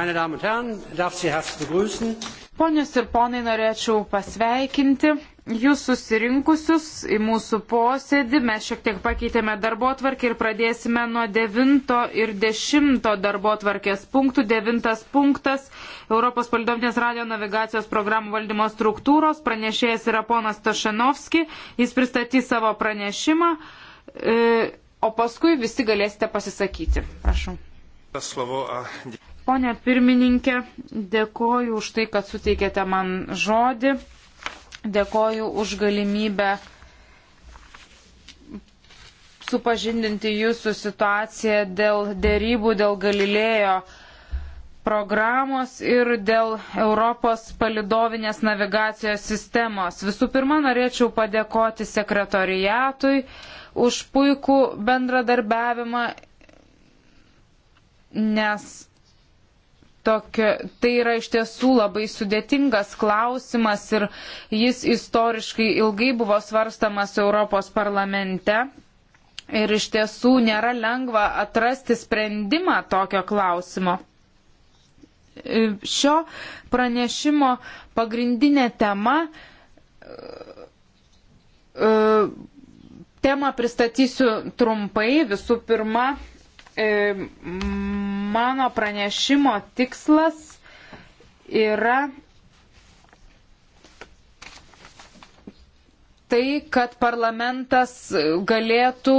Meine Damen und Herren, darf Sie herzlich begrüßen. Ponius ir ponai, norėčiau pasveikinti jūs susirinkusius į mūsų posėdį. Mes šiek tiek pakeitėme darbo tvarkį ir pradėsime nuo 9 ir 10 darbo tvarkės punktų. 9 punktas Europos palidovinės radio navigacijos programų valdymo struktūros. Pranešėjas yra ponas Tašanovski. Jis pristatys savo pranešimą, e, o paskui visi galėsite pasisakyti. Prašau. Pone pirmininkė, dėkoju už tai, kad suteikėte man žodį. Dėkoju už galimybę supažindinti jūsų situaciją dėl dėrybų, dėl Galilėjo programos ir dėl Europos palidovinės navigacijos sistemos. Visų pirma, norėčiau padėkoti sekretoriatui už puikų bendradarbiavimą, nes Tokia, tai yra iš tiesų labai sudėtingas klausimas ir jis istoriškai ilgai buvo svarstamas Europos parlamente. Ir iš tiesų nėra lengva atrasti sprendimą tokio klausimo. Šio pranešimo pagrindinė tema e, e, temą pristatysiu trumpai. Visų pirma, E, mano pranešimo tikslas yra tai, kad parlamentas galėtų,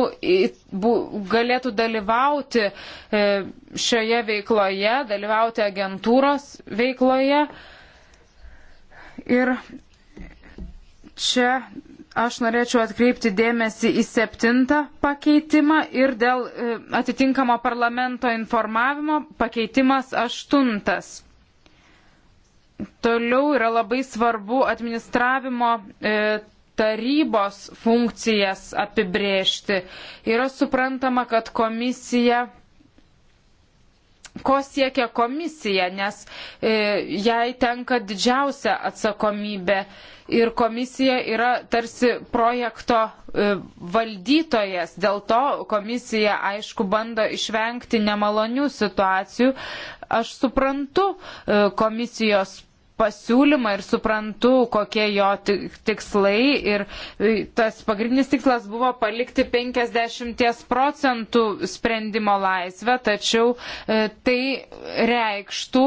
galėtų dalyvauti e, šioje veikloje, dalyvauti agentūros veikloje. Ir čia Aš norėčiau atkreipti dėmesį į septintą pakeitimą ir dėl e, atitinkamo parlamento informavimo pakeitimas aštuntas. Toliau yra labai svarbu administravimo e, tarybos funkcijas apibrėžti. Yra suprantama, kad komisija ko siekia komisija, nes e, jai tenka didžiausia atsakomybė ir komisija yra tarsi projekto e, valdytojas. Dėl to komisija, aišku, bando išvengti nemalonių situacijų. Aš suprantu e, komisijos pasiūlymą ir suprantu, kokie jo tikslai. Ir e, tas pagrindinis tikslas buvo palikti 50 procentų sprendimo laisvę, tačiau tai reikštų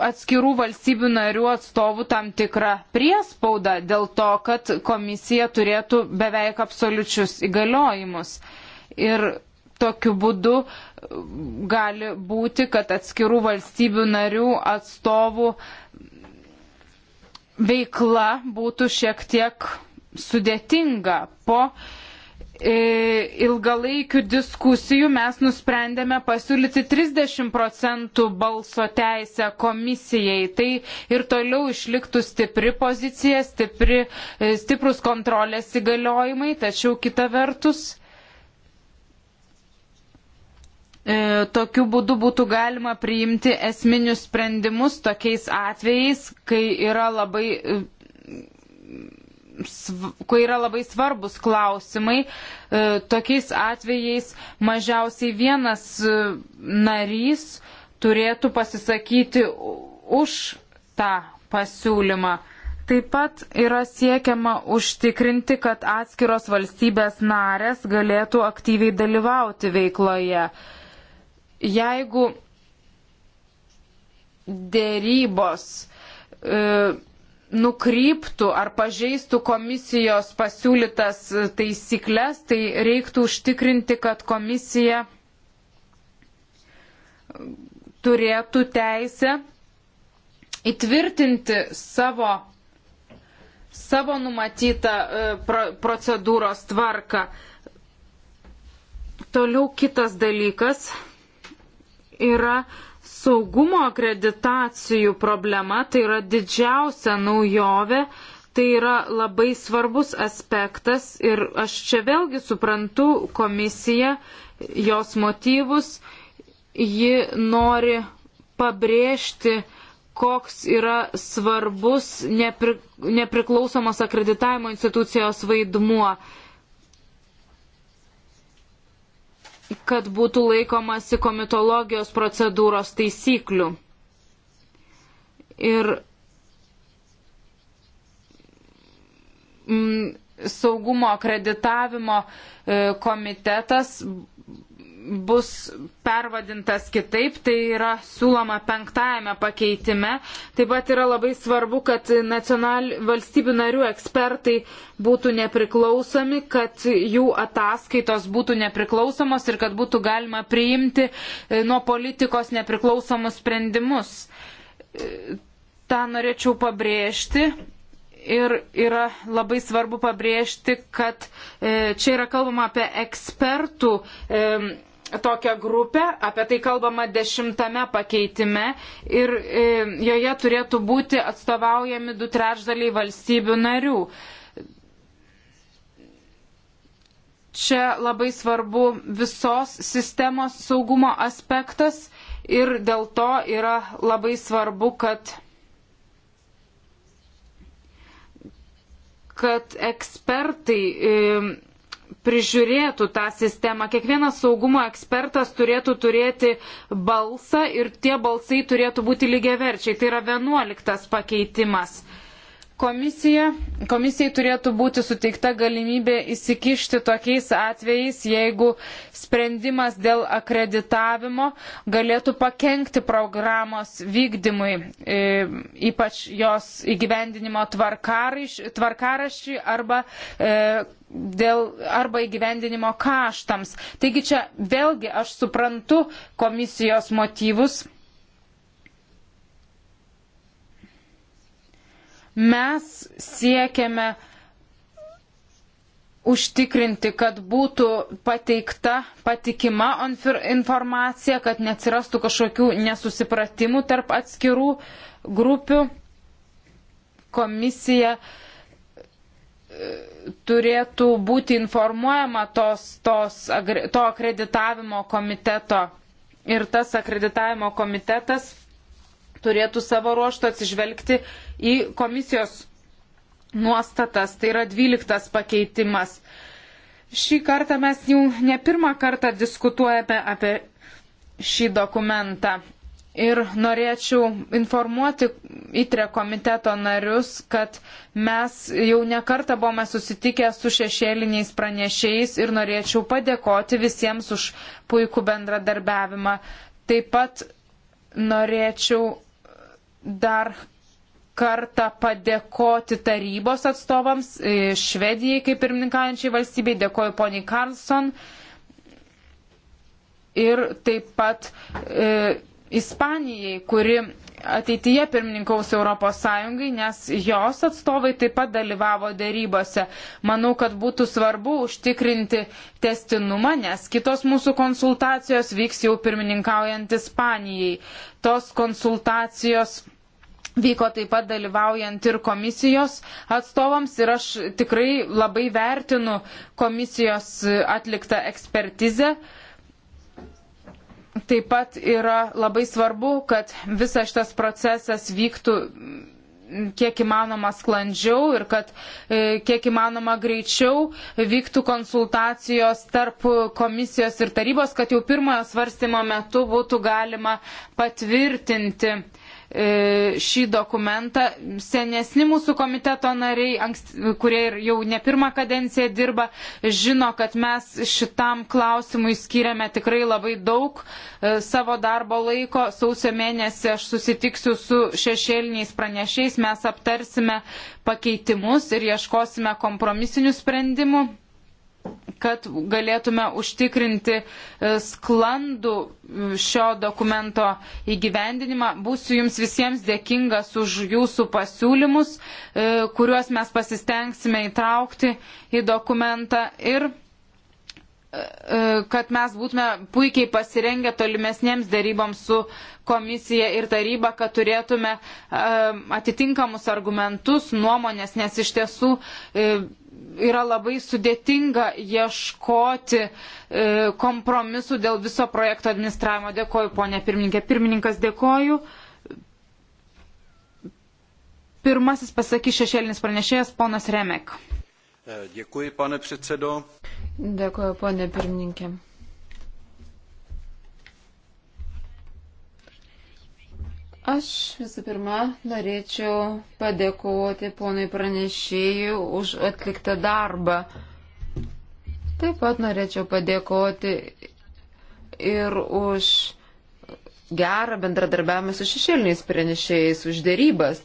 atskirų valstybių narių atstovų tam tikrą priespaudą dėl to, kad komisija turėtų beveik absoliučius įgaliojimus. Ir tokiu būdu gali būti, kad atskirų valstybių narių atstovų veikla būtų šiek tiek sudėtinga po E, ilgalaikių diskusijų mes nusprendėme pasiūlyti 30 procentų balso teisę komisijai. Tai ir toliau išliktų stipri pozicija, stipri, e, stiprus kontrolės įgaliojimai, tačiau kita vertus. E, tokiu būdu būtų galima priimti esminius sprendimus tokiais atvejais, kai yra labai kai yra labai svarbus klausimai, e, tokiais atvejais mažiausiai vienas e, narys turėtų pasisakyti už tą pasiūlymą. Taip pat yra siekiama užtikrinti, kad atskiros valstybės narės galėtų aktyviai dalyvauti veikloje. Jeigu dėrybos e, nukryptų ar pažeistų komisijos pasiūlytas taisyklės, tai reiktų užtikrinti, kad komisija turėtų teisę įtvirtinti savo, savo numatytą e, procedūros tvarką. Toliau kitas dalykas yra Saugumo akreditacijų problema tai yra didžiausia naujovė, tai yra labai svarbus aspektas ir aš čia vėlgi suprantu komisiją, jos motyvus, ji nori pabrėžti, koks yra svarbus nepri, nepriklausomos akreditavimo institucijos vaidmuo. Uh, kad būtų laikomasi komitologijos procedūros taisyklių. Ir mm, saugumo akreditavimo e, komitetas bus pervadintas kitaip, tai yra siūloma penktajame pakeitime. Taip pat yra labai svarbu, kad nacional, valstybių narių ekspertai būtų nepriklausomi, kad jų ataskaitos būtų nepriklausomos ir kad būtų galima priimti e, nuo politikos nepriklausomus sprendimus. E, Ta norėčiau pabrėžti ir yra labai svarbu pabrėžti, kad e, čia yra kalbama apie ekspertų e, tokią grupę, apie tai kalbama dešimtame pakeitime ir e, joje turėtų būti atstovaujami du trečdaliai valstybių narių. Čia labai svarbu visos sistemos saugumo aspektas ir dėl to yra labai svarbu, kad, kad ekspertai e, prižiūrėtų tą sistemą. Kiekvienas saugumo ekspertas turėtų turėti balsą ir tie balsai turėtų būti lygiaverčiai. Tai yra vienuoliktas pakeitimas. Komisija, komisijai turėtų būti suteikta galimybė įsikišti tokiais atvejais, jeigu sprendimas dėl akreditavimo galėtų pakengti programos vykdymui, e, ypač jos įgyvendinimo tvarkaraščiui arba e, dėl arba įgyvendinimo kaštams. Taigi čia vėlgi aš suprantu komisijos motyvus Mes siekiame užtikrinti, kad būtų pateikta patikima informacija, kad neatsirastų kažkokių nesusipratimų tarp atskirų grupių. Komisija e, turėtų būti informuojama tos, tos, to akreditavimo komiteto. Ir tas akreditavimo komitetas turėtų savo ruoštų atsižvelgti į komisijos nuostatas, tai yra 12 pakeitimas. Šį kartą mes jau ne pirmą kartą diskutuojame apie šį dokumentą. Ir norėčiau informuoti įtre komiteto narius, kad mes jau nekartą buvome susitikę su šešėliniais pranešėjais ir norėčiau padėkoti visiems už puikų bendradarbiavimą. Taip pat norėčiau dar kartą padėkoti tarybos atstovams, e, Švedijai kaip pirmininkaujančiai valstybei, dėkoju poniai Karlsson ir taip pat e, Ispanijai, kuri ateityje pirmininkaus Europos Sąjungai, nes jos atstovai taip pat dalyvavo dėrybose. Manau, kad būtų svarbu užtikrinti testinumą, nes kitos mūsų konsultacijos vyks jau pirmininkaujant Ispanijai. Tos konsultacijos vyko taip pat dalyvaujant ir komisijos atstovams ir aš tikrai labai vertinu komisijos atliktą ekspertizę. Uh, Taip pat yra labai svarbu, kad visas šitas procesas vyktų mm, kiek įmanoma sklandžiau ir kad e, kiek įmanoma greičiau vyktų konsultacijos tarp komisijos ir tarybos, kad jau pirmojo svarstymo metu būtų galima patvirtinti E, šį dokumentą. Senesni mūsų komiteto nariai, kurie jau ne pirmą kadenciją dirba, žino, kad mes šitam klausimui skiriame tikrai labai daug e, savo darbo laiko. Sausio mėnesį aš susitiksiu su šešėliniais pranešiais, mes aptarsime pakeitimus ir ieškosime kompromisinių sprendimų kad galėtume užtikrinti e, sklandų e, šio dokumento įgyvendinimą. Būsiu jums visiems dėkingas už jūsų pasiūlymus, e, kuriuos mes pasistengsime įtraukti į dokumentą ir kad mes būtume puikiai pasirengę tolimesniems dėryboms su komisija ir taryba, kad turėtume atitinkamus argumentus, nuomonės, nes iš tiesų yra labai sudėtinga ieškoti e, kompromisų dėl viso projekto administravimo. Dėkoju, ponė pirmininkė. Pirmininkas, dėkoju. Pirmasis pasakys šešėlinis pranešėjas, ponas Remek. E, dėkui, pane předsedo. Dėkoju, ponė pirmininkė. Aš visų pirma norėčiau padėkoti ponui pranešėjui už atliktą darbą. Taip pat norėčiau padėkoti ir už gerą bendradarbiavimą su šešėliniais pranešėjais, už dėrybas.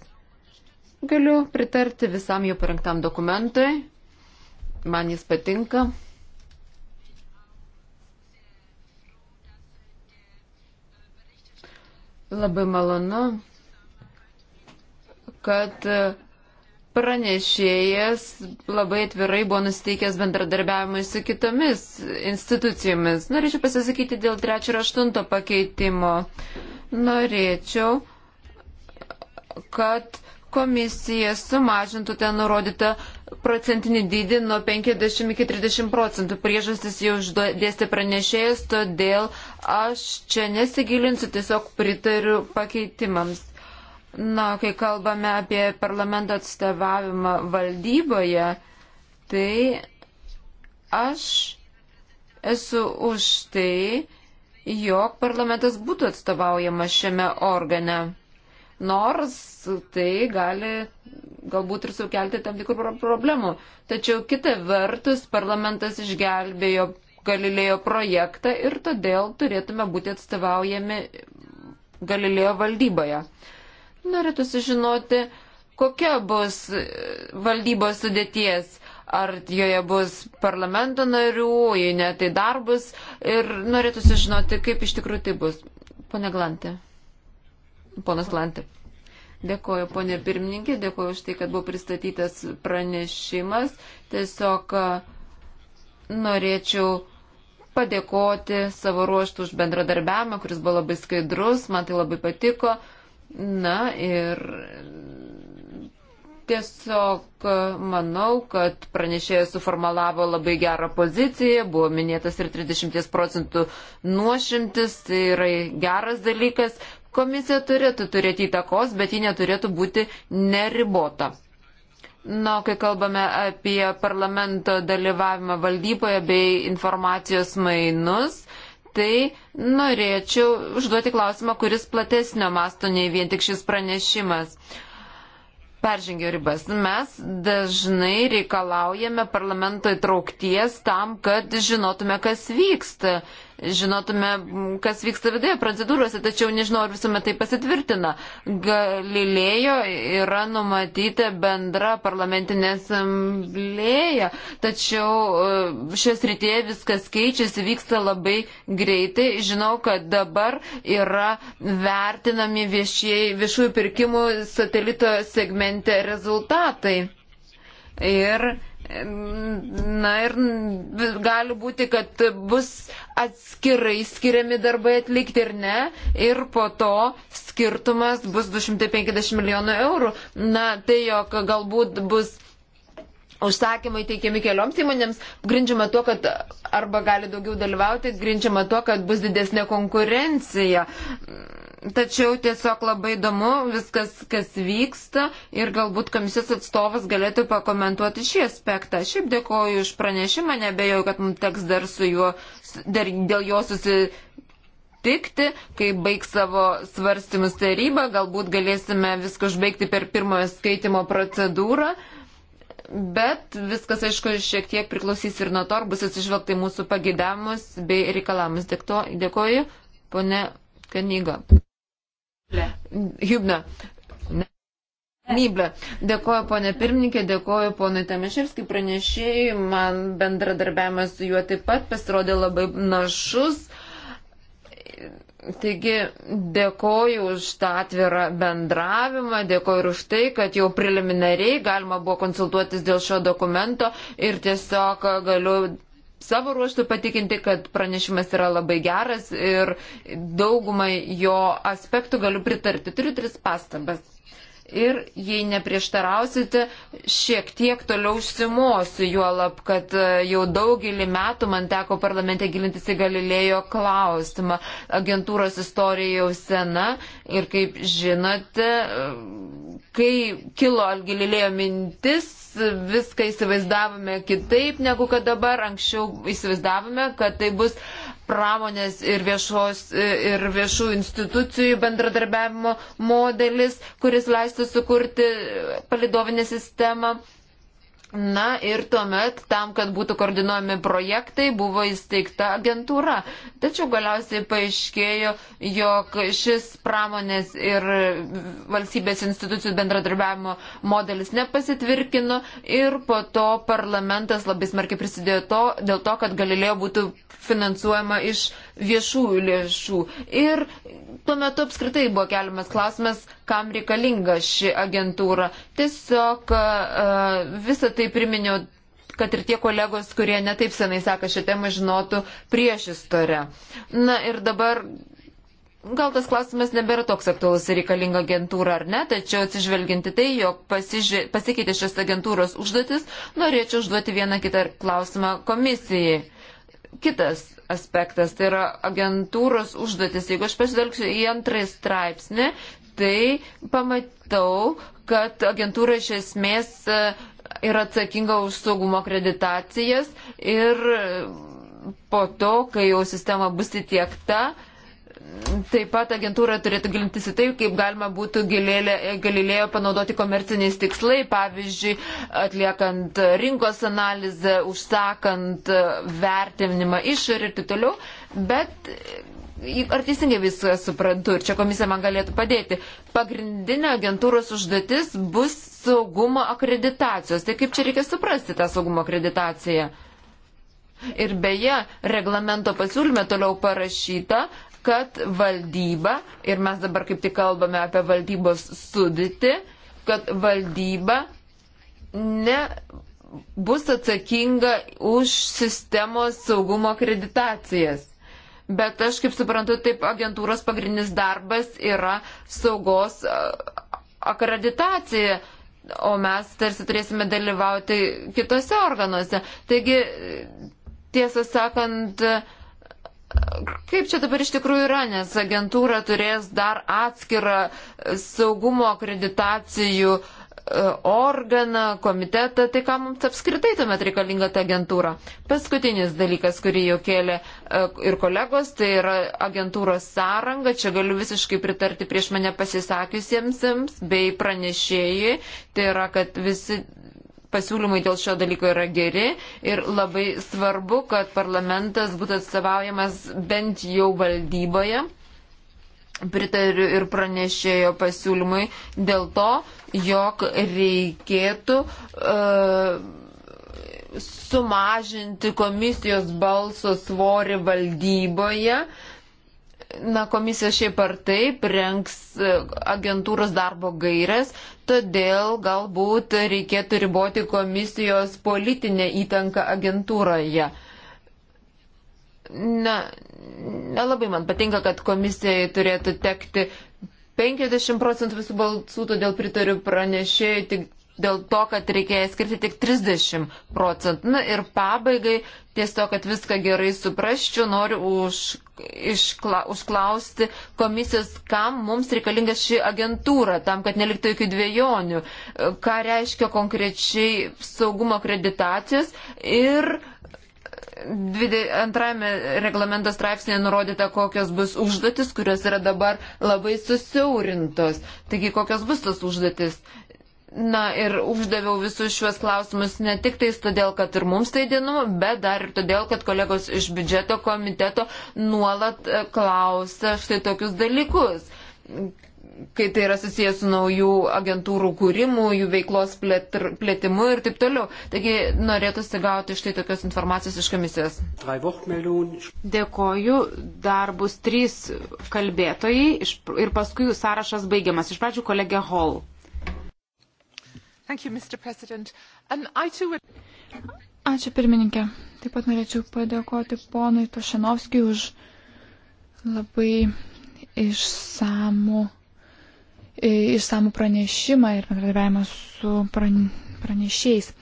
Galiu pritarti visam jų parengtam dokumentui. Man jis patinka. Labai malonu, kad pranešėjas labai atvirai buvo nusteikęs bendradarbiavimui su kitomis institucijomis. Norėčiau pasisakyti dėl trečio ir aštunto pakeitimo. Norėčiau, kad komisija sumažintų ten nurodytą procentinį dydį nuo 50 iki 30 procentų. Priežastis jau išdėstė pranešėjas, todėl aš čia nesigilinsiu, tiesiog pritariu pakeitimams. Na, kai kalbame apie parlamento atstovavimą valdyboje, tai aš esu už tai, jog parlamentas būtų atstovaujamas šiame organe. Nors tai gali galbūt ir sukelti tam tikrų problemų. Tačiau kita vertus, parlamentas išgelbėjo Galilėjo projektą ir todėl turėtume būti atstovaujami Galilėjo valdyboje. Norėtų sužinoti, kokia bus e, valdybos sudėties ar joje bus parlamento narių, jei ne, tai darbus. Ir norėtųsi žinoti, kaip iš tikrųjų tai bus. Pone Glantė. Ponas Glantė. Dėkoju, ponė pirmininkė, dėkoju už tai, kad buvo pristatytas pranešimas. Tiesiog norėčiau padėkoti savo ruoštų už bendradarbiavimą, kuris buvo labai skaidrus, man tai labai patiko. Na ir tiesiog manau, kad pranešėjas suformalavo labai gerą poziciją, buvo minėtas ir 30 procentų nuošimtis, tai yra geras dalykas. Komisija turėtų turėti įtakos, bet ji neturėtų būti neribota. Na, kai kalbame apie parlamento dalyvavimą valdyboje bei informacijos mainus, tai norėčiau užduoti klausimą, kuris platesnio masto nei vien tik šis pranešimas peržengia ribas. Mes dažnai reikalaujame parlamento įtraukties tam, kad žinotume, kas vyksta žinotume, kas vyksta viduje procedūrose, tačiau nežinau, ar visuomet tai pasitvirtina. Galilėjo yra numatyta bendra parlamentinė asamblėja, tačiau e, šios rytėje viskas keičiasi, vyksta labai greitai. Žinau, kad dabar yra vertinami viešiai, viešųjų pirkimų satelito segmente rezultatai. Ir Na ir gali būti, kad bus atskirai skiriami darbai atlikti ir ne, ir po to skirtumas bus 250 milijonų eurų. Na tai jog galbūt bus užsakymai teikiami kelioms įmonėms, grindžiama tuo, kad arba gali daugiau dalyvauti, grindžiama tuo, kad bus didesnė konkurencija. Tačiau tiesiog labai įdomu viskas, kas vyksta ir galbūt komisijos atstovas galėtų pakomentuoti šį aspektą. Šiaip dėkoju už pranešimą, nebejoju, kad mums teks dar su juo, dar dėl jo susitikti, kai baigs savo svarstymus taryba, galbūt galėsime viską užbaigti per pirmojo skaitimo procedūrą. Uh, Bet viskas, aišku, šiek tiek priklausys ir nuo to, ar bus atsižvelgta į mūsų pagidavimus bei reikalavimus. Dėkoju, ponė Kanyga. Hubna. Nyblė. Dėkoju, ponė pirmininkė, dėkoju, ponui Tamiševskai pranešėjai. Man bendradarbiavimas su juo taip pat pasirodė labai našus. Uh, Taigi dėkoju už tą atvirą bendravimą, dėkoju ir už tai, kad jau preliminariai galima buvo konsultuotis dėl šio dokumento ir tiesiog galiu savo ruoštų patikinti, kad pranešimas yra labai geras ir daugumai jo aspektų galiu pritarti. Turiu tris pastabas ir jei neprieštarausite, šiek tiek toliau užsimosiu, juolab, kad e, jau daugelį metų man teko parlamente gilintis į Galilėjo klausimą. Agentūros istorija jau sena ir kaip žinote, e, kai kilo Galilėjo mintis, viską įsivaizdavome kitaip negu kad dabar. Anksčiau įsivaizdavome, kad tai bus uh, pramonės ir, viešos, ir viešų institucijų bendradarbiavimo modelis, kuris leistų sukurti palidovinę sistemą Na ir tuomet tam, kad būtų koordinuojami projektai, buvo įsteigta agentūra. Tačiau galiausiai paaiškėjo, jog šis pramonės ir valstybės institucijų bendradarbiavimo modelis nepasitvirkino ir po to parlamentas labai smarkiai prisidėjo to, dėl to, kad galilėjo būtų finansuojama iš viešųjų lėšų. Ir Tuo metu apskritai buvo keliamas klausimas, kam reikalinga ši agentūra. Tiesiog e, visą tai priminiau, kad ir tie kolegos, kurie netaip senai seka šią temą, žinotų prieš istorę. Na ir dabar. Gal tas klausimas nebėra toks aktualus ir reikalinga agentūra ar ne, tačiau atsižvelginti tai, jog pasiži... pasikeitė šios agentūros užduotis, norėčiau užduoti vieną kitą klausimą komisijai. Kitas aspektas, tai yra agentūros užduotis. Jeigu aš pasidalgsiu į antrąjį straipsnį, tai pamatau, kad agentūra iš esmės e, yra atsakinga už saugumo akreditacijas ir po to, kai jau sistema bus įtiekta, Taip pat agentūra turėtų gilintis į tai, kaip galima būtų Galilėjo panaudoti komerciniais tikslai, pavyzdžiui, atliekant rinkos analizę, užsakant vertinimą išorį ir taip toliau. Bet e, ar teisingai viską suprantu ir čia komisija man galėtų padėti. Pagrindinė agentūros užduotis bus saugumo akreditacijos. Tai kaip čia reikia suprasti tą saugumo akreditaciją? Ir beje, reglamento pasiūlyme toliau parašyta, kad valdyba, ir mes dabar kaip tik kalbame apie valdybos sudėti, kad valdyba ne bus atsakinga už sistemos saugumo akreditacijas. Bet aš kaip suprantu, taip agentūros pagrindinis darbas yra saugos akreditacija, o mes tarsi turėsime dalyvauti kitose organuose. Taigi, tiesą sakant, Kaip čia dabar iš tikrųjų yra, nes agentūra turės dar atskirą saugumo akreditacijų e, organą, komitetą, tai ką mums apskritai tuomet reikalinga ta agentūra. Paskutinis dalykas, kurį jau kėlė e, ir kolegos, tai yra agentūros sąranga. Čia galiu visiškai pritarti prieš mane pasisakiusiems bei pranešėjai. Tai yra, kad visi pasiūlymai dėl šio dalyko yra geri ir labai svarbu, kad parlamentas būtų atstovaujamas bent jau valdyboje. Pritariu ir pranešėjo pasiūlymui dėl to, jog reikėtų uh, sumažinti komisijos balso svorį valdyboje uh, Na, komisija šiaip ar taip renks e, agentūros darbo gairias, todėl galbūt reikėtų riboti komisijos politinę įtanką agentūroje. Na, nelabai man patinka, kad komisijai turėtų tekti 50 procentų visų balsų, todėl pritariu pranešėjai tik dėl to, kad reikėjo skirti tik 30 procentų. Na ir pabaigai, tiesiog, kad viską gerai suprasčiau, noriu už, iškla, užklausti komisijos, kam mums reikalinga ši agentūra, tam, kad neliktų jokių dviejonių, ką reiškia konkrečiai saugumo akreditacijos ir antrajame reglamento straipsnėje nurodyta, kokios bus užduotis, kurios yra dabar labai susiaurintos. Taigi, kokios bus tos užduotis. Na ir uždaviau visus šiuos klausimus ne tik tais todėl, kad ir mums tai dienu, bet dar ir todėl, kad kolegos iš biudžeto komiteto nuolat e, klausia štai tokius dalykus, kai tai yra susijęs su naujų agentūrų kūrimu, jų veiklos plėtr, plėtimu ir taip toliau. Taigi norėtųsi gauti štai tokios informacijos iš komisijos. Dėkoju, dar bus trys kalbėtojai ir paskui jų sąrašas baigiamas. Iš pradžių kolegė Hall. You, too... Ačiū pirmininkė. Taip pat norėčiau padėkoti ponui Tošinovskijui už labai išsamų, e, išsamų pranešimą ir bendradarbiavimą su pranešiais.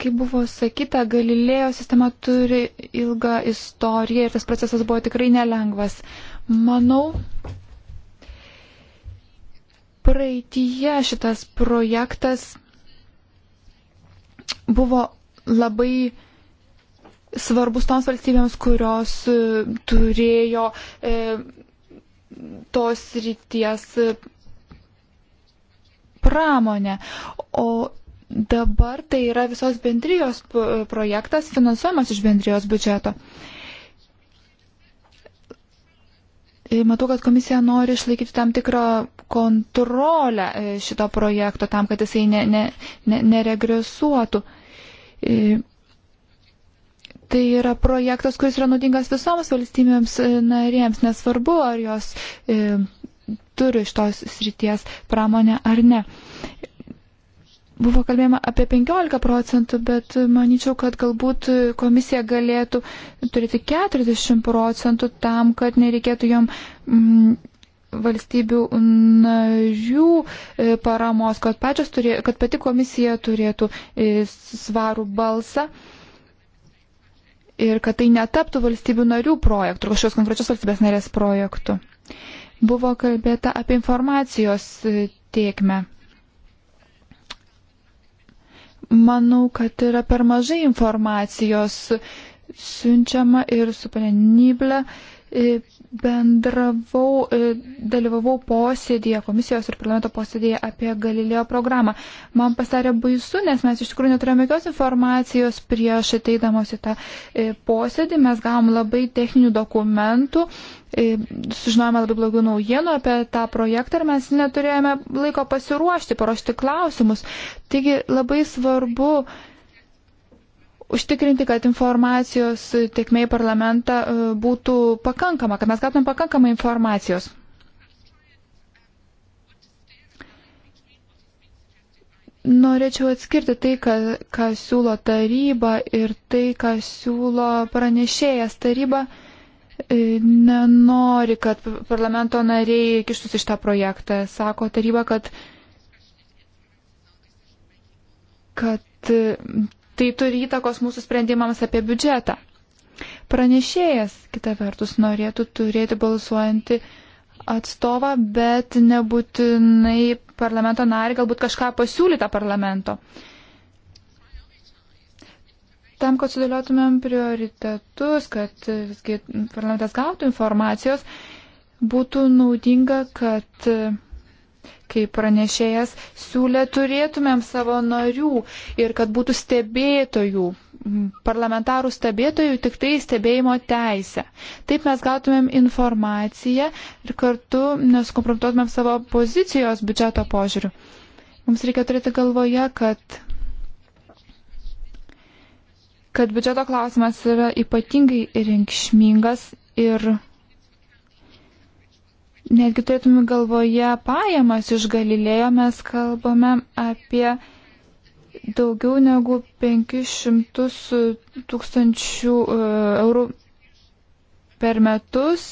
Kaip buvo sakyta, Galilėjo sistema turi ilgą istoriją ir tas procesas buvo tikrai nelengvas. Manau, Praeitie šitas projektas buvo labai svarbus toms valstybėms, kurios e, turėjo e, tos ryties e, pramonę. O dabar tai yra visos bendrijos projektas finansuojamas iš bendrijos biudžeto. E, E, matau, kad komisija nori išlaikyti tam tikrą kontrolę e, šito projekto tam, kad jisai ne, ne, ne, neregresuotų. E, tai yra projektas, kuris yra naudingas visoms valstybėms narėms, nesvarbu, ar jos e, turi šitos srities pramonę ar ne buvo kalbėjama apie 15 procentų, bet manyčiau, kad galbūt komisija galėtų turėti 40 procentų tam, kad nereikėtų jom mm, valstybių narių e, paramos, kad, turė, kad pati komisija turėtų e, svarų balsą. Ir kad tai netaptų valstybių narių projektų, kažkokios konkrečios valstybės narės projektų. Buvo kalbėta apie informacijos e, tiekmę manau, kad yra per mažai informacijos siunčiama ir su panenyble bendravau, e, dalyvavau posėdėje, komisijos ir parlamento posėdėje apie Galilėjo programą. Man pasarė baisu, nes mes iš tikrųjų neturėjome jokios informacijos prieš ateidamos į tą e, posėdį. Mes gavom labai techninių dokumentų, e, sužinojome labai blogų naujienų apie tą projektą ir mes neturėjome laiko pasiruošti, paruošti klausimus. Taigi labai svarbu užtikrinti, kad informacijos tiekmė į parlamentą e, būtų pakankama, kad mes gautumėm pakankamai informacijos. Norėčiau atskirti tai, ką, ką siūlo taryba ir tai, ką siūlo pranešėjas. Taryba e, nenori, kad parlamento nariai kištus iš tą projektą. Sako taryba, kad, kad tai turi įtakos mūsų sprendimams apie biudžetą. Pranešėjas, kita vertus, norėtų turėti balsuojantį atstovą, bet nebūtinai parlamento narį, galbūt kažką pasiūlytą parlamento. Tam, kad sudėliotumėm prioritetus, kad visgi parlamentas gautų informacijos, būtų naudinga, kad kaip pranešėjas siūlė, turėtumėm savo narių ir kad būtų stebėtojų, parlamentarų stebėtojų tik tai stebėjimo teisę. Taip mes gautumėm informaciją ir kartu neskompromituotumėm savo pozicijos biudžeto požiūrių. Mums reikia turėti galvoje, kad kad biudžeto klausimas yra ypatingai reikšmingas ir Netgi turėtume galvoje pajamas iš Galilėjo, mes kalbame apie daugiau negu 500 e, tūkstančių e, eurų per metus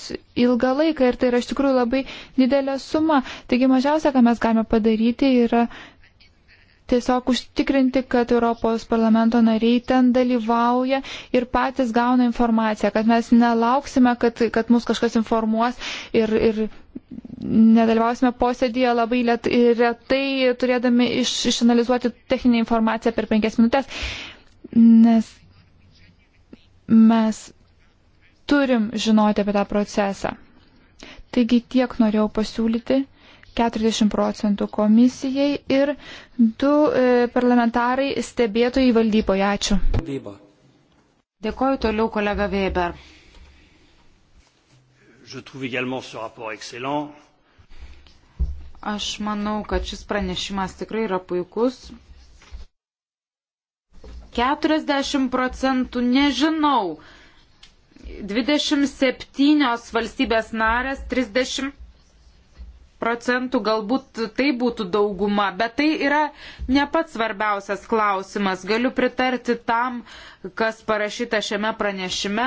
ilgą laiką ir tai yra iš tikrųjų labai didelė suma. Taigi mažiausia, ką mes galime padaryti, yra tiesiog užtikrinti, kad Europos parlamento nariai ten dalyvauja ir patys gauna informaciją, kad mes nelauksime, kad, kad mus kažkas informuos ir, ir nedalyvausime posėdėje labai let, retai, turėdami iš, išanalizuoti techninę informaciją per penkias minutės, nes mes turim žinoti apie tą procesą. Taigi tiek norėjau pasiūlyti 40 procentų komisijai ir du e, parlamentarai stebėtojai valdyboje. Ačiū. Valdyba. Dėkoju toliau kolega Weber. Aš manau, kad šis pranešimas tikrai yra puikus. 40 procentų nežinau. 27 valstybės narės, 30 procentų, galbūt tai būtų dauguma, bet tai yra ne pats svarbiausias klausimas. Galiu pritarti tam, kas parašyta šiame pranešime,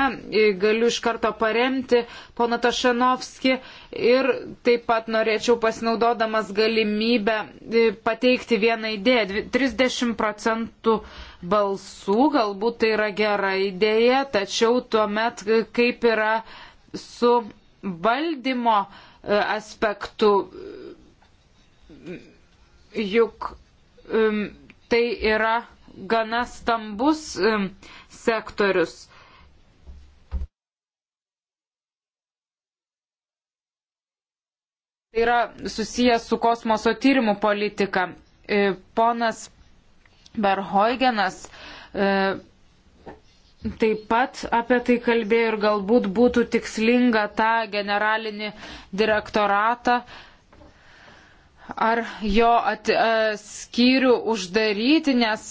galiu iš karto paremti poną Tašanovskį ir taip pat norėčiau pasinaudodamas galimybę pateikti vieną idėją. 30 procentų balsų, galbūt tai yra gera idėja, tačiau tuomet kaip yra su valdymo aspektų. Juk um, tai yra gana stambus um, sektorius. Tai yra susijęs su kosmoso tyrimų politika. E, ponas Berhoigenas e, Taip pat apie tai kalbėjo ir galbūt būtų tikslinga tą generalinį direktoratą ar jo at, a, e, skyrių uždaryti, nes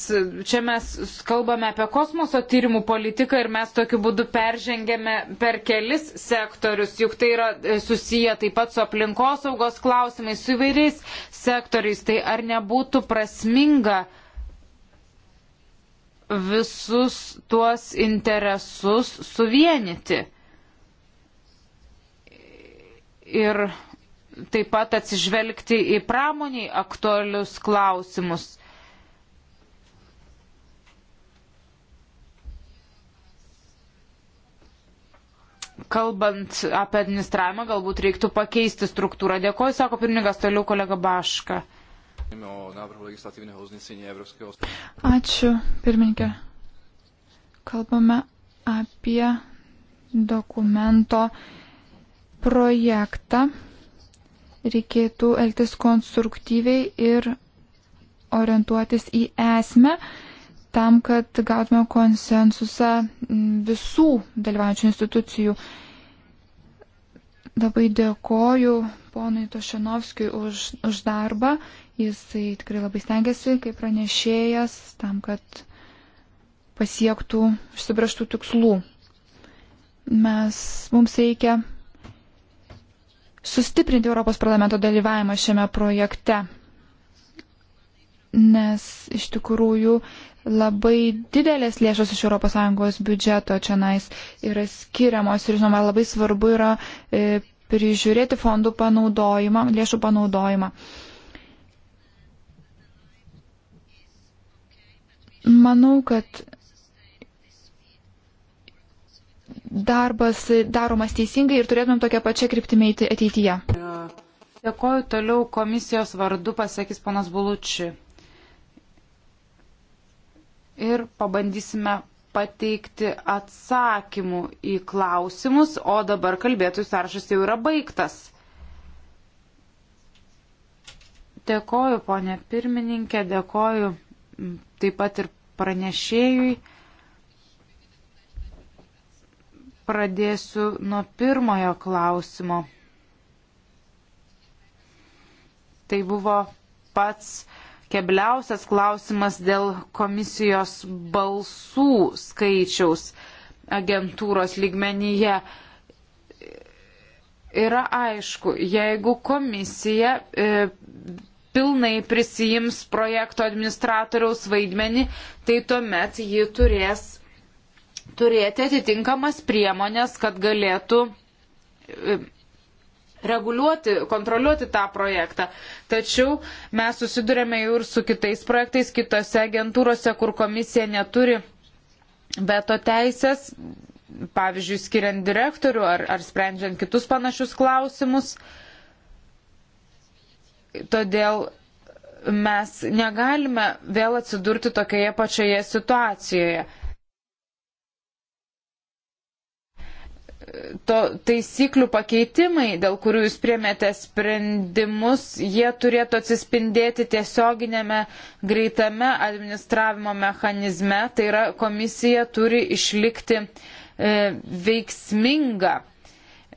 čia mes kalbame apie kosmoso tyrimų politiką ir mes tokiu būdu peržengėme per kelis sektorius, juk tai yra e, susiję taip pat su aplinkosaugos klausimais, su įvairiais sektoriais. Tai ar nebūtų prasminga? visus tuos interesus suvienyti. Ir taip pat atsižvelgti į pramoniai aktualius klausimus. Kalbant apie administravimą, galbūt reiktų pakeisti struktūrą. Dėkoju, sako pirmininkas, toliau kolega Baška. Ačiū, pirmininkė. Kalbame apie dokumento projektą. Reikėtų elgtis konstruktyviai ir orientuotis į esmę tam, kad gautume konsensusą visų dalyvaujančių institucijų. Labai dėkoju ponui Tošinovskijui už, už darbą. Jisai tikrai labai stengiasi kaip pranešėjas tam, kad pasiektų užsibraštų tikslų. Mes, mums reikia sustiprinti Europos parlamento dalyvavimą šiame projekte, nes iš tikrųjų labai didelės lėšos iš ES biudžeto čia nais yra skiriamos ir, žinoma, labai svarbu yra e, prižiūrėti fondų panaudojimą, lėšų panaudojimą. Manau, kad darbas daromas teisingai ir turėtumėm tokią pačią kryptimį ateityje. Dėkoju toliau komisijos vardu pasakys panas Bulučiui ir pabandysime pateikti atsakymų į klausimus, o dabar kalbėtojų sąrašas jau yra baigtas. Dėkoju, ponė pirmininkė, dėkoju taip pat ir pranešėjui. Pradėsiu nuo pirmojo klausimo. Tai buvo pats uh, kebliausias klausimas dėl komisijos balsų skaičiaus agentūros lygmenyje. Yra aišku, jeigu komisija e, pilnai prisijims projekto administratoriaus vaidmenį, tai tuomet ji turės turėti atitinkamas priemonės, kad galėtų e, reguliuoti, kontroliuoti tą projektą. Tačiau mes susidurėme jau ir su kitais projektais, kitose agentūrose, kur komisija neturi veto teisės, pavyzdžiui, skiriant direktorių ar, ar sprendžiant kitus panašius klausimus. Todėl mes negalime vėl atsidurti tokioje pačioje situacijoje. to taisyklių pakeitimai, dėl kurių jūs priemėte sprendimus, jie turėtų atsispindėti tiesioginėme greitame administravimo mechanizme, tai yra komisija turi išlikti e, veiksminga.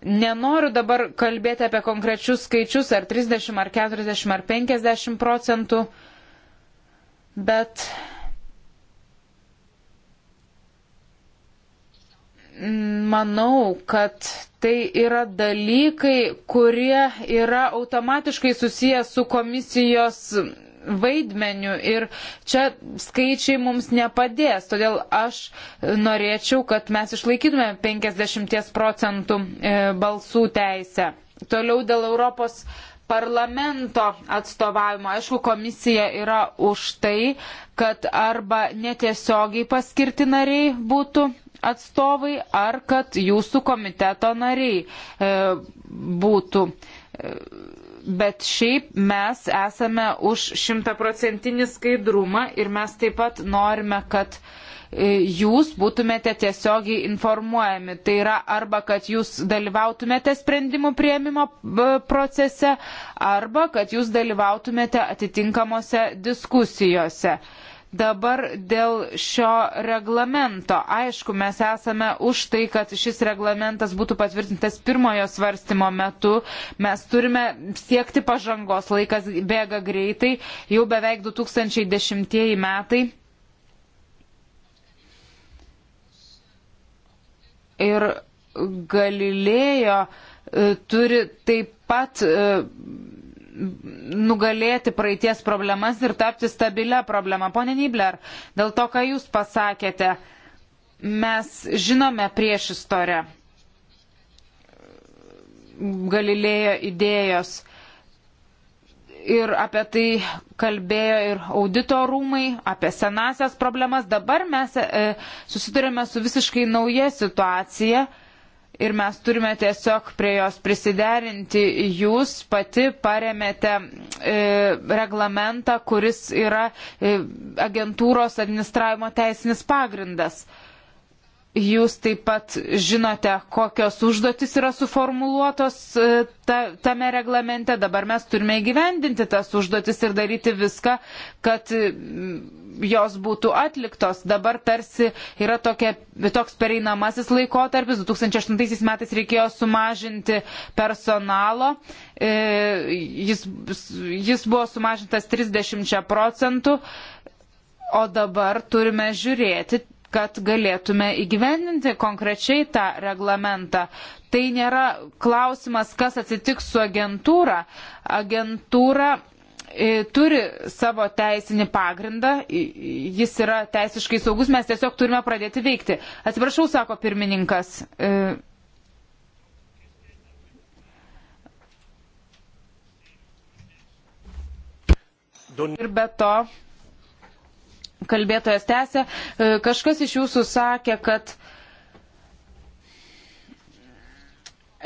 Nenoriu dabar kalbėti apie konkrečius skaičius, ar 30, ar 40, ar 50 procentų, bet manau, kad tai yra dalykai, kurie yra automatiškai susiję su komisijos vaidmeniu ir čia skaičiai mums nepadės. Todėl aš norėčiau, kad mes išlaikytume 50 procentų e, balsų teisę. Toliau dėl Europos parlamento atstovavimo. Aišku, komisija yra už tai, kad arba netiesiogiai paskirti nariai būtų atstovai ar kad jūsų komiteto nariai e, būtų. E, bet šiaip mes esame už šimtaprocentinį skaidrumą ir mes taip pat norime, kad e, jūs būtumėte tiesiogiai informuojami. Tai yra arba, kad jūs dalyvautumėte sprendimų prieimimo e, procese, arba, kad jūs dalyvautumėte atitinkamose diskusijose. Dabar dėl šio reglamento. Aišku, mes esame už tai, kad šis reglamentas būtų patvirtintas pirmojo svarstymo metu. Mes turime siekti pažangos, laikas bėga greitai, jau beveik 2010 metai. Ir Galilėjo e, turi taip pat e, nugalėti praeities problemas ir tapti stabilę problemą. Pone Nibler, dėl to, ką Jūs pasakėte, mes žinome prieš istorę Galilėjo idėjos ir apie tai kalbėjo ir audito rūmai, apie senasias problemas. Dabar mes e, susidurėme su visiškai nauja situacija. E, ir mes turime tiesiog prie jos prisiderinti. Jūs pati paremėte e, reglamentą, kuris yra e, agentūros administravimo teisinis pagrindas. E, Jūs taip pat žinote, kokios užduotis yra suformuluotos e, ta, tame reglamente. Dabar mes turime įgyvendinti tas užduotis ir daryti viską, kad jos būtų atliktos. Dabar tarsi yra tokia, toks pereinamasis laikotarpis. 2008 metais reikėjo sumažinti personalo. E, jis, jis buvo sumažintas 30 procentų. O dabar turime žiūrėti kad galėtume įgyvendinti konkrečiai tą reglamentą. Tai nėra klausimas, kas atsitiks su agentūra. Agentūra e, turi savo teisinį pagrindą, jis yra teisiškai saugus, mes tiesiog turime pradėti veikti. Atsiprašau, sako pirmininkas. E, ir be to, Kalbėtojas tęsė, e, kažkas iš jūsų sakė, kad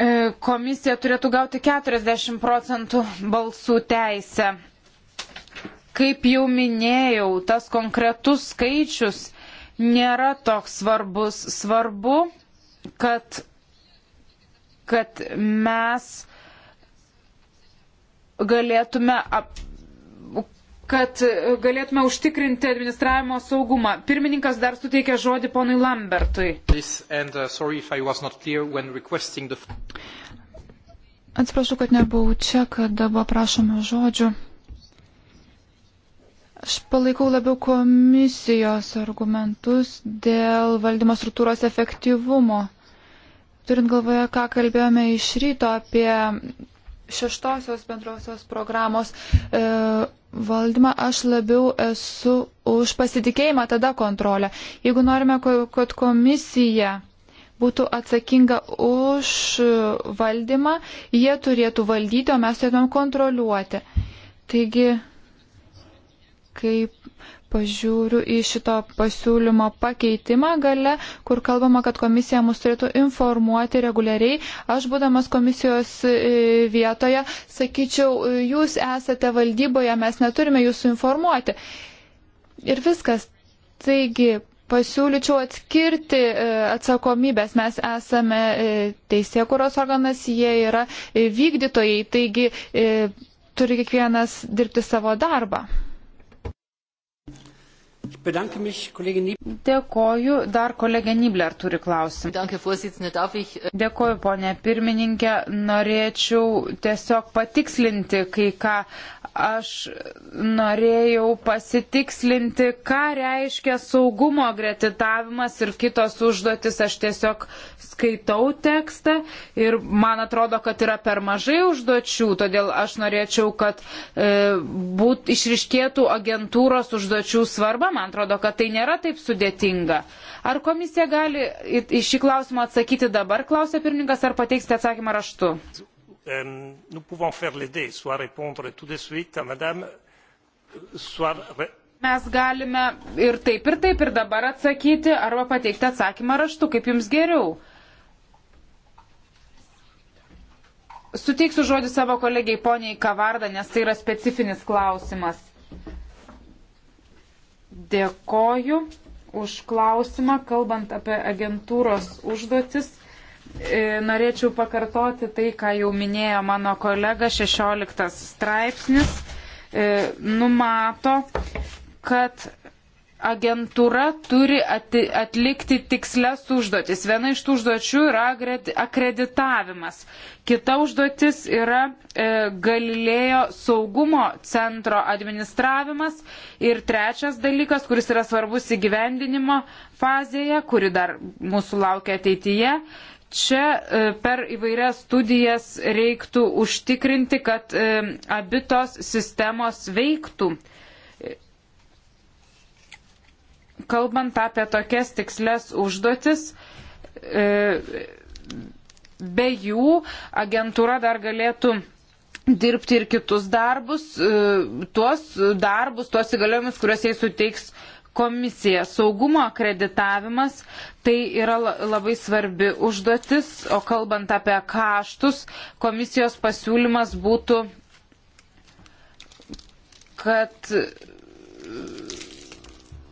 e, komisija turėtų gauti 40 procentų balsų teisę. Kaip jau minėjau, tas konkretus skaičius nėra toks svarbus. Svarbu, kad, kad mes galėtume ap, kad e, galėtume užtikrinti administravimo saugumą. Pirmininkas dar suteikė žodį ponui Lambertui. And, uh, the... Atsiprašau, kad nebuvau čia, kada buvo prašoma žodžių. Aš palaikau labiau komisijos argumentus dėl valdymo struktūros efektyvumo. Turint galvoje, ką kalbėjome iš ryto apie šeštosios bendrosios programos e, valdymą, aš labiau esu už pasitikėjimą tada kontrolę. Jeigu norime, kad komisija būtų atsakinga už valdymą, jie turėtų valdyti, o mes turėtumėm kontroliuoti. Taigi, kaip pažiūriu į šito pasiūlymo pakeitimą gale, kur kalbama, kad komisija mus turėtų informuoti reguliariai. Aš, būdamas komisijos e, vietoje, sakyčiau, e, jūs esate valdyboje, mes neturime jūsų informuoti. Ir viskas. Taigi, pasiūlyčiau atskirti e, atsakomybės. Mes esame teisėkuros organas, jie yra vykdytojai, taigi turi kiekvienas dirbti savo darbą. Dėkoju. Dar kolegė Nibler turi klausimą. Äh, Dėkoju, ponė pirmininkė. Norėčiau tiesiog patikslinti kai ką. Aš norėjau pasitikslinti, ką reiškia saugumo gretitavimas ir kitos užduotis. Aš tiesiog skaitau tekstą ir man atrodo, kad yra per mažai užduočių, todėl aš norėčiau, kad e, būt, išriškėtų agentūros užduočių svarba. Man man atrodo, kad tai nėra taip sudėtinga. Ar komisija gali į, į šį klausimą atsakyti dabar, klausė pirmininkas, ar pateiksite atsakymą raštu? Mes galime ir taip, ir taip, ir dabar atsakyti, arba pateikti atsakymą raštu, kaip jums geriau. Suteiksiu žodį savo kolegiai poniai Kavardą, nes tai yra specifinis klausimas. Dėkoju už klausimą, kalbant apie agentūros užduotis. E, norėčiau pakartoti tai, ką jau minėjo mano kolega 16 straipsnis, e, numato, kad agentūra turi ati, atlikti tikslias užduotis. Viena iš tų užduočių yra akreditavimas. Kita užduotis yra e, Galilėjo saugumo centro administravimas. Ir trečias dalykas, kuris yra svarbus įgyvendinimo fazėje, kuri dar mūsų laukia ateityje. Čia e, per įvairias studijas reiktų užtikrinti, kad e, abitos sistemos veiktų. E, kalbant apie tokias tikslias užduotis, e, be jų agentūra dar galėtų dirbti ir kitus darbus, e, tuos darbus, tuos įgaliojimus, kuriuos jai suteiks komisija. Saugumo akreditavimas tai yra labai svarbi užduotis, o kalbant apie kaštus, komisijos pasiūlymas būtų, kad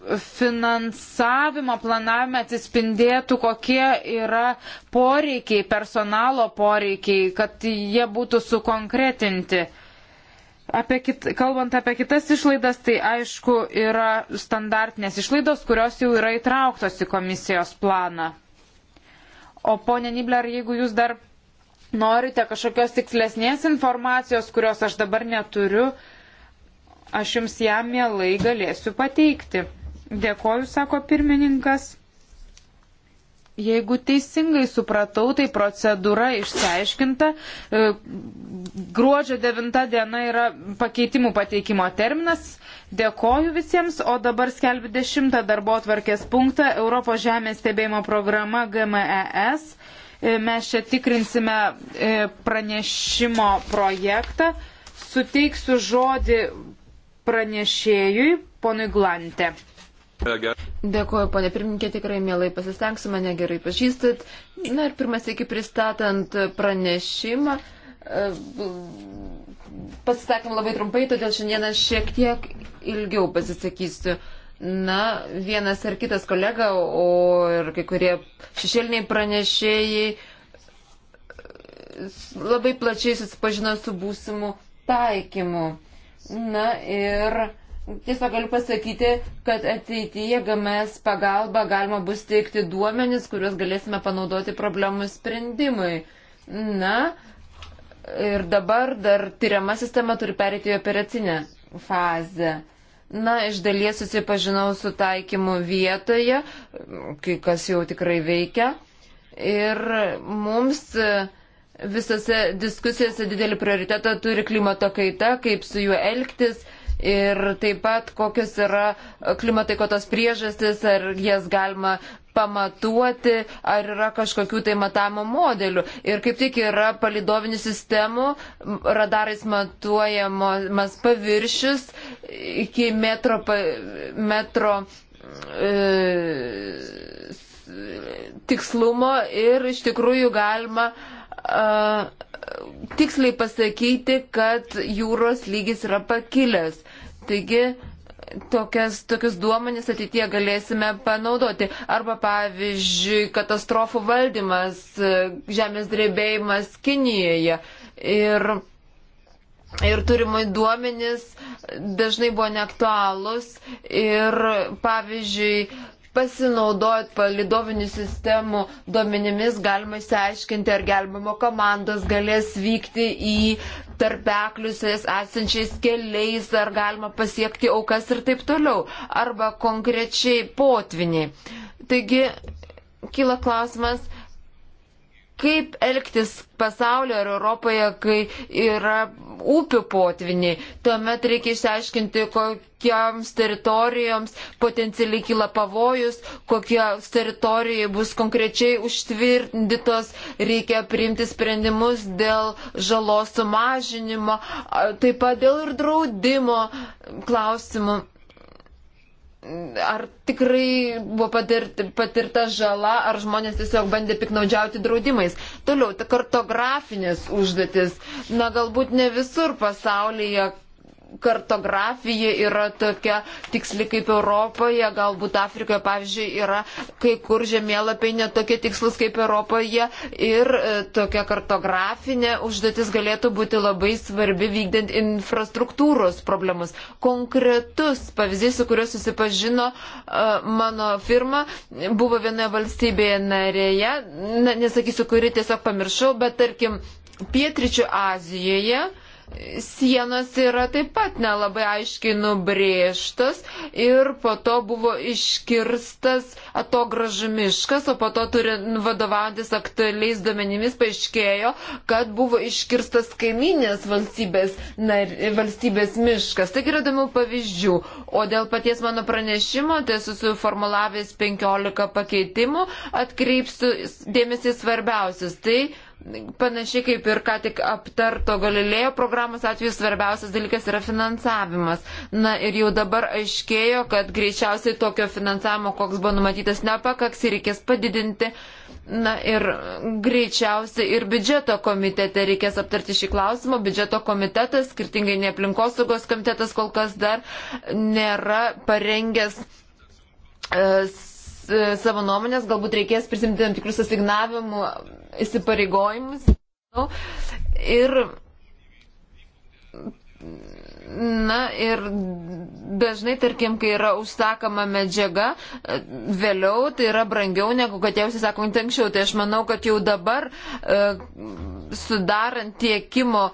finansavimo planavime atsispindėtų, kokie yra poreikiai, personalo poreikiai, kad jie būtų sukonkretinti. Apie kit, kalbant apie kitas išlaidas, tai aišku yra standartinės išlaidos, kurios jau yra įtrauktos į komisijos planą. O ponė Nibler, jeigu jūs dar norite kažkokios tikslesnės informacijos, kurios aš dabar neturiu, aš jums ją mielai galėsiu pateikti. Dėkoju, sako pirmininkas. Jeigu teisingai supratau, tai procedūra išsiaiškinta. E, gruodžio 9 diena yra pakeitimų pateikimo terminas. Dėkoju visiems, o dabar skelbiu 10 darbo atvarkės punktą Europos žemės stebėjimo programa GMES. E, mes čia tikrinsime e, pranešimo projektą. Suteiksiu žodį pranešėjui, ponui Glantė. Dėkuoju, ponė pirmininkė, tikrai mielai pasistengsiu, mane gerai pažįstat. Na ir pirmas iki pristatant pranešimą, e, pasisakėm labai trumpai, todėl šiandieną šiek tiek ilgiau pasisakysiu. Na, vienas ar kitas kolega, o ir kai kurie šešėliniai pranešėjai e, labai plačiai susipažino su būsimu taikymu. Na ir tiesiog galiu pasakyti, kad ateityje GMS pagalba galima bus teikti duomenis, kuriuos galėsime panaudoti problemų sprendimui. Na, ir dabar dar tyriama sistema turi perėti į operacinę fazę. Na, iš dalies susipažinau su taikymu vietoje, kai kas jau tikrai veikia. Ir mums visose diskusijose didelį prioritetą turi klimato kaita, kaip su juo elgtis, ir taip pat kokios yra klimatai priežastis, ar jas galima pamatuoti, ar yra kažkokių tai matavimo modelių. Ir kaip tik yra palidovinių sistemų, radarais matuojamas paviršius iki metro, metro e, tikslumo ir iš tikrųjų galima e, tiksliai pasakyti, kad jūros lygis yra pakilęs. Taigi, tokias, tokius duomenis ateitie galėsime panaudoti. Arba, pavyzdžiui, katastrofų valdymas, žemės drebėjimas Kinijoje. Ir, ir turimai duomenis dažnai buvo neaktualūs. Ir, pavyzdžiui, pasinaudojant palidovinių sistemų duomenimis galima išsiaiškinti, ar gelbimo komandos galės vykti į tarpeklius esančiais keliais, ar galima pasiekti aukas ir taip toliau, arba konkrečiai potviniai. Taigi, kyla klausimas, kaip elgtis pasaulio ir Europoje, kai yra upių potviniai. Tuomet reikia išsiaiškinti, kokiams teritorijoms potencialiai kyla pavojus, kokie teritorijai bus konkrečiai užtvirtintos, reikia priimti sprendimus dėl žalos sumažinimo, taip pat dėl ir draudimo klausimų ar tikrai buvo patirti, patirta žala, ar žmonės tiesiog bandė piknaudžiauti draudimais. Toliau, ta kartografinės užduotis. Na, galbūt ne visur pasaulyje kartografija yra tokia tiksli kaip Europoje, galbūt Afrikoje, pavyzdžiui, yra kai kur žemėlapiai netokie tikslus kaip Europoje ir e, tokia kartografinė užduotis galėtų būti labai svarbi vykdant infrastruktūros problemas. Konkretus pavyzdys, su kuriuo susipažino e, mano firma, buvo vienoje valstybėje narėje, nesakysiu, kuri tiesiog pamiršau, bet tarkim, Pietričių Azijoje sienos yra taip pat nelabai aiškiai nubrėžtos ir po to buvo iškirstas atogražų miškas, o po to turi vadovantis aktualiais duomenimis paaiškėjo, kad buvo iškirstas kaiminės valstybės, nar, valstybės miškas. Taigi yra įdomių pavyzdžių. O dėl paties mano pranešimo, tai esu suformulavęs 15 pakeitimų, atkreipsiu dėmesį svarbiausius. Tai Panašiai kaip ir ką tik aptarto Galilėjo programos atveju svarbiausias dalykas yra finansavimas. Na ir jau dabar aiškėjo, kad greičiausiai tokio finansavimo, koks buvo numatytas, nepakaks ir reikės padidinti. Na ir greičiausiai ir biudžeto komitete reikės aptarti šį klausimą. Biudžeto komitetas, skirtingai nei aplinkosaugos komitetas, kol kas dar nėra parengęs e, E, savo nuomonės, galbūt reikės prisimti tam tikrus asignavimų įsipareigojimus. Ir, na, ir dažnai, tarkim, kai yra užsakoma medžiaga, e, vėliau tai yra brangiau negu kad jau įsisakoma anksčiau. Tai aš manau, kad jau dabar e, sudarant tiekimo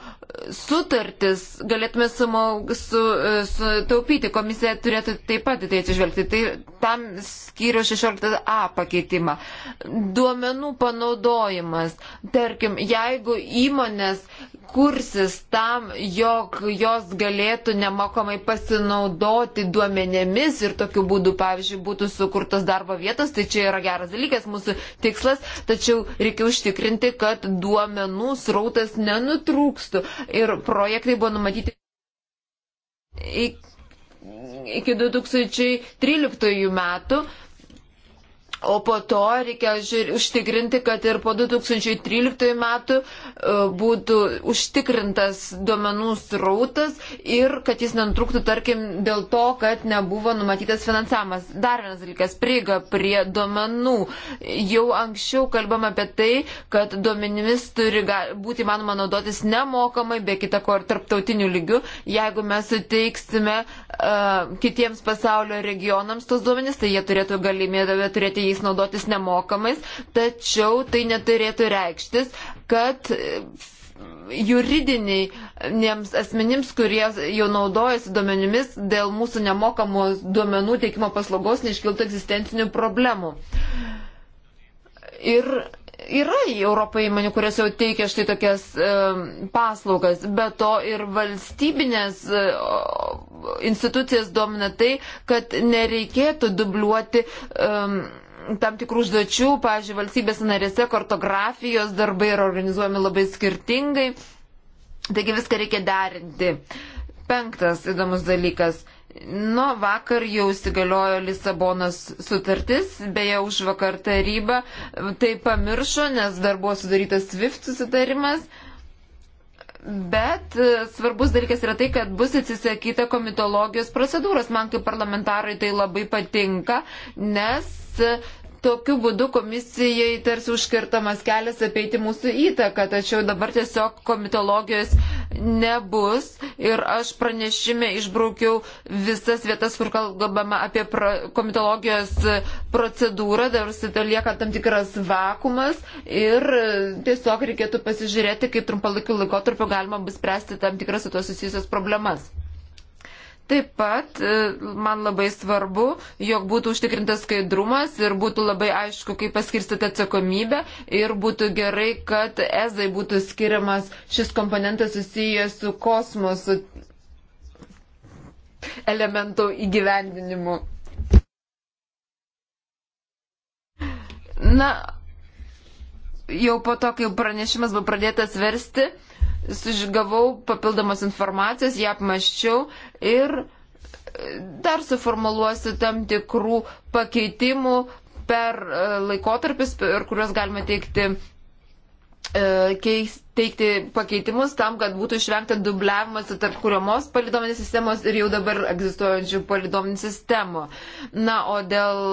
sutartis galėtume e, sutaupyti. Su, su Komisija turėtų taip pat į tai atsižvelgti. Tai tam skyriu 16a pakeitimą. Duomenų panaudojimas. Tarkim, jeigu įmonės kursis tam, jog jos galėtų nemokamai pasinaudoti duomenėmis ir tokiu būdu, pavyzdžiui, būtų sukurtas darbo vietas, tai čia yra geras dalykas, mūsų tikslas, tačiau reikia užtikrinti, kad duomenų srautas nenutrūkstų ir projektai buvo numatyti iki 2013 metų, o po to reikia užtikrinti, kad ir po 2013 metų e, būtų užtikrintas duomenų srautas ir kad jis nenutrūktų, tarkim, dėl to, kad nebuvo numatytas finansavimas. Dar vienas dalykas - prieiga prie duomenų. Jau anksčiau kalbam apie tai, kad duomenimis turi būti manoma naudotis nemokamai, be kita ko ir tarptautiniu lygiu, jeigu mes suteiksime uh, kitiems pasaulio regionams tos duomenys, tai jie turėtų galimybę turėti jais jais naudotis nemokamais, tačiau tai neturėtų reikštis, kad e, juridiniams asmenims, kurie jau naudojasi duomenimis, dėl mūsų nemokamo duomenų teikimo paslaugos neiškiltų egzistencinių problemų. Ir yra Europoje įmonių, kurios jau teikia štai tokias e, paslaugas, bet to ir valstybinės e, institucijas domina tai, kad nereikėtų dubliuoti. E, tam tikrų užduočių, pavyzdžiui, valstybės narėse kartografijos darbai yra organizuojami labai skirtingai, taigi viską reikia derinti. Penktas įdomus dalykas. Nu, vakar jau įsigaliojo Lisabonos sutartis, beje, už vakar taryba tai pamiršo, nes dar buvo sudarytas SWIFT susitarimas. Bet e, svarbus dalykas yra tai, kad bus atsisakyta komitologijos procedūros. Man kaip parlamentarai tai labai patinka, nes tokiu būdu komisijai tarsi užkirtamas kelias apeiti mūsų įtaką, tačiau dabar tiesiog komitologijos nebus ir aš pranešime išbraukiau visas vietas, kur kalbama apie pro, komitologijos procedūrą, dabar lieka tam tikras vakumas ir tiesiog reikėtų pasižiūrėti, kaip trumpalaikiu laikotarpiu galima bus spręsti tam tikras su to susijusios problemas. Taip pat e, man labai svarbu, jog būtų užtikrintas skaidrumas ir būtų labai aišku, kaip paskirstyti atsakomybę ir būtų gerai, kad ezai būtų skiriamas šis komponentas susijęs su kosmosu elementų įgyvendinimu. Na, jau po to, kai pranešimas buvo pradėtas versti, sužgavau papildomos informacijos, ją apmaščiau ir e, dar suformuluosiu tam tikrų pakeitimų per e, laikotarpis, per kuriuos galima teikti, e, keis, teikti pakeitimus tam, kad būtų išvengta dubliavimas tarp kuriamos palidominės sistemos ir jau dabar egzistuojančių palidominės sistemų. Na, o dėl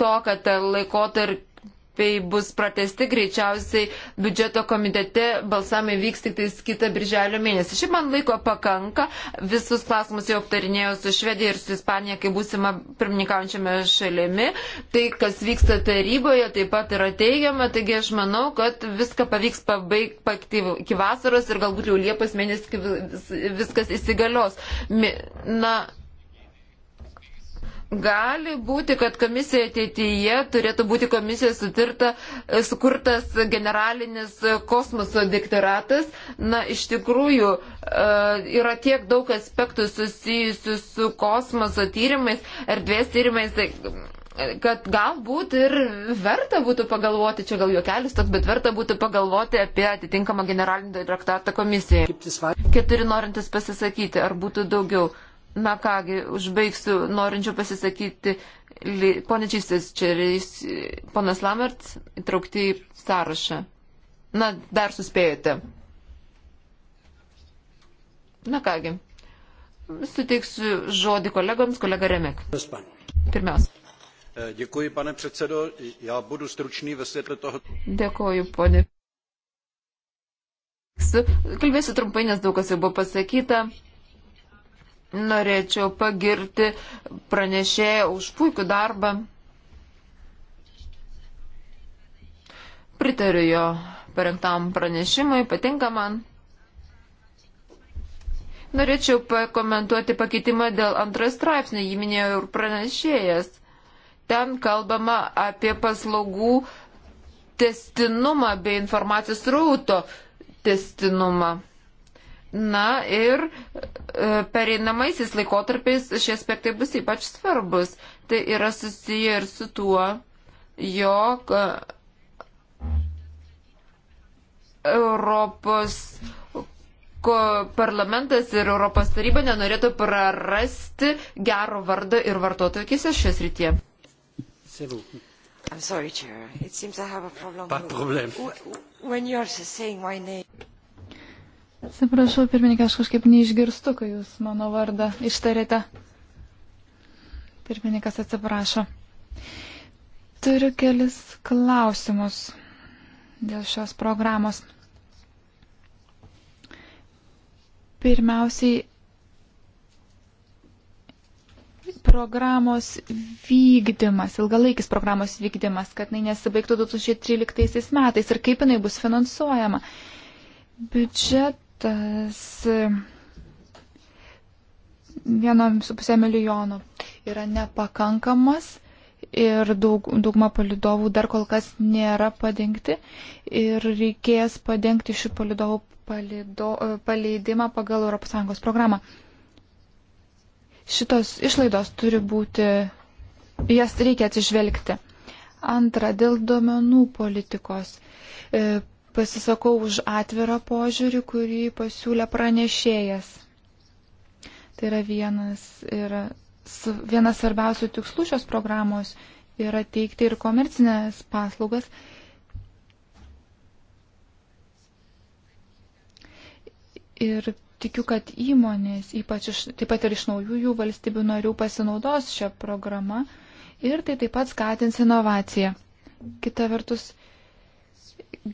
to, kad laikotarpis laikotarpiai bus pratesti, greičiausiai biudžeto komitete balsamai vyks tik tais kitą birželio mėnesį. Šiaip man laiko pakanka, visus klausimus jau aptarinėjau su Švedija ir su Ispanija, kai būsima pirmininkaujančiame šalimi. Tai, kas vyksta taryboje, taip pat yra teigiama, taigi aš manau, kad viską pavyks pabaigti iki vasaros ir galbūt jau Liepos mėnesį viskas įsigalios. Na, Gali būti, kad komisija ateityje turėtų būti komisija sutirta, sukurtas generalinis kosmoso diktoratas. Na, iš tikrųjų, e, yra tiek daug aspektų susijusių su kosmoso tyrimais, erdvės tyrimais, tai, kad galbūt ir verta būtų pagalvoti, čia gal juokelis toks, bet verta būtų pagalvoti apie atitinkamą generalinį direktatą komisiją. Keturi norintis pasisakyti, ar būtų daugiau. Na kągi, užbaigsiu norinčių pasisakyti ponečiasis čia ir ponas Lamerts įtraukti į sąrašą. Na, dar suspėjote. Na kągi, suteiksiu žodį kolegoms, kolega Remek. Pirmiausia. Děkuji, pane předsedo. Já budu stručný ve světle toho. Děkuji, pane. Kalbėsiu trumpai, nes daug kas jau buvo pasakyta norėčiau pagirti pranešėją už puikų darbą. Pritariu jo parengtam pranešimui, patinka man. Norėčiau pakomentuoti pakeitimą dėl antras straipsnio, jį minėjo ir pranešėjas. Ten kalbama apie paslaugų testinumą bei informacijos rauto testinumą. Na ir e, pereinamaisiais laikotarpiais šie aspektai bus ypač svarbus. Tai yra susiję ir su tuo, jog e, Europos parlamentas ir Europos taryba nenorėtų prarasti gero vardo ir vartotojų akise šios rytie. Sorry, Chair. It seems I have a problem. Pas de problème. When you're saying my name. Atsiprašau, pirmininkė, aš kažkaip neišgirstu, kai jūs mano vardą ištarėte. Pirmininkas atsiprašo. Turiu kelis klausimus dėl šios programos. Pirmiausiai, programos vykdymas, ilgalaikis programos vykdymas, kad jinai nesibaigtų 2013 metais ir kaip jinai bus finansuojama. Biudžet tas e, vieno su pusė milijono yra nepakankamas ir daug, daugma palidovų dar kol kas nėra padengti ir reikės padengti šių palidovų palido, e, paleidimą pagal ES programą. Šitos išlaidos turi būti, jas reikia atsižvelgti. Antra, dėl duomenų politikos. E, pasisakau už atvirą požiūrį, kurį pasiūlė pranešėjas. Tai yra vienas, yra, vienas svarbiausių tikslų šios programos yra teikti ir komercinės paslaugas. Ir tikiu, kad įmonės, ypač iš, taip pat ir iš naujųjų valstybių narių, pasinaudos šią programą ir tai taip pat skatins inovaciją. Kita vertus,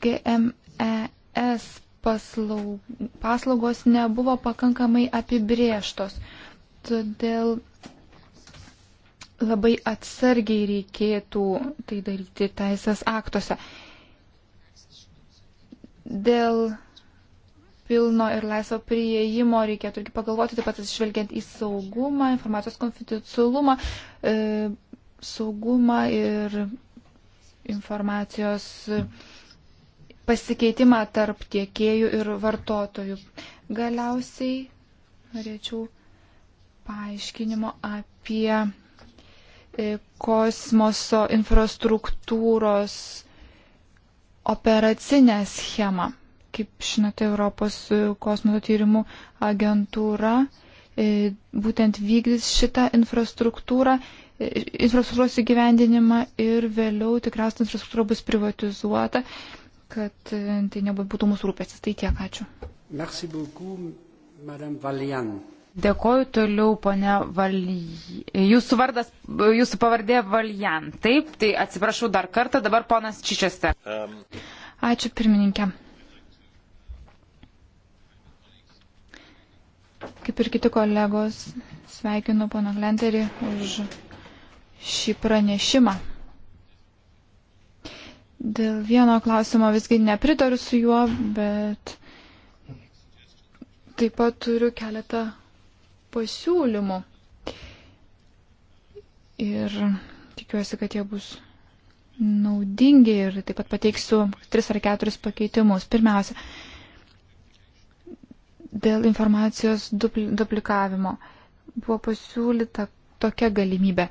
GMES paslaug, paslaugos nebuvo pakankamai apibrieštos. Todėl labai atsargiai reikėtų tai daryti teisės aktuose. Dėl pilno ir laisvo prieimo reikėtų irgi pagalvoti, taip pat atsižvelgiant į saugumą, informacijos konfidencialumą, e, saugumą ir informacijos. E, pasikeitimą tarp tiekėjų ir vartotojų. Galiausiai norėčiau paaiškinimo apie e, kosmoso infrastruktūros operacinę schemą. Kaip žinote, Europos kosmoso tyrimų agentūra e, būtent vykdys šitą infrastruktūrą, e, infrastruktūros įgyvendinimą ir vėliau tikriausiai infrastruktūra bus privatizuota kad e, tai nebūtų mūsų rūpestis. Tai tiek, ačiū. Merci beaucoup, Madame Valian. Dėkoju toliau, ponia Valjan. Jūsų vardas, jūsų pavardė Valjan. Taip, tai atsiprašau dar kartą, dabar ponas Čičiaste. Um. Ačiū pirmininkė. Kaip ir kiti kolegos, sveikinu pono Glenterį už šį pranešimą. Dėl vieno klausimo visgi nepritariu su juo, bet taip pat turiu keletą pasiūlymų. Ir tikiuosi, kad jie bus naudingi ir taip pat pateiksiu tris ar keturis pakeitimus. Pirmiausia, dėl informacijos duplikavimo buvo pasiūlyta tokia galimybė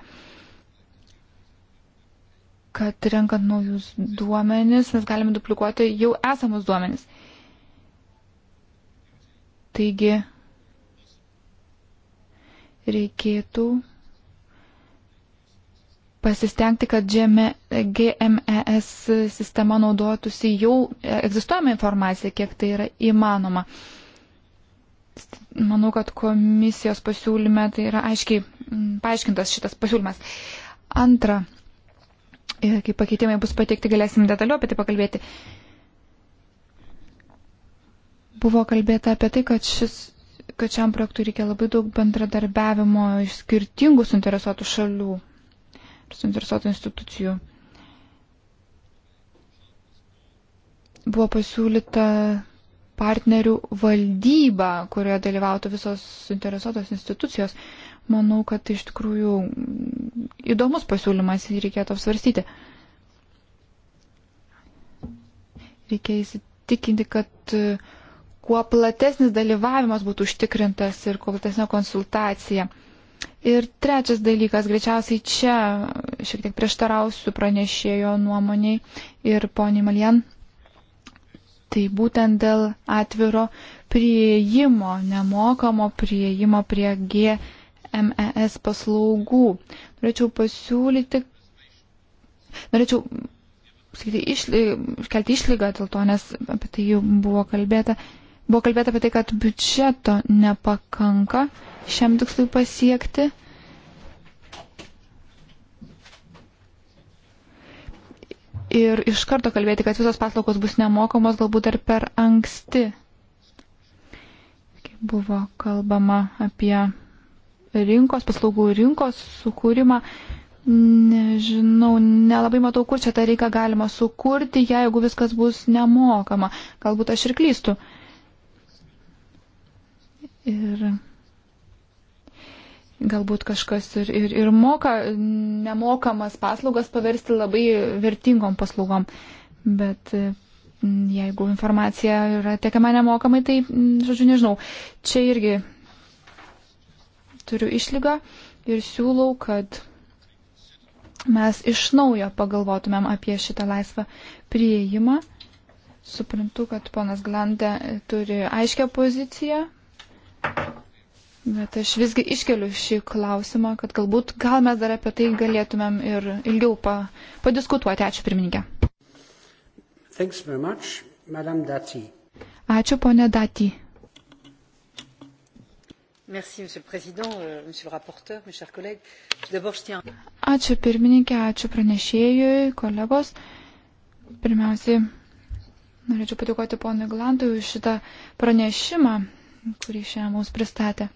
kad renkant naujus duomenis mes galime duplikuoti jau esamus duomenis. Taigi reikėtų pasistengti, kad GMES sistema naudotųsi jau egzistuojama informacija, kiek tai yra įmanoma. Manau, kad komisijos pasiūlyme tai yra aiškiai mm, paaiškintas šitas pasiūlymas. Antra, Ir kai pakeitimai bus pateikti, galėsim detaliau apie tai pakalbėti. Buvo kalbėta apie tai, kad, šis, kad šiam projektui reikia labai daug bendradarbiavimo iš skirtingų suinteresuotų šalių ir suinteresuotų institucijų. Buvo pasiūlyta partnerių valdyba, kurioje dalyvautų visos suinteresuotos institucijos manau, kad iš tikrųjų įdomus pasiūlymas ir reikėtų apsvarstyti. Reikia įsitikinti, kad e, kuo platesnis dalyvavimas būtų užtikrintas ir kuo platesnė konsultacija. Ir trečias dalykas, greičiausiai čia šiek tiek prieštarausiu pranešėjo nuomoniai ir poniai Malien. Tai būtent dėl atviro prieimo, nemokamo prieimo prie G MES paslaugų. Norėčiau pasiūlyti, norėčiau sakyti, išly, iškelti išlygą dėl to, nes apie tai jau buvo kalbėta. Buvo kalbėta apie tai, kad biudžeto nepakanka šiam tikslui pasiekti. Ir iš karto kalbėti, kad visos paslaugos bus nemokamos, galbūt dar per anksti. Kaip buvo kalbama apie rinkos, paslaugų rinkos sukūrimą. Nežinau, nelabai matau, kur čia tą reiką galima sukurti, jeigu viskas bus nemokama. Galbūt aš ir klystu. Ir galbūt kažkas ir, ir, ir moka nemokamas paslaugas paversti labai vertingom paslaugom. Bet jeigu informacija yra tiekiama nemokamai, tai, žodžiu, nežinau. Čia irgi turiu išlygą ir siūlau, kad mes iš naujo pagalvotumėm apie šitą laisvą prieimą. Suprantu, kad ponas Glandė turi aiškę poziciją, bet aš visgi iškeliu šį klausimą, kad galbūt gal mes dar apie tai galėtumėm ir ilgiau pa, padiskutuoti. Ačiū pirmininkė. Ačiū ponė Dati. Merci, Monsieur le Président, euh, Monsieur le rapporteur, mes chers collègues. Tout d'abord, je tiens. Ačiū pirmininkė, ačiū pranešėjui, kolegos. Pirmiausiai, norėčiau patikoti ponui Glandui už šitą pranešimą, kurį šiandien mums pristatė.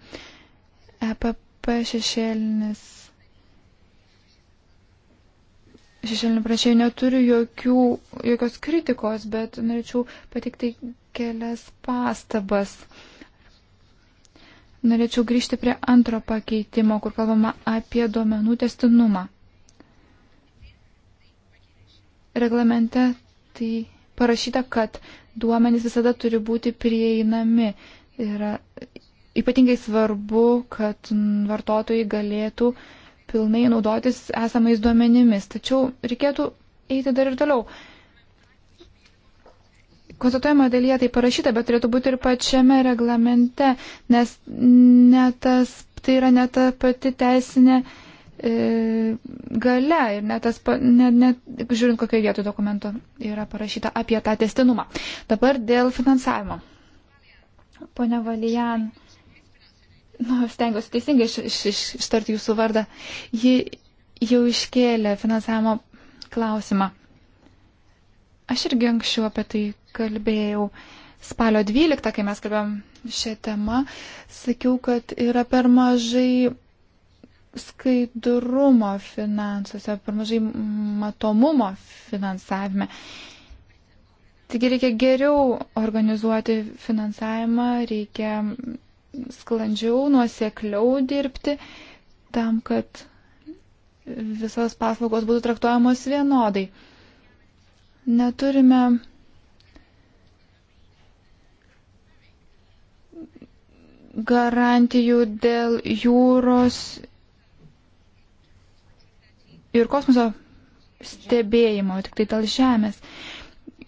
EPP šešėlinis. Šešėlinį prašėjų neturiu jokių, jokios kritikos, bet norėčiau patikti kelias pastabas. Uh, Norėčiau grįžti prie antro pakeitimo, kur kalbama apie duomenų testinumą. Reglamente tai parašyta, kad duomenys visada turi būti prieinami. Yra ypatingai svarbu, kad vartotojai galėtų pilnai naudotis esamais duomenimis. Tačiau reikėtų eiti dar ir toliau konstatuojama dalyje tai parašyta, bet turėtų būti ir pačiame reglamente, nes ne tas, tai yra ne ta pati teisinė e, gale ir ne tas, ne, ne, žiūrint, kokioje vietoje dokumento yra parašyta apie tą testinumą. Dabar dėl finansavimo. Pone Valijan, nu, stengiuosi teisingai iš, iš, iš, ištarti jūsų vardą. Ji jau iškėlė finansavimo klausimą. Aš irgi anksčiau apie tai kalbėjau spalio 12, kai mes kalbėjom šią temą, sakiau, kad yra per mažai skaidrumo finansuose, per mažai matomumo finansavime. Taigi reikia geriau organizuoti finansavimą, reikia sklandžiau, nuosekliau dirbti tam, kad visos paslaugos būtų traktuojamos vienodai. Neturime garantijų dėl jūros ir kosmoso stebėjimo, tik tai dėl žemės.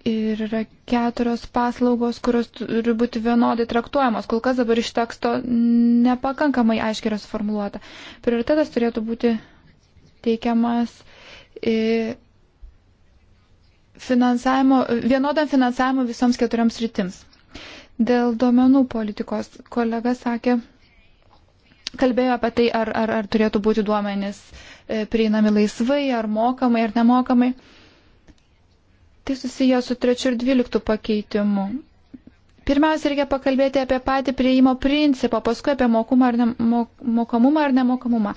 Ir yra keturios paslaugos, kurios turi būti vienodai traktuojamos. Kol kas dabar iš teksto nepakankamai aiškiai yra suformuoluota. Prioritetas turėtų būti teikiamas e, finansavimo, vienodam finansavimo visoms keturioms rytims. Dėl duomenų politikos kolega sakė, kalbėjo apie tai, ar, ar, ar turėtų būti duomenys e, prieinami laisvai, ar mokamai, ar nemokamai. Tai susiję su 3 ir 12 pakeitimu. Pirmiausia, reikia pakalbėti apie patį prieimo principą, paskui apie mokumą ar ne, mok, mokamumą ar nemokamumą.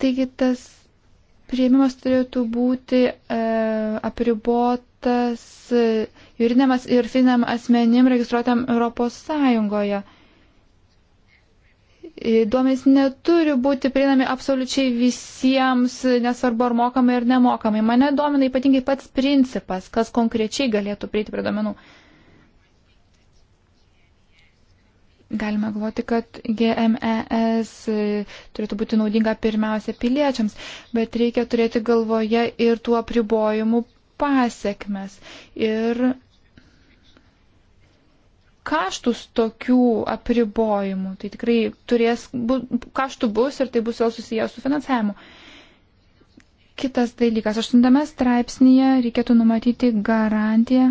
Taigi tas priėmimas turėtų būti e, apribotas juridiniam ir fiziniam asmenim registruotėm Europos Sąjungoje. Duomenys neturi būti prieinami absoliučiai visiems, nesvarbu ar mokamai ar nemokamai. Mane domina ypatingai pats principas, kas konkrečiai galėtų prieiti prie duomenų. Galime galvoti, kad GMES e, turėtų būti naudinga pirmiausia piliečiams, bet reikia turėti galvoje ir tų apribojimų pasiekmes. Ir kaštus tokių apribojimų. Tai tikrai turės, bu, kaštų bus ir tai bus vėl susijęs su finansavimu. Kitas dalykas, aštuntame straipsnėje reikėtų numatyti garantiją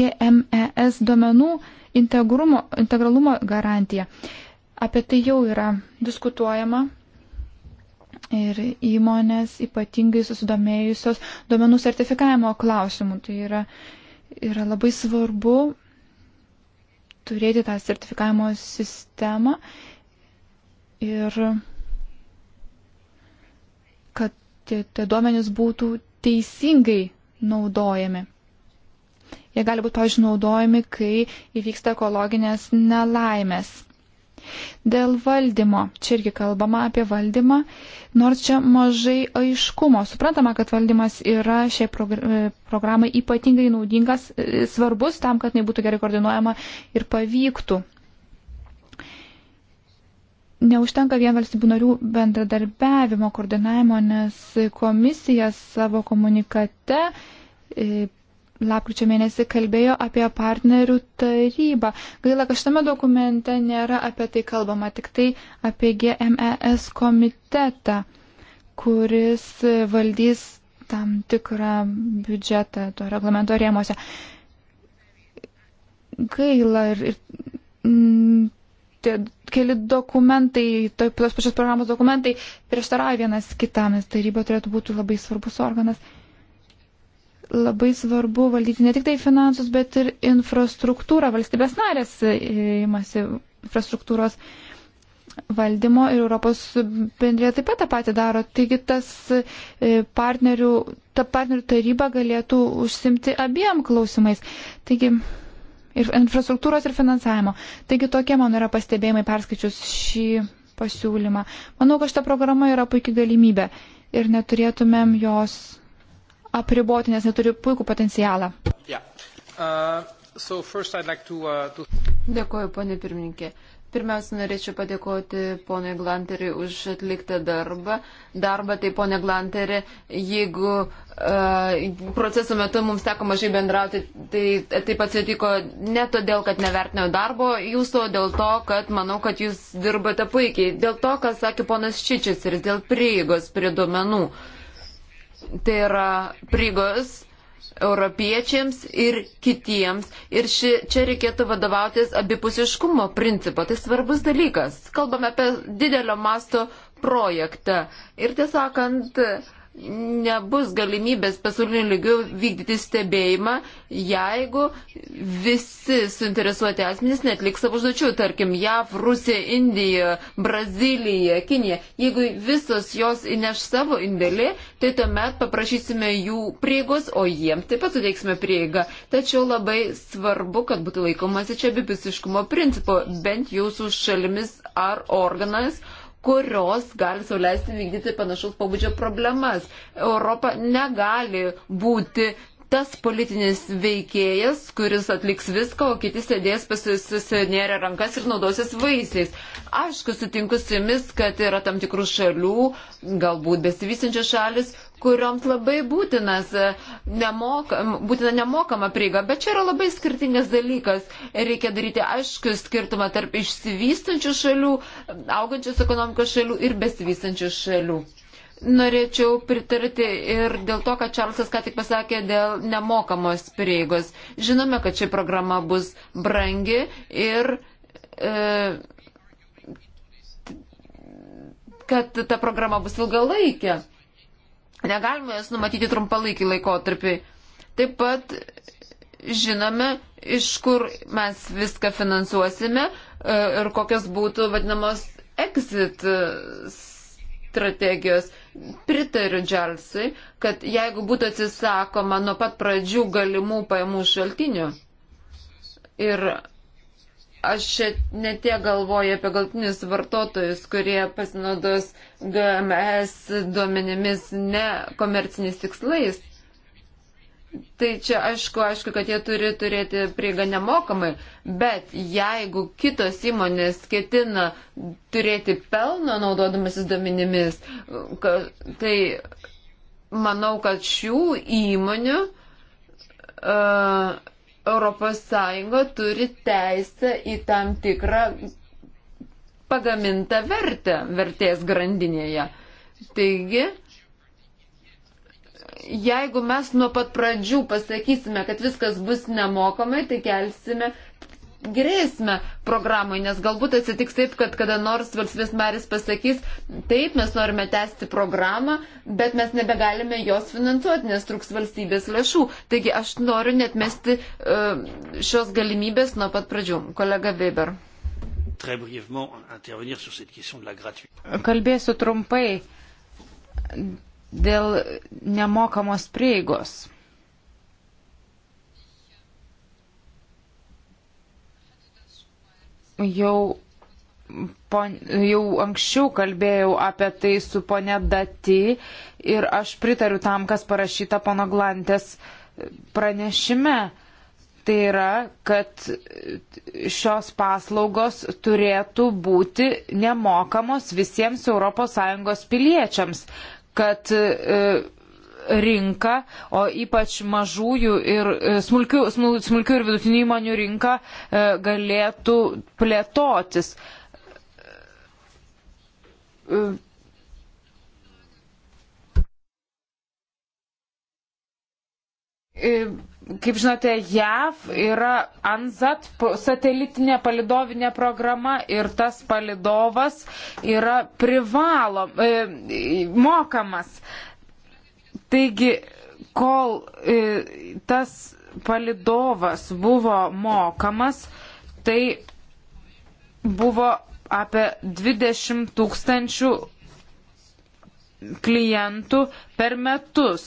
GMES duomenų integralumo garantiją. Apie tai jau yra diskutuojama ir įmonės ypatingai susidomėjusios duomenų sertifikavimo klausimų. Tai yra, yra labai svarbu turėti tą sertifikavimo sistemą ir kad tie, tie duomenys būtų teisingai naudojami. Jie gali būti, pavyzdžiui, naudojami, kai įvyksta ekologinės nelaimės. Dėl valdymo, čia irgi kalbama apie valdymą, nors čia mažai aiškumo. Suprantama, kad valdymas yra šiai e, programai ypatingai naudingas, e, svarbus tam, kad nebūtų gerai koordinuojama ir pavyktų. Neužtenka vien valstybių narių bendradarbiavimo, koordinavimo, nes komisija savo komunikate e, lapkričio mėnesį kalbėjo apie partnerių tarybą. Gaila, kad šitame dokumente nėra apie tai kalbama, tik tai apie GMES komitetą, kuris valdys tam tikrą biudžetą to reglamento rėmose. Gaila ir, ir m, mm, tie keli dokumentai, tos pačios programos dokumentai prieštarauja vienas kitam, nes taryba turėtų būti labai svarbus organas labai svarbu valdyti ne tik tai finansus, bet ir infrastruktūrą. Valstybės narės įmasi e, infrastruktūros valdymo ir Europos bendrė taip pat tą patį daro. Taigi tas e, partnerių, ta partnerių taryba galėtų užsimti abiem klausimais. Taigi ir infrastruktūros ir finansavimo. Taigi tokie mano yra pastebėjimai perskaičius šį pasiūlymą. Manau, kad šita programa yra puikia galimybė ir neturėtumėm jos apriboti, nes neturi puikų potencialą. Yeah. Uh, so like to, uh, to... Dėkuoju, ponė pirmininkė. Pirmiausia, norėčiau padėkoti ponui Glanteriui už atliktą darbą. Darbą, tai ponė Glanteri, jeigu uh, proceso metu mums teko mažai bendrauti, tai taip atsitiko ne todėl, kad nevertinau darbo jūsų, o dėl to, kad manau, kad jūs dirbate puikiai. Dėl to, ką sakė ponas Čičis ir dėl prieigos prie duomenų. Uh, tai yra prigos europiečiams ir kitiems. Ir ši, čia reikėtų vadovautis abipusiškumo principo. Tai svarbus dalykas. Kalbame apie didelio masto projektą. Ir tiesąkant, nebus galimybės pasaulinių lygių vykdyti stebėjimą, jeigu visi suinteresuoti asmenys netliks savo užduočių, tarkim, JAV, Rusija, Indija, Brazilija, Kinija. Jeigu visos jos įneš savo indėlį, tai tuomet paprašysime jų prieigos, o jiems taip pat suteiksime prieigą. Tačiau labai svarbu, kad būtų laikomasi čia abipusiškumo principo, bent jūsų šalimis ar organais kurios gali sauliaisti vykdyti panašaus pabudžio problemas. Europa negali būti tas politinis veikėjas, kuris atliks viską, o kiti sėdės pasisinėrę rankas ir naudosis vaisiais. Aišku, sutinku su jumis, kad yra tam tikrų šalių, galbūt besivysinčios šalis, kurioms labai būtinas, e, nemokam, būtina nemokama prieiga, bet čia yra labai skirtingas dalykas. Reikia daryti aiškių skirtumą tarp išsivystančių šalių, augančios ekonomikos šalių ir besivystančių šalių. Norėčiau pritarti ir dėl to, kad Čarlzas ką tik pasakė dėl nemokamos prieigos. Žinome, kad ši programa bus brangi ir e, kad ta programa bus ilgalaikė. Negalime jas numatyti trumpalaikį laikotarpį. Taip pat žinome, iš kur mes viską finansuosime e, ir kokios būtų vadinamos exit e, strategijos. Pritariu Džalsui, kad jeigu būtų atsisakoma nuo pat pradžių galimų pajamų šaltinių ir Aš netie galvoju apie galtinius vartotojus, kurie pasinaudos GMS duomenimis nekomerciniais tikslais. Tai čia aišku, aišku, kad jie turi turėti prieigą nemokamai, bet jeigu kitos įmonės ketina turėti pelną naudodamasis duomenimis, tai manau, kad šių įmonių uh, ES turi teisę į tam tikrą pagamintą vertę vertės grandinėje. Taigi, jeigu mes nuo pat pradžių pasakysime, kad viskas bus nemokamai, tai kelsime grėsmę programai, nes galbūt atsitiks taip, kad kada nors valstybės narės pasakys, taip, mes norime tęsti programą, bet mes nebegalime jos finansuoti, nes truks valstybės lėšų. Taigi aš noriu net mesti e, šios galimybės nuo pat pradžių. Kolega Weber. Kalbėsiu trumpai dėl nemokamos prieigos. jau, pon, jau anksčiau kalbėjau apie tai su ponė Dati ir aš pritariu tam, kas parašyta pono Glantės pranešime. Tai yra, kad šios paslaugos turėtų būti nemokamos visiems ES piliečiams, kad e, rinką, o ypač mažųjų ir e, smulkių, smulkių ir vidutinių įmonių rinką e, galėtų plėtotis. E, kaip žinote, JAV yra ANZAT satelitinė palidovinė programa ir tas palidovas yra privalom, mokamas. Taigi, kol e, tas palidovas buvo mokamas, tai buvo apie 20 tūkstančių klientų per metus.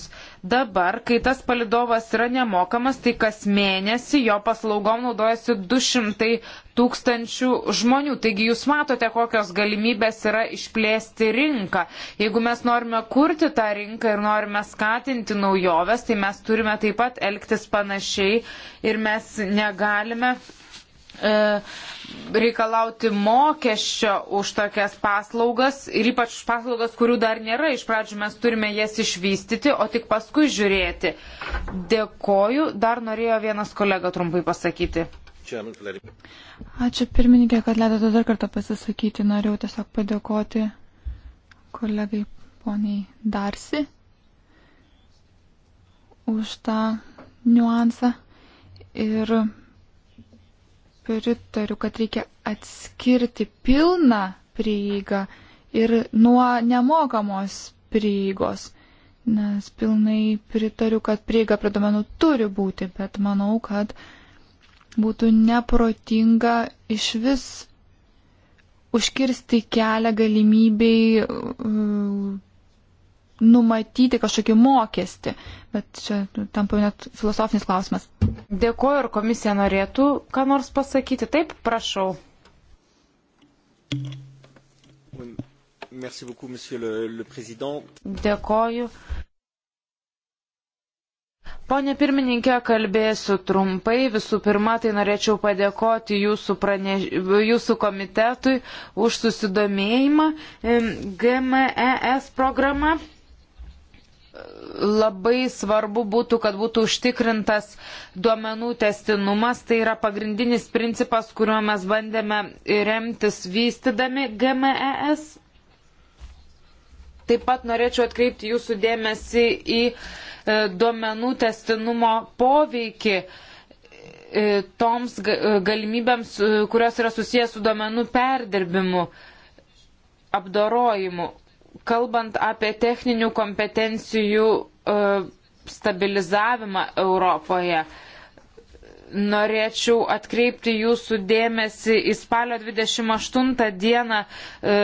Dabar, kai tas palidovas yra nemokamas, tai kas mėnesį jo paslaugom naudojasi 200 tūkstančių žmonių. Taigi jūs matote, kokios galimybės yra išplėsti rinką. Jeigu mes norime kurti tą rinką ir norime skatinti naujoves, tai mes turime taip pat elgtis panašiai ir mes negalime E, reikalauti mokesčio už tokias paslaugas ir ypač už paslaugas, kurių dar nėra. Iš pradžių mes turime jas išvystyti, o tik paskui žiūrėti. Dėkoju, dar norėjo vienas kolega trumpai pasakyti. Ačiū pirmininkė, kad leidote dar kartą pasisakyti. Norėjau tiesiog padėkoti kolegai poniai Darsi už tą niuansą. Ir pritariu, kad reikia atskirti pilną prieigą ir nuo nemokamos prieigos. Nes pilnai pritariu, kad prieiga prie domenų turi būti, bet manau, kad būtų neprotinga iš vis užkirsti kelią galimybei uh, numatyti kažkokį mokestį, bet čia nu, tampa net filosofinis klausimas. Dėkuoju, ar komisija norėtų ką nors pasakyti. Taip, prašau. Merci beaucoup, monsieur le, le président. Dėkoju. Pone pirmininkė, kalbėsiu trumpai. Visų pirma, tai norėčiau padėkoti jūsų, pranež... jūsų komitetui už susidomėjimą GMES programą labai svarbu būtų, kad būtų užtikrintas duomenų testinumas. Tai yra pagrindinis principas, kuriuo mes bandėme remtis vystydami GMES. Taip pat norėčiau atkreipti jūsų dėmesį į e, duomenų testinumo poveikį e, toms e, galimybėms, kurios yra susijęs su duomenų perdirbimu, apdorojimu kalbant apie techninių kompetencijų e, stabilizavimą Europoje, norėčiau atkreipti jūsų dėmesį į spalio 28 dieną e,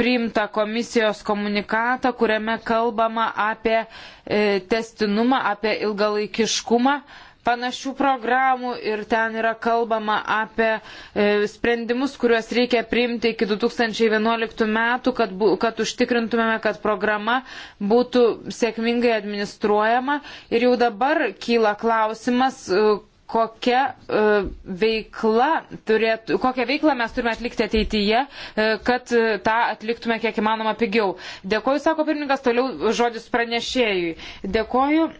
priimtą komisijos komunikatą, kuriame kalbama apie e, testinumą, apie ilgalaikiškumą. E, panašių programų ir ten yra kalbama apie e, sprendimus, kuriuos reikia priimti iki 2011 metų, kad, bu, kad užtikrintumėme, kad programa būtų sėkmingai administruojama. Ir jau dabar kyla klausimas, e, kokia, e, veikla turėtų, kokią veiklą mes turime atlikti ateityje, e, kad e, tą atliktume kiek įmanoma pigiau. Dėkoju, sako pirmininkas, toliau žodis pranešėjui. Dėkoju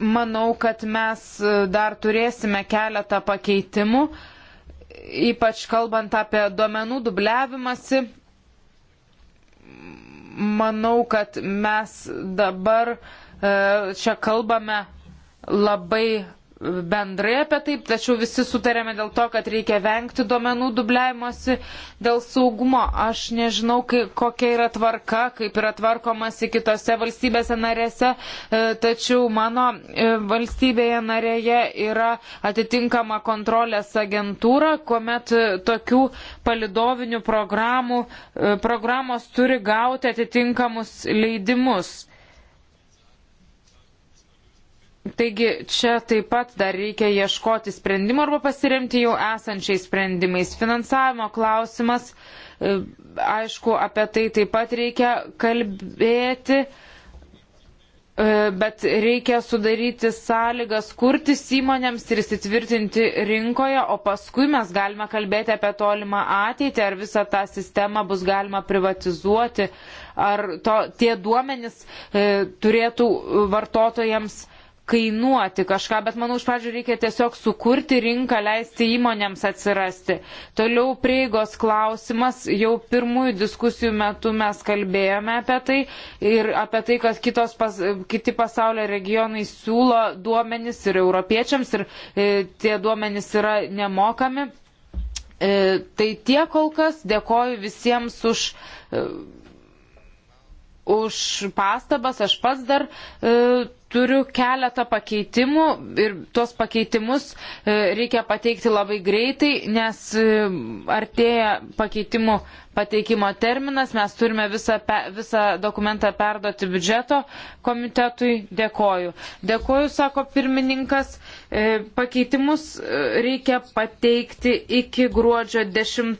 manau, kad mes e, dar turėsime keletą pakeitimų, ypač kalbant apie duomenų dubliavimąsi. Manau, kad mes dabar e, čia kalbame labai bendrai apie taip, tačiau visi sutarėme dėl to, kad reikia vengti duomenų dubliavimosi dėl saugumo. Aš nežinau, kai, kokia yra tvarka, kaip yra tvarkomasi kitose valstybėse narėse, e, tačiau mano e, valstybėje narėje yra atitinkama kontrolės agentūra, kuomet e, tokių palidovinių programų, programos turi gauti atitinkamus leidimus. Taigi čia taip pat dar reikia ieškoti sprendimų arba pasiremti jau esančiais sprendimais. Finansavimo klausimas, e, aišku, apie tai taip pat reikia kalbėti e, bet reikia sudaryti sąlygas kurtis įmonėms ir įsitvirtinti rinkoje, o paskui mes galime kalbėti apie tolimą ateitį, ar visą tą sistemą bus galima privatizuoti, ar to, tie duomenys e, turėtų vartotojams kainuoti kažką, bet manau, iš pradžių reikia tiesiog sukurti rinką, leisti įmonėms atsirasti. Toliau prieigos klausimas, jau pirmųjų diskusijų metu mes kalbėjome apie tai ir apie tai, kad kitos, pas, kiti pasaulio regionai siūlo duomenis ir europiečiams ir e, tie duomenis yra nemokami. E, tai tie kol kas, dėkoju visiems už. E, už pastabas, aš pats dar e, turiu keletą pakeitimų ir tuos pakeitimus e, reikia pateikti labai greitai, nes e, artėja pakeitimų pateikimo terminas, mes turime visą, pe, visą dokumentą perduoti biudžeto komitetui. Dėkoju. Dėkoju, sako pirmininkas. E, pakeitimus e, reikia pateikti iki gruodžio 10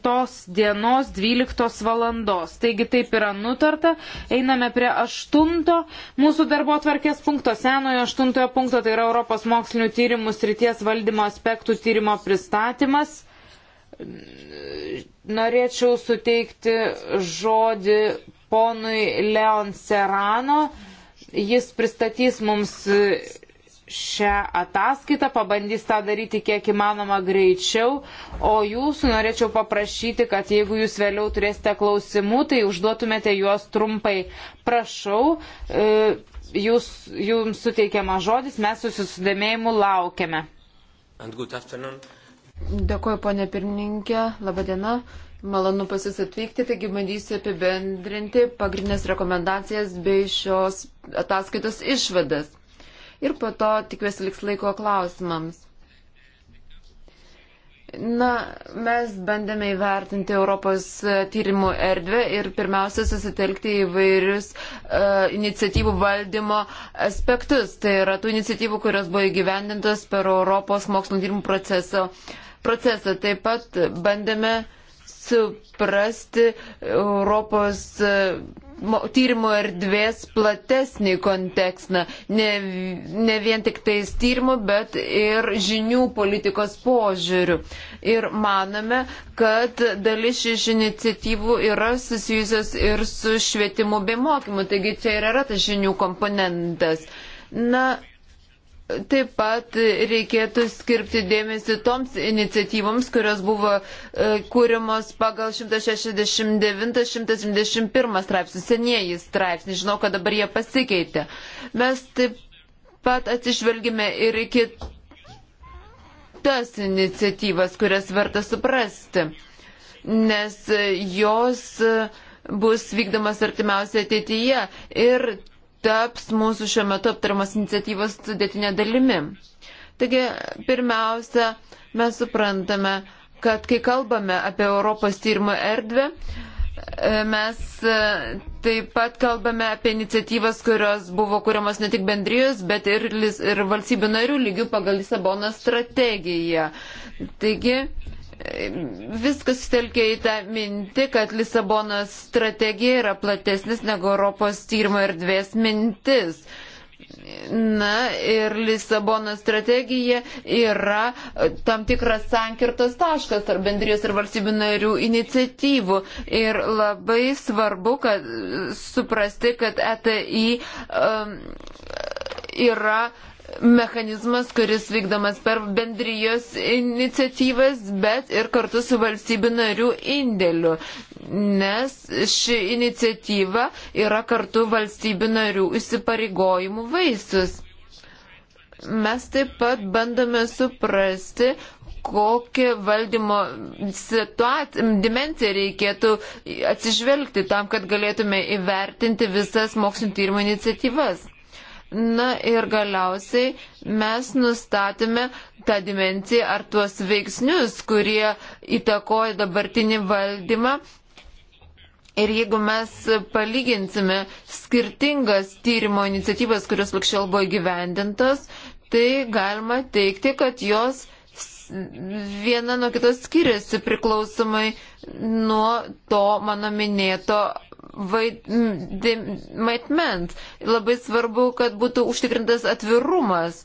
dienos 12 valandos. Taigi taip yra nutarta. Einame prie 8 mūsų darbo tvarkės punkto, senojo 8 punkto, tai yra Europos mokslinių tyrimų srities valdymo aspektų tyrimo pristatymas. Norėčiau suteikti žodį ponui Leon Serrano. Jis pristatys mums šią ataskaitą, pabandys tą daryti kiek įmanoma greičiau, o jūsų norėčiau paprašyti, kad jeigu jūs vėliau turėsite klausimų, tai užduotumėte juos trumpai. Prašau, e, jūs, jums suteikiama žodis, mes su susidomėjimu laukiame. Dėkuoju, ponė pirmininkė, laba diena. Malonu pasis atvykti, taigi bandysiu apibendrinti pagrindinės rekomendacijas bei šios ataskaitos išvadas ir po to tikiuosi liks laiko klausimams. Na, mes bandėme įvertinti Europos tyrimų erdvę ir pirmiausia susitelkti į vairius uh, e, iniciatyvų valdymo aspektus. Tai yra tų iniciatyvų, kurios buvo įgyvendintos per Europos mokslo tyrimų proceso, procesą. Taip pat bandėme suprasti Europos. Uh, tyrimo erdvės platesnį kontekstą, ne, ne vien tik tais tyrimo, bet ir žinių politikos požiūrių. Ir manome, kad dalis iš iniciatyvų yra susijusios ir su švietimu bei mokymu, taigi čia ir yra tas žinių komponentas. Na, Taip pat reikėtų skirti dėmesį toms iniciatyvoms, kurios buvo e, kūrimos pagal 169-171 straipsnius, senieji straipsniai. Žinau, kad dabar jie pasikeitė. Mes taip pat atsižvelgime ir į kitas iniciatyvas, kurias verta suprasti, nes jos bus vykdomas artimiausia ateityje. Ir taps mūsų šiuo metu aptariamas iniciatyvos sudėtinė dalimi. Taigi, pirmiausia, mes suprantame, kad kai kalbame apie Europos tyrimo erdvę, e, mes e, taip pat kalbame apie iniciatyvas, kurios buvo kuriamas ne tik bendrijos, bet ir, ir valstybių narių lygių pagal Lisabono strategiją. Taigi, viskas sutelkia į tą mintį, kad Lisabonos strategija yra platesnis negu Europos tyrimo erdvės mintis. Na ir Lisabono strategija yra tam tikras sankirtos taškas tarp bendrijos ir valstybių narių iniciatyvų. Ir labai svarbu, kad suprasti, kad ETI um, yra uh, mechanizmas, kuris vykdomas per bendrijos iniciatyvas, bet ir kartu su valstybių narių indėliu, nes ši iniciatyva yra kartu valstybių narių įsipareigojimų vaisius. Mes taip pat bandome suprasti, kokią valdymo dimenciją reikėtų atsižvelgti tam, kad galėtume įvertinti visas mokslinio tyrimo iniciatyvas. Na ir galiausiai mes nustatėme tą dimenciją ar tuos veiksnius, kurie įtakoja dabartinį valdymą. Ir jeigu mes palyginsime skirtingas tyrimo iniciatyvas, kurios likščiau buvo gyvendintos, tai galima teikti, kad jos viena nuo kitos skiriasi priklausomai nuo to mano minėto vaidmens. Labai svarbu, kad būtų užtikrintas atvirumas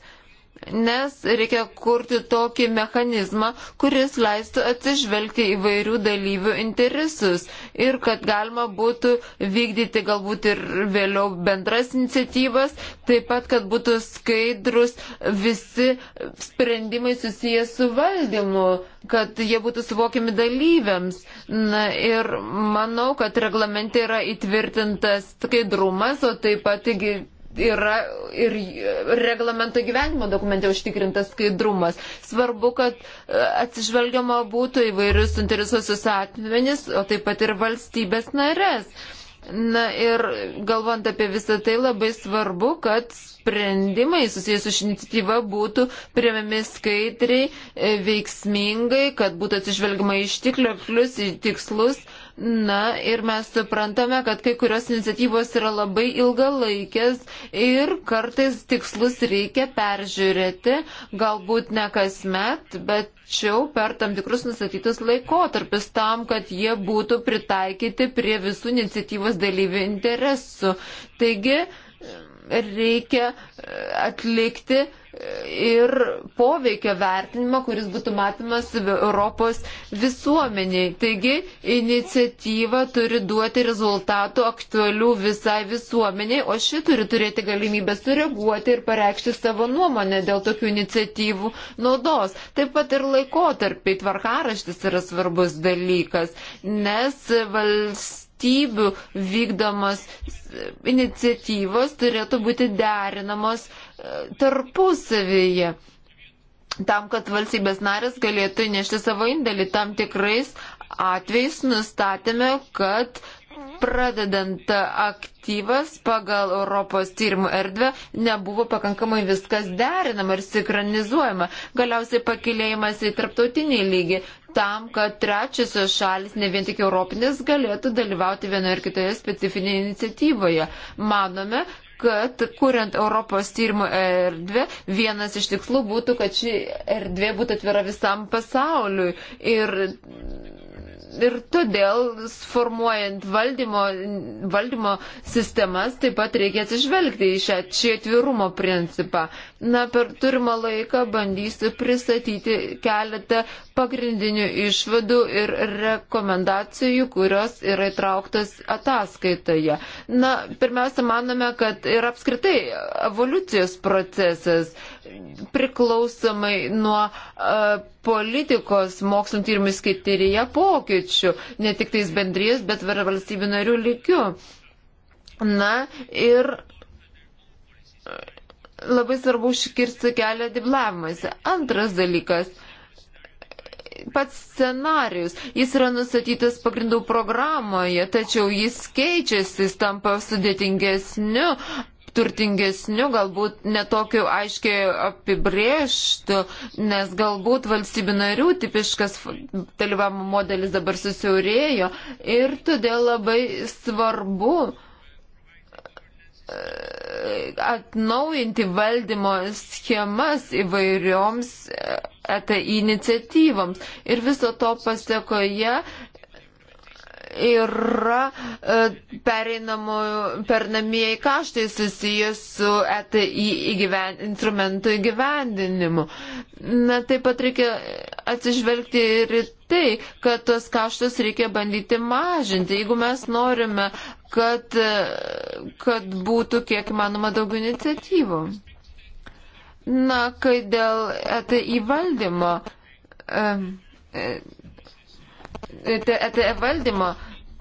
nes reikia kurti tokį mechanizmą, kuris leistų atsižvelgti įvairių dalyvių interesus ir kad galima būtų vykdyti galbūt ir vėliau bendras iniciatyvas, taip pat, kad būtų skaidrus visi sprendimai susijęs su valdymu kad jie būtų suvokiami dalyviams. Na ir manau, kad reglamente yra įtvirtintas skaidrumas, o taip pat yra ir reglamento gyvenimo dokumente užtikrintas skaidrumas. Svarbu, kad e, atsižvelgiama būtų įvairius suinteresuosius atmenis, o taip pat ir valstybės narės. Na ir galvant apie visą tai, labai svarbu, kad sprendimai susijęs su ši iniciatyva būtų priemami skaitriai, e, veiksmingai, kad būtų atsižvelgama ištiklius, į tikslus. Na ir mes suprantame, kad kai kurios iniciatyvos yra labai ilgalaikės ir kartais tikslus reikia peržiūrėti, galbūt ne kasmet, bet tačiau per tam tikrus nustatytus laikotarpius tam, kad jie būtų pritaikyti prie visų iniciatyvos dalyvių interesų. Taigi, reikia e, atlikti e, ir poveikio vertinimą, kuris būtų matomas Europos visuomeniai. Taigi iniciatyva turi duoti rezultatų aktualių visai visuomeniai, o ši turi turėti galimybę sureaguoti ir pareikšti savo nuomonę dėl tokių iniciatyvų naudos. Taip pat ir laikotarpiai tvarkaraštis yra svarbus dalykas, nes valstybė valstybių vykdomas iniciatyvos turėtų būti derinamos e, tarpusavyje. Tam, kad valstybės narės galėtų nešti savo indėlį, tam tikrais atvejais nustatėme, kad pradedant aktyvas pagal Europos tyrimų erdvę, nebuvo pakankamai viskas derinama ir sikronizuojama. Galiausiai pakilėjimas į tarptautinį lygį tam, kad trečiosios šalis, ne vien tik europinės, galėtų dalyvauti vienoje ir kitoje specifinėje iniciatyvoje. Manome, kad kuriant Europos tyrimo erdvę, vienas iš tikslų būtų, kad ši erdvė būtų atvira visam pasauliui. Ir ir todėl formuojant valdymo, valdymo sistemas taip pat reikia atsižvelgti į šią čia atvirumo principą. Na, per turimą laiką bandysiu pristatyti keletą pagrindinių išvadų ir rekomendacijų, kurios yra įtrauktas ataskaitoje. Na, pirmiausia, manome, kad yra apskritai evoliucijos procesas priklausomai nuo uh, politikos mokslinio tyrimų skaityryje pokyčių, ne tik tais bendrijos, bet ir valstybių narių lygių. Na ir e, labai svarbu užkirsti kelią diblavimuose. Antras dalykas pats scenarius. Jis yra nustatytas pagrindų programoje, tačiau jis keičiasi, jis tampa sudėtingesniu, turtingesniu, galbūt netokiu aiškiai apibrėžtu, nes galbūt valstybių narių tipiškas dalyvavimo modelis dabar susiaurėjo ir todėl labai svarbu e, atnaujinti valdymo schemas įvairioms ETA e iniciatyvams. Ir viso to pasiekoje yra e, pernamieji kaštai susijęs su ETI įgyven, instrumentų įgyvendinimu. Na, taip pat reikia atsižvelgti ir į tai, kad tuos kaštus reikia bandyti mažinti. Jeigu mes norime, kad, e, kad būtų kiek manoma daugiau iniciatyvų. Na, kai dėl ETI valdymo. E, e, ETF valdymo,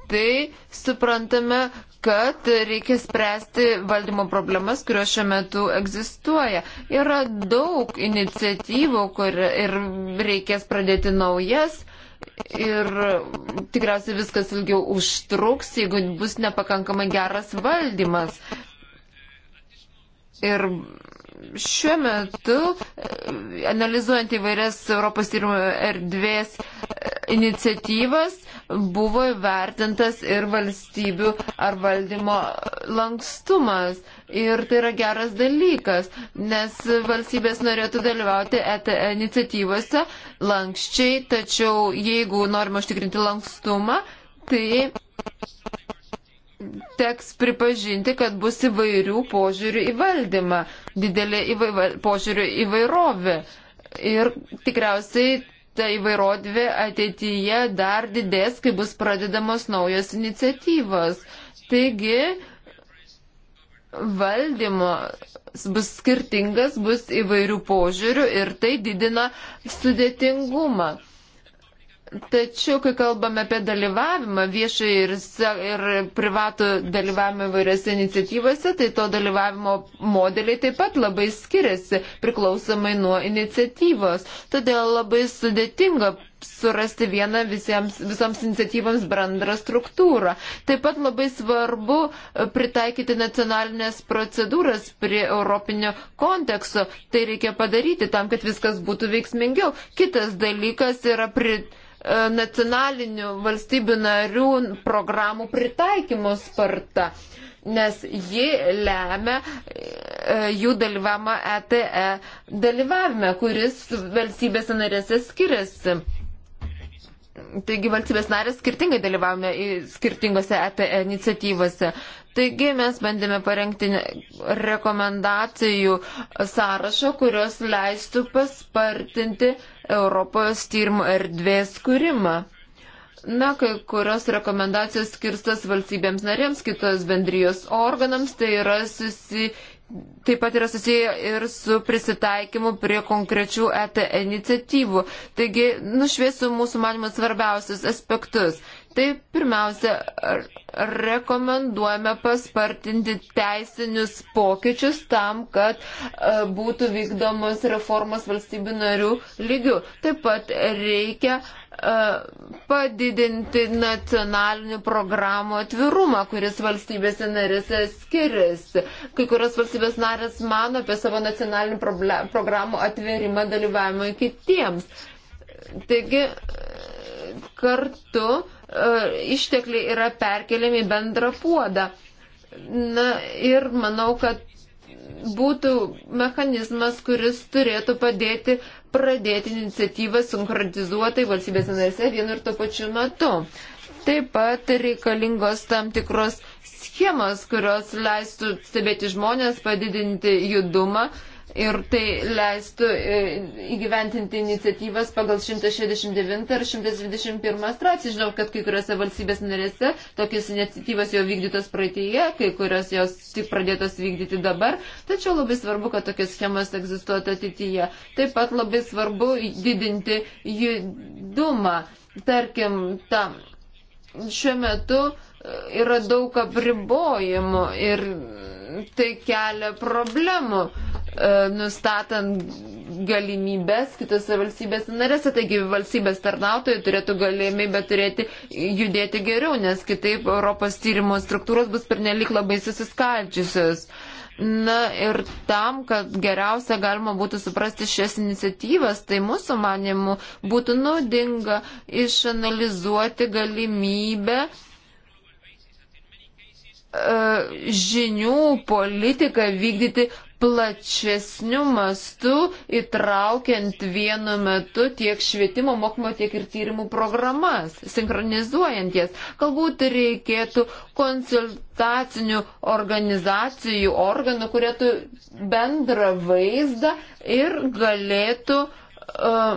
tai suprantame, kad reikia spręsti valdymo problemas, kurios šiuo metu egzistuoja. Yra daug iniciatyvų, kur ir reikės pradėti naujas. Ir tikriausiai viskas ilgiau užtruks, jeigu bus nepakankamai geras valdymas. Ir šiuo metu, e, analizuojant įvairias Europos tyrimų erdvės e, iniciatyvas, buvo įvertintas ir valstybių ar valdymo lankstumas. Ir tai yra geras dalykas, nes valstybės norėtų dalyvauti ETE iniciatyvose lankščiai, tačiau jeigu norime užtikrinti lankstumą, tai teks pripažinti, kad bus įvairių požiūrių į valdymą didelė įvaiva, požiūrių įvairovė. Ir tikriausiai ta įvairovė ateityje dar didės, kai bus pradedamos naujos iniciatyvos. Taigi, valdymas bus skirtingas, bus įvairių požiūrių ir tai didina sudėtingumą. Tačiau, kai kalbame apie dalyvavimą viešai ir, ir privatų dalyvavimą įvairiose iniciatyvose, tai to dalyvavimo modeliai taip pat labai skiriasi priklausomai nuo iniciatyvos. Todėl labai sudėtinga surasti vieną visiems, visoms iniciatyvams bendrą struktūrą. Taip pat labai svarbu e, pritaikyti nacionalinės procedūras prie europinio konteksto. Tai reikia padaryti tam, kad viskas būtų veiksmingiau. Kitas dalykas yra pritaikyti E, nacionalinių valstybių narių programų pritaikymo sparta, nes ji lemia e, jų dalyvavimą ETE dalyvavime, kuris valstybėse narėse skiriasi. Taigi valstybės narės skirtingai dalyvavome skirtingose apie iniciatyvose. Taigi mes bandėme parengti rekomendacijų sąrašą, kurios leistų paspartinti Europos tyrimo erdvės kūrimą. Na, kai kurios rekomendacijos skirstas valstybėms narėms, kitos bendrijos organams, tai yra susiję taip pat yra susiję ir su prisitaikymu prie konkrečių ET iniciatyvų. Taigi, nušviesiu mūsų manimų svarbiausius aspektus. Tai pirmiausia, rekomenduojame paspartinti teisinius pokyčius tam, kad e, būtų vykdomos reformos valstybių narių lygių. Taip pat reikia E, padidinti nacionalinių programų atvirumą, kuris valstybėse narėse skiriasi. Kai kurios valstybės narės mano apie savo nacionalinių programų atvirimą dalyvavimą kitiems. Taigi kartu e, ištekliai yra perkeliami bendrą puodą. Na ir manau, kad būtų mechanizmas, kuris turėtų padėti pradėti iniciatyvą sinkronizuotai valstybės narėse vienu ir tuo pačiu metu. Taip pat reikalingos tam tikros schemas, kurios leistų stebėti žmonės, padidinti judumą ir tai leistų e, įgyventinti iniciatyvas pagal 169 ir 121 straipsnį. Žinau, kad kai kuriuose valstybės narėse tokias iniciatyvas jau vykdytos praeitėje, kai kurios jos tik pradėtos vykdyti dabar, tačiau labai svarbu, kad tokios schemas egzistuotų ateityje. Taip pat labai svarbu didinti judumą. Tarkim, tam šiuo metu e, yra daug apribojimų ir tai kelia problemų. E, nustatant galimybės kitose valstybės narėse. Taigi valstybės tarnautojai turėtų galimybę turėti judėti geriau, nes kitaip Europos tyrimo struktūros bus pernelik labai susiskaldžiusios. Na ir tam, kad geriausia galima būtų suprasti šias iniciatyvas, tai mūsų manimų būtų naudinga išanalizuoti galimybę uh, E, žinių politiką vykdyti plačesniu mastu, įtraukiant vienu metu tiek švietimo mokymo, tiek ir tyrimų programas, sinchronizuojant jas. Galbūt reikėtų konsultacinių organizacijų, organų, kurie tu bendrą vaizdą ir galėtų uh,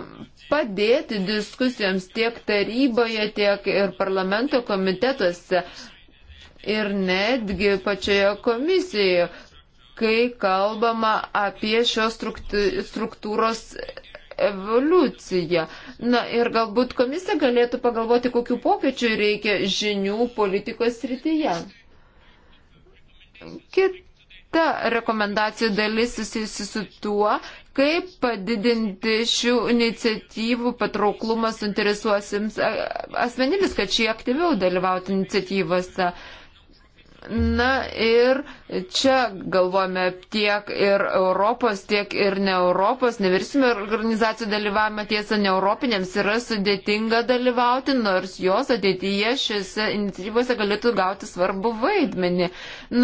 padėti diskusijoms tiek taryboje, tiek ir parlamento komitetuose. Uh, ir netgi pačioje komisijoje, kai kalbama apie šios struktūros evoliucija. Na ir galbūt komisija galėtų pagalvoti, kokiu pokyčiu reikia žinių politikos srityje. Kita rekomendacijų dalis susijusi su tuo, kaip padidinti šių iniciatyvų patrauklumą suinteresuosiams e, asmenimis, kad šie aktyviau dalyvautų iniciatyvose. Uh, Na ir čia galvojame tiek ir Europos, tiek ir ne Europos, nevirsime organizacijų dalyvavimą tiesą, ne Europinėms yra sudėtinga dalyvauti, nors jos ateityje šiuose iniciatyvose galėtų gauti svarbu vaidmenį.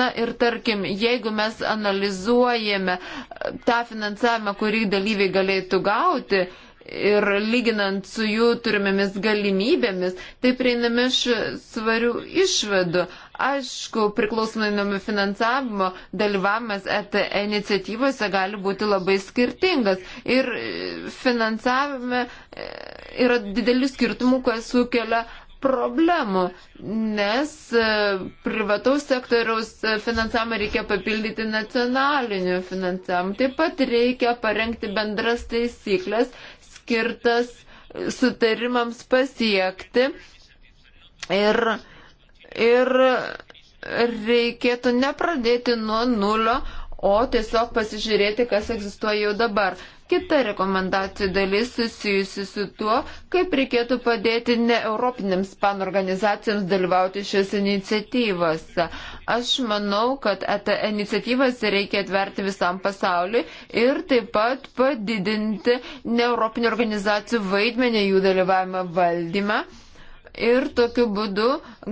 Na ir tarkim, jeigu mes analizuojame e, tą finansavimą, kurį dalyviai galėtų gauti, ir lyginant su jų turimėmis galimybėmis, tai prieiname svarių išvadų. Aišku, priklausomai nuo finansavimo, dalyvavimas ETE iniciatyvose gali būti labai skirtingas. Ir e, finansavime e, yra didelių skirtumų, kas sukelia problemų, nes e, privataus sektoriaus finansavimą reikia papildyti nacionaliniu finansavimu. Taip pat reikia parengti bendras taisyklės skirtas sutarimams pasiekti. Ir uh, ir reikėtų nepradėti nuo nulio, o tiesiog pasižiūrėti, kas egzistuoja jau dabar. Kita rekomendacijų dalis susijusi su tuo, kaip reikėtų padėti ne Europinėms panorganizacijams dalyvauti šios iniciatyvose. Aš manau, kad tą iniciatyvas reikia atverti visam pasauliu ir taip pat padidinti ne Europinių organizacijų vaidmenį jų dalyvavimą valdymą ir tokiu būdu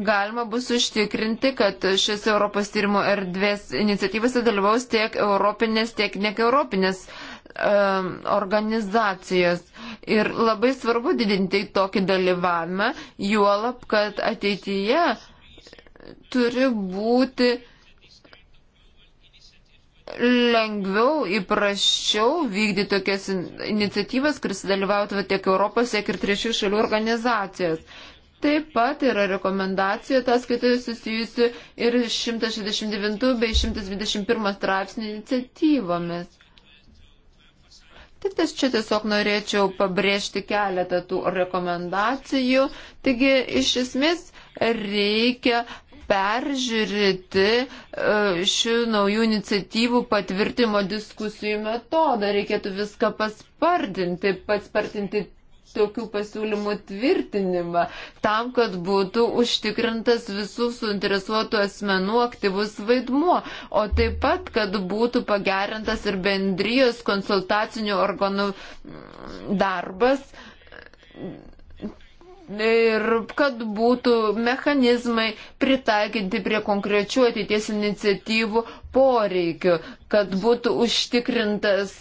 galima bus užtikrinti, kad šiose Europos tyrimų erdvės iniciatyvose dalyvaus tiek europinės, tiek nekeuropinės um, organizacijos. Ir labai svarbu didinti tokį dalyvavimą, juolab, kad ateityje turi būti lengviau, įprasčiau vykdyti tokias iniciatyvas, kuris dalyvautų tiek Europos, tiek ir trečių šalių organizacijos. Taip pat yra rekomendacija ataskaitoje susijusi ir 169 bei 121 straipsnių iniciatyvomis. Taip, ties čia tiesiog norėčiau pabrėžti keletą tų rekomendacijų. Taigi, iš esmės, reikia peržiūrėti e, šių naujų iniciatyvų patvirtimo diskusijų metodą. Reikėtų viską paspardinti, paspartinti tokių pasiūlymų tvirtinimą, tam, kad būtų užtikrintas visų suinteresuotų asmenų aktyvus vaidmuo, o taip pat, kad būtų pagerintas ir bendrijos konsultacinių organų darbas. Ir kad būtų mechanizmai pritaikinti prie konkrečių ateities iniciatyvų poreikių, kad būtų užtikrintas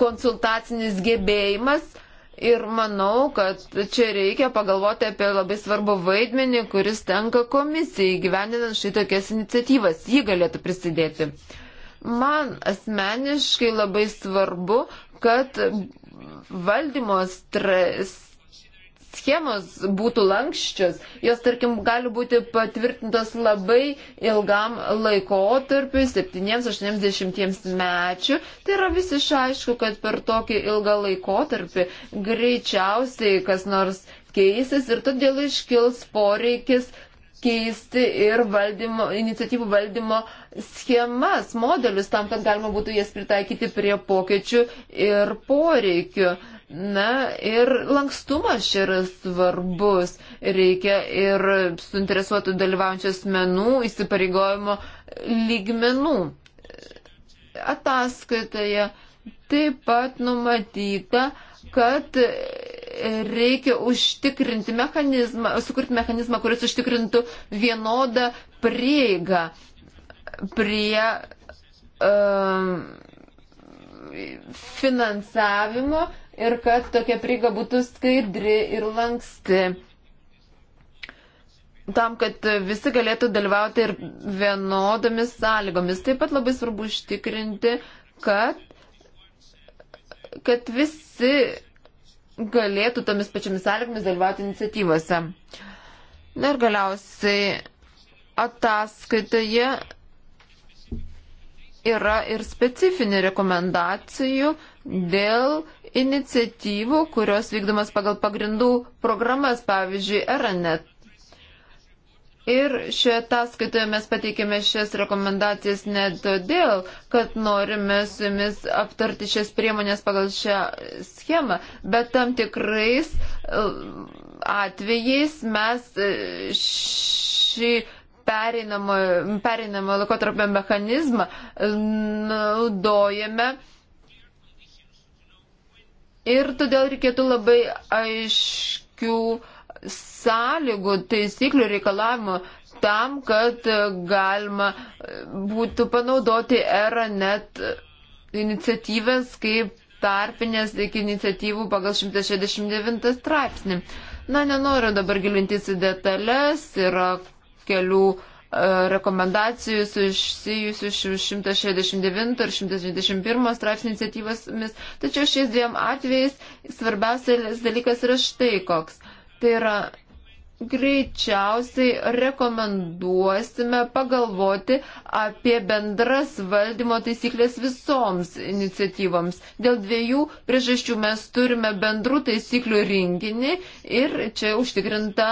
konsultacinis gebėjimas Ir manau, kad čia reikia pagalvoti apie labai svarbu vaidmenį, kuris tenka komisijai gyveninant šitokias iniciatyvas. Ji galėtų prisidėti. Man asmeniškai labai svarbu, kad valdymo stres, schemos būtų lankščios, jos, tarkim, gali būti patvirtintos labai ilgam laikotarpiu, 7-80 mečių. Tai yra visiškai aišku, kad per tokį ilgą laikotarpį greičiausiai kas nors keisis ir todėl iškils poreikis keisti ir valdymo, iniciatyvų valdymo schemas, modelius tam, kad galima būtų jas pritaikyti prie pokyčių ir poreikių. Na ir lankstumas čia yra svarbus. Reikia ir suinteresuotų dalyvaujančių asmenų įsipareigojimo lygmenų. Ataskaitoje taip pat numatyta, kad reikia užtikrinti mechanizmą, sukurti mechanizmą, kuris užtikrintų vienodą prieigą prie um, finansavimo ir kad tokia prieiga būtų skaidri ir lanksti. Tam, kad visi galėtų dalyvauti ir vienodomis sąlygomis. Taip pat labai svarbu užtikrinti, kad, kad visi galėtų tomis pačiamis sąlygomis dalyvauti iniciatyvose. Na ir galiausiai ataskaitoje yra ir specifinių rekomendacijų dėl iniciatyvų, kurios vykdomas pagal pagrindų programas, pavyzdžiui, Eranet. Ir šioje ataskaitoje mes pateikėme šias rekomendacijas ne todėl, kad norime su jumis aptarti šias priemonės pagal šią schemą, bet tam tikrais e, atvejais mes e, šį pereinamo, pereinamo laikotarpio mechanizmą naudojame. Ir todėl reikėtų labai aiškių sąlygų, taisyklių reikalavimo tam, kad galima būtų panaudoti erą net iniciatyvas kaip tarpinės iki iniciatyvų pagal 169 straipsnį. Na, nenoriu dabar gilintis į detalės, yra kelių e, rekomendacijų susijusių su 169 ir 121 straipsnių iniciatyvomis. Tačiau šiais dviem atvejais svarbiausias dalykas yra štai koks. Tai yra greičiausiai rekomenduosime pagalvoti apie bendras valdymo taisyklės visoms iniciatyvoms. Dėl dviejų priežasčių mes turime bendrų taisyklių rinkinį ir čia užtikrinta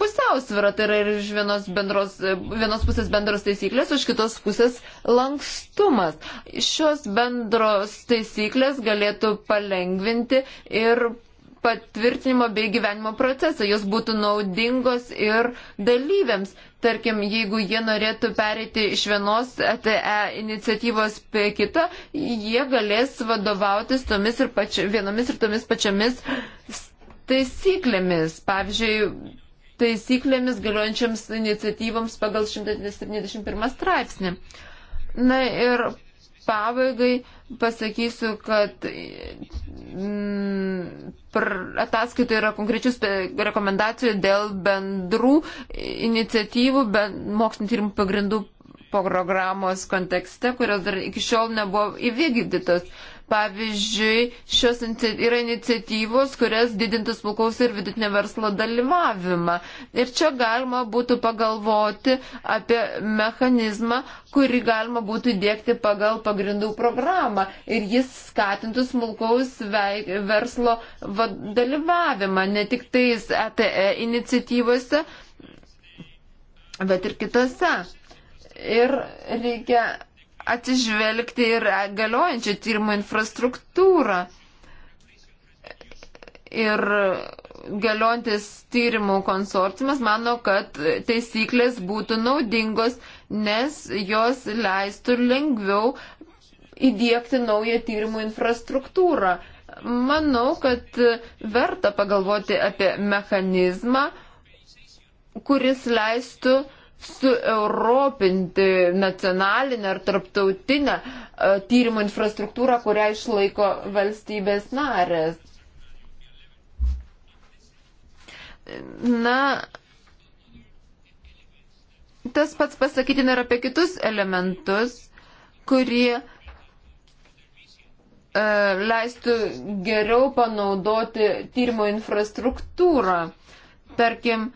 pusiausvyrą, tai yra ir iš vienos, bendros, vienos pusės bendros taisyklės, iš kitos pusės lankstumas. Šios bendros taisyklės galėtų palengvinti ir patvirtinimo bei gyvenimo procesą. Jos būtų naudingos ir dalyviams. Tarkim, jeigu jie norėtų pereiti iš vienos ATE iniciatyvos prie kitą, jie galės vadovautis tomis ir pači, vienomis ir tomis pačiamis taisyklėmis. Pavyzdžiui, taisyklėmis galiojančiams iniciatyvams pagal 171 straipsnį. Na ir pabaigai pasakysiu, kad mm, ataskaitoje yra konkrečius rekomendacijų dėl bendrų iniciatyvų, ben, mokslinio tyrimų pagrindų programos kontekste, kurios dar iki šiol nebuvo įvykdytos. Pavyzdžiui, šios yra iniciatyvos, kurias didintų smulkaus ir vidutinio verslo dalyvavimą. Ir čia galima būtų pagalvoti apie mechanizmą, kurį galima būtų dėkti pagal pagrindų programą ir jis skatintų smulkaus verslo dalyvavimą, ne tik tais ATE e iniciatyvose, bet ir kitose. Ir reikia atsižvelgti ir galiojančią tyrimo infrastruktūrą. Ir galiojantis tyrimų konsorciumas mano, kad taisyklės būtų naudingos, nes jos leistų lengviau įdėkti naują tyrimų infrastruktūrą. Manau, kad verta pagalvoti apie mechanizmą, kuris leistų uh, sueuropinti nacionalinę ar tarptautinę e, tyrimų infrastruktūrą, kurią išlaiko valstybės narės. Na, tas pats pasakytina ir apie kitus elementus, kurie e, leistų geriau panaudoti tyrimo infrastruktūrą. Tarkim,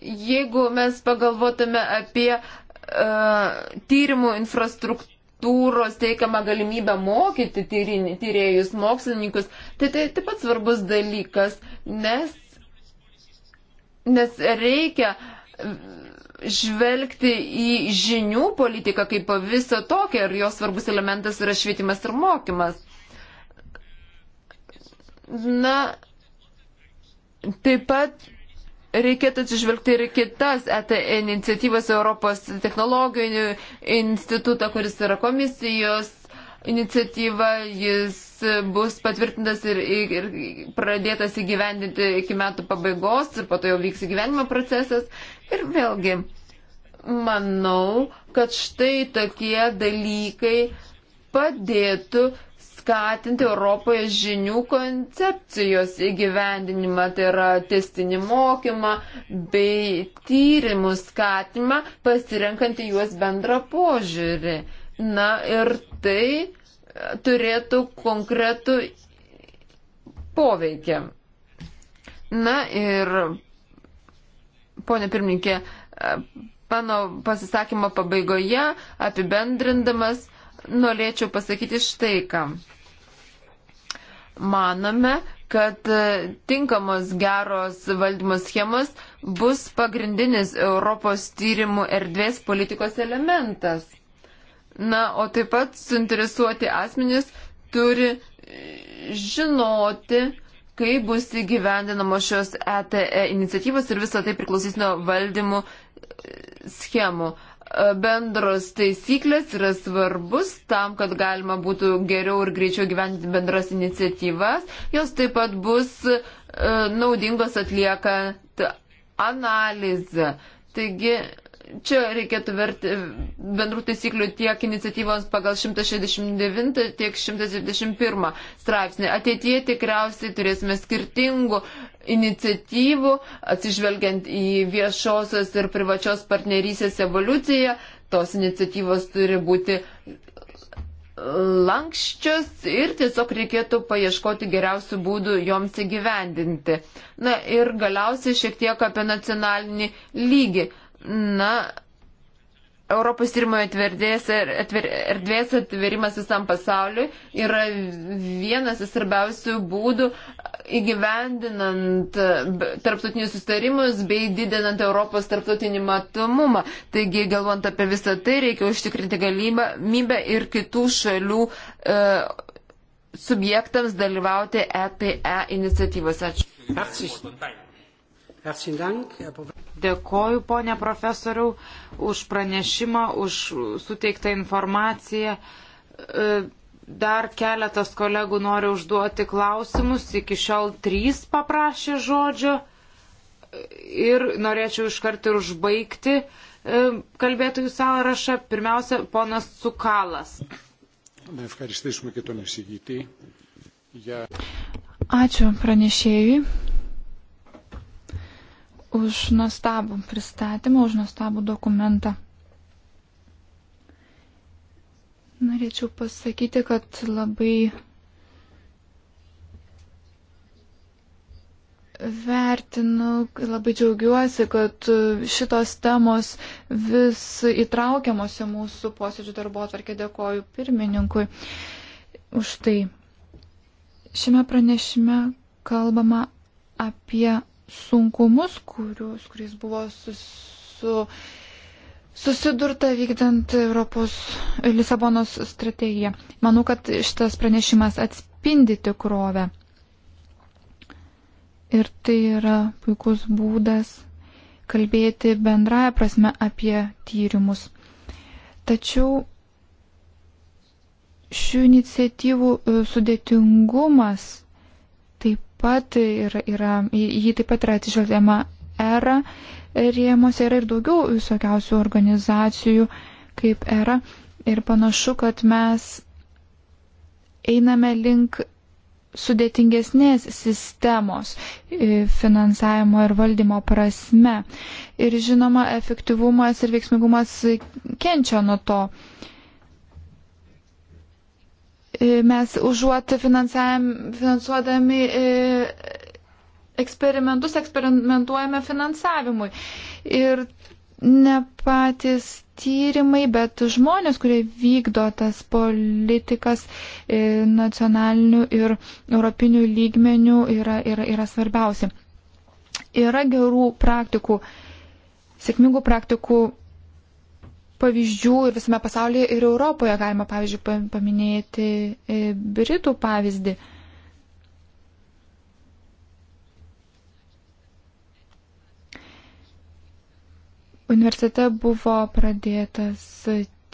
jeigu mes pagalvotume apie uh, tyrimų infrastruktūros teikiamą galimybę mokyti tyrinį, tyrėjus, mokslininkus, tai tai taip pat svarbus dalykas, nes, nes reikia žvelgti į žinių politiką kaip viso tokią ir jos svarbus elementas yra švietimas ir mokymas. Na, taip pat reikėtų atsižvelgti ir kitas ET iniciatyvas Europos technologijų institutą, kuris yra komisijos iniciatyva, jis bus patvirtintas ir, ir pradėtas įgyvendinti iki metų pabaigos ir po to jau vyks įgyvenimo procesas. Ir vėlgi, manau, kad štai tokie dalykai padėtų skatinti Europoje žinių koncepcijos įgyvendinimą, tai yra testinį mokymą bei tyrimų skatimą, pasirenkant į juos bendrą požiūrį. Na ir tai turėtų konkretų poveikį. Na ir, ponė pirmininkė, mano pasisakymo pabaigoje apibendrindamas, norėčiau pasakyti štai ką. Manome, kad e, tinkamos geros valdymo schemos bus pagrindinis Europos tyrimų erdvės politikos elementas. Na, o taip pat suinteresuoti asmenys turi e, žinoti, kaip bus įgyvendinamos šios ETE e iniciatyvos ir visą tai priklausys nuo valdymų schemų bendros taisyklės yra svarbus tam, kad galima būtų geriau ir greičiau gyventi bendras iniciatyvas. Jos taip pat bus e, naudingos atliekant analizę. Taigi Čia reikėtų verti bendrų taisyklių tiek iniciatyvos pagal 169, tiek 171 straipsnį. Ateitie tikriausiai turėsime skirtingų iniciatyvų, atsižvelgiant į viešosios ir privačios partnerysės evoliuciją. Tos iniciatyvos turi būti lankščios ir tiesiog reikėtų paieškoti geriausių būdų joms įgyvendinti. Na ir galiausiai šiek tiek apie nacionalinį lygį. Na, Europos tyrimo erdvės atverimas visam pasauliui yra vienas iš svarbiausių būdų įgyvendinant tarptautinius sustarimus bei didinant Europos tarptautinį matomumą. Taigi, galvant apie visą tai, reikia užtikrinti galimybę ir kitų šalių e, subjektams dalyvauti EPE e iniciatyvose. Ačiū. Dėkoju, ponė profesoriau, už pranešimą, už suteiktą informaciją. E, dar keletas kolegų nori užduoti klausimus. Iki šiol trys paprašė žodžio. Ir norėčiau iškart ir užbaigti e, kalbėtojų sąrašą. Pirmiausia, ponas Sukalas. Ačiū pranešėjui už nuostabų pristatymą, už nuostabų dokumentą. Norėčiau pasakyti, kad labai vertinu, labai džiaugiuosi, kad šitos temos vis įtraukiamos į mūsų posėdžių darbo atvarkę. Dėkoju pirmininkui už tai. Šiame pranešime kalbama apie sunkumus, kurius, kuris buvo susu, susidurta vykdant Europos Lisabonos strategiją. Manau, kad šitas pranešimas atspindi tikrovę. Ir tai yra puikus būdas kalbėti bendrąją prasme apie tyrimus. Tačiau šių iniciatyvų e, sudėtingumas pat ir yra, jį taip pat yra atsižvelgiama era rėmose, yra ir daugiau visokiausių organizacijų kaip era. Ir panašu, kad mes einame link sudėtingesnės sistemos e, finansavimo ir valdymo prasme. Ir žinoma, efektyvumas ir veiksmingumas kenčia nuo to. Uh, E, mes užuot finansuodami e, eksperimentus, eksperimentuojame finansavimui. Ir ne patys tyrimai, bet žmonės, kurie vykdo tas politikas e, nacionalinių ir europinių lygmenių yra, yra, yra svarbiausi. Yra gerų praktikų, sėkmingų praktikų pavyzdžių ir visame pasaulyje ir Europoje galima, pavyzdžiui, paminėti e, Britų pavyzdį. Universitete buvo pradėtas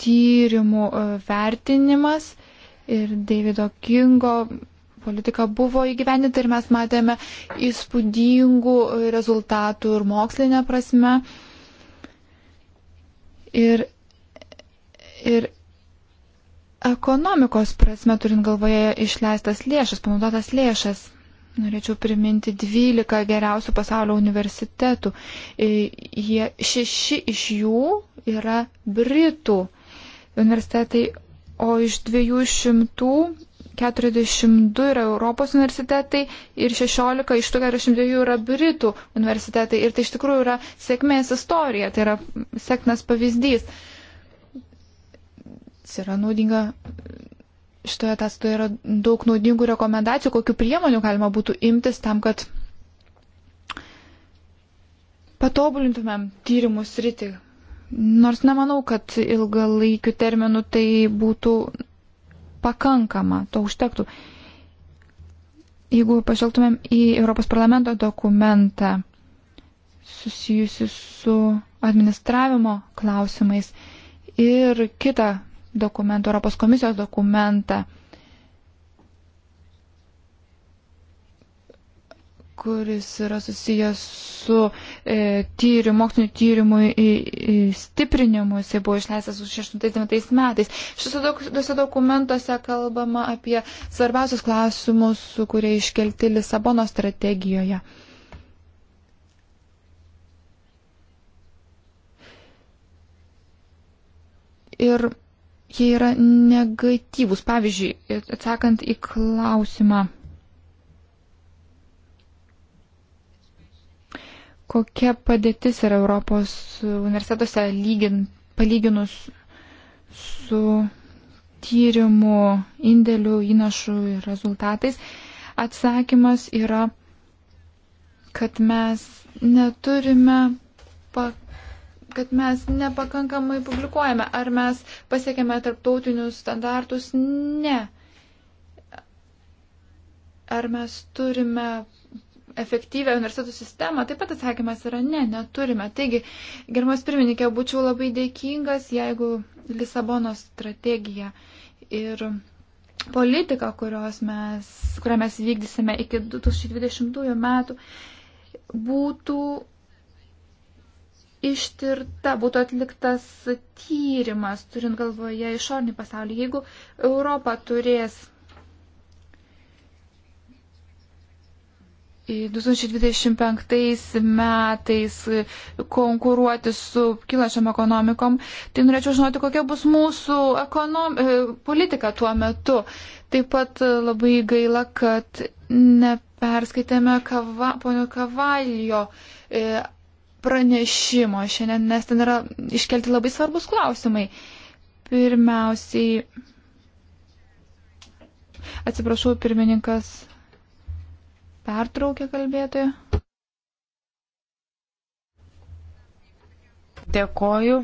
tyrimų e, vertinimas ir Davido Kingo politika buvo įgyvendinta ir mes matėme įspūdingų rezultatų ir mokslinę prasme. Ir Ir ekonomikos prasme, turint galvoje išleistas lėšas, panaudotas lėšas, norėčiau priminti 12 geriausių pasaulio universitetų. E, jie, šeši iš jų yra Britų universitetai, o iš 242 yra Europos universitetai ir 16 iš tų 42 yra Britų universitetai. Ir tai iš tikrųjų yra sėkmės istorija, tai yra sėkmės pavyzdys. Uh, yra naudinga, šitoje ataskaitoje yra daug naudingų rekomendacijų, kokiu priemonių galima būtų imtis tam, kad patobulintumėm tyrimų sritį. Nors nemanau, kad ilgalaikių terminų tai būtų pakankama, to užtektų. Jeigu pažvelgtumėm į Europos parlamento dokumentą susijusi su administravimo klausimais ir kitą dokumentą, Europos komisijos dokumentą, kuris yra susijęs su e, tyriu, mokslinio tyrimų stiprinimu. Jis buvo išleistas 2008 metais. Šiuose dokumentuose kalbama apie svarbiausius klausimus, kurie iškelti Lisabono strategijoje. Ir jie yra negatyvūs. Pavyzdžiui, atsakant į klausimą, kokia padėtis yra Europos universitetuose lygin, palyginus su tyrimų indėlių įnašų ir rezultatais, atsakymas yra, kad mes neturime pakankamai kad mes nepakankamai publikuojame. Ar mes pasiekėme tarptautinius standartus? Ne. Ar mes turime efektyvę universitetų sistemą? Taip pat atsakymas yra ne, neturime. Taigi, gerbiamas pirmininkė, būčiau labai dėkingas, jeigu Lisabono strategija ir politika, mes, kurią mes vykdysime iki 2020 metų, būtų ištirta, būtų atliktas tyrimas, turint galvoje išorinį pasaulį. Jeigu Europa turės 2025 metais konkuruoti su kilačiam ekonomikom, tai norėčiau žinoti, kokia bus mūsų ekonom... E, politika tuo metu. Taip pat labai gaila, kad neperskaitėme kava, ponio Kavaljo e, pranešimo šiandien, nes ten yra iškelti labai svarbus klausimai. Pirmiausiai, atsiprašau, pirmininkas pertraukė kalbėtoją. Dėkoju,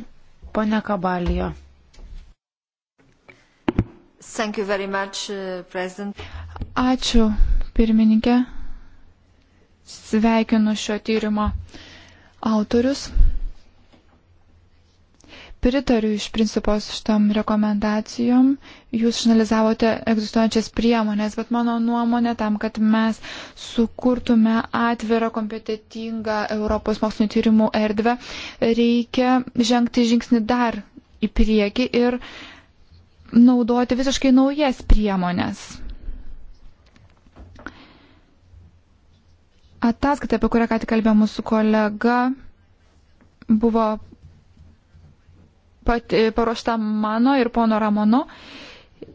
pane Kabalijo. Much, uh, Ačiū, pirmininkė. Sveikinu šio tyrimo autorius. Pritariu iš principos šitom rekomendacijom. Jūs išanalizavote egzistuojančias priemonės, bet mano nuomonė tam, kad mes sukurtume atvirą, kompetitingą Europos mokslinio tyrimų erdvę, reikia žengti žingsnį dar į priekį ir naudoti visiškai naujas priemonės Ataskaita, apie kurią ką tik kalbėjo mūsų kolega, buvo pat, e, paruošta mano ir pono Ramono.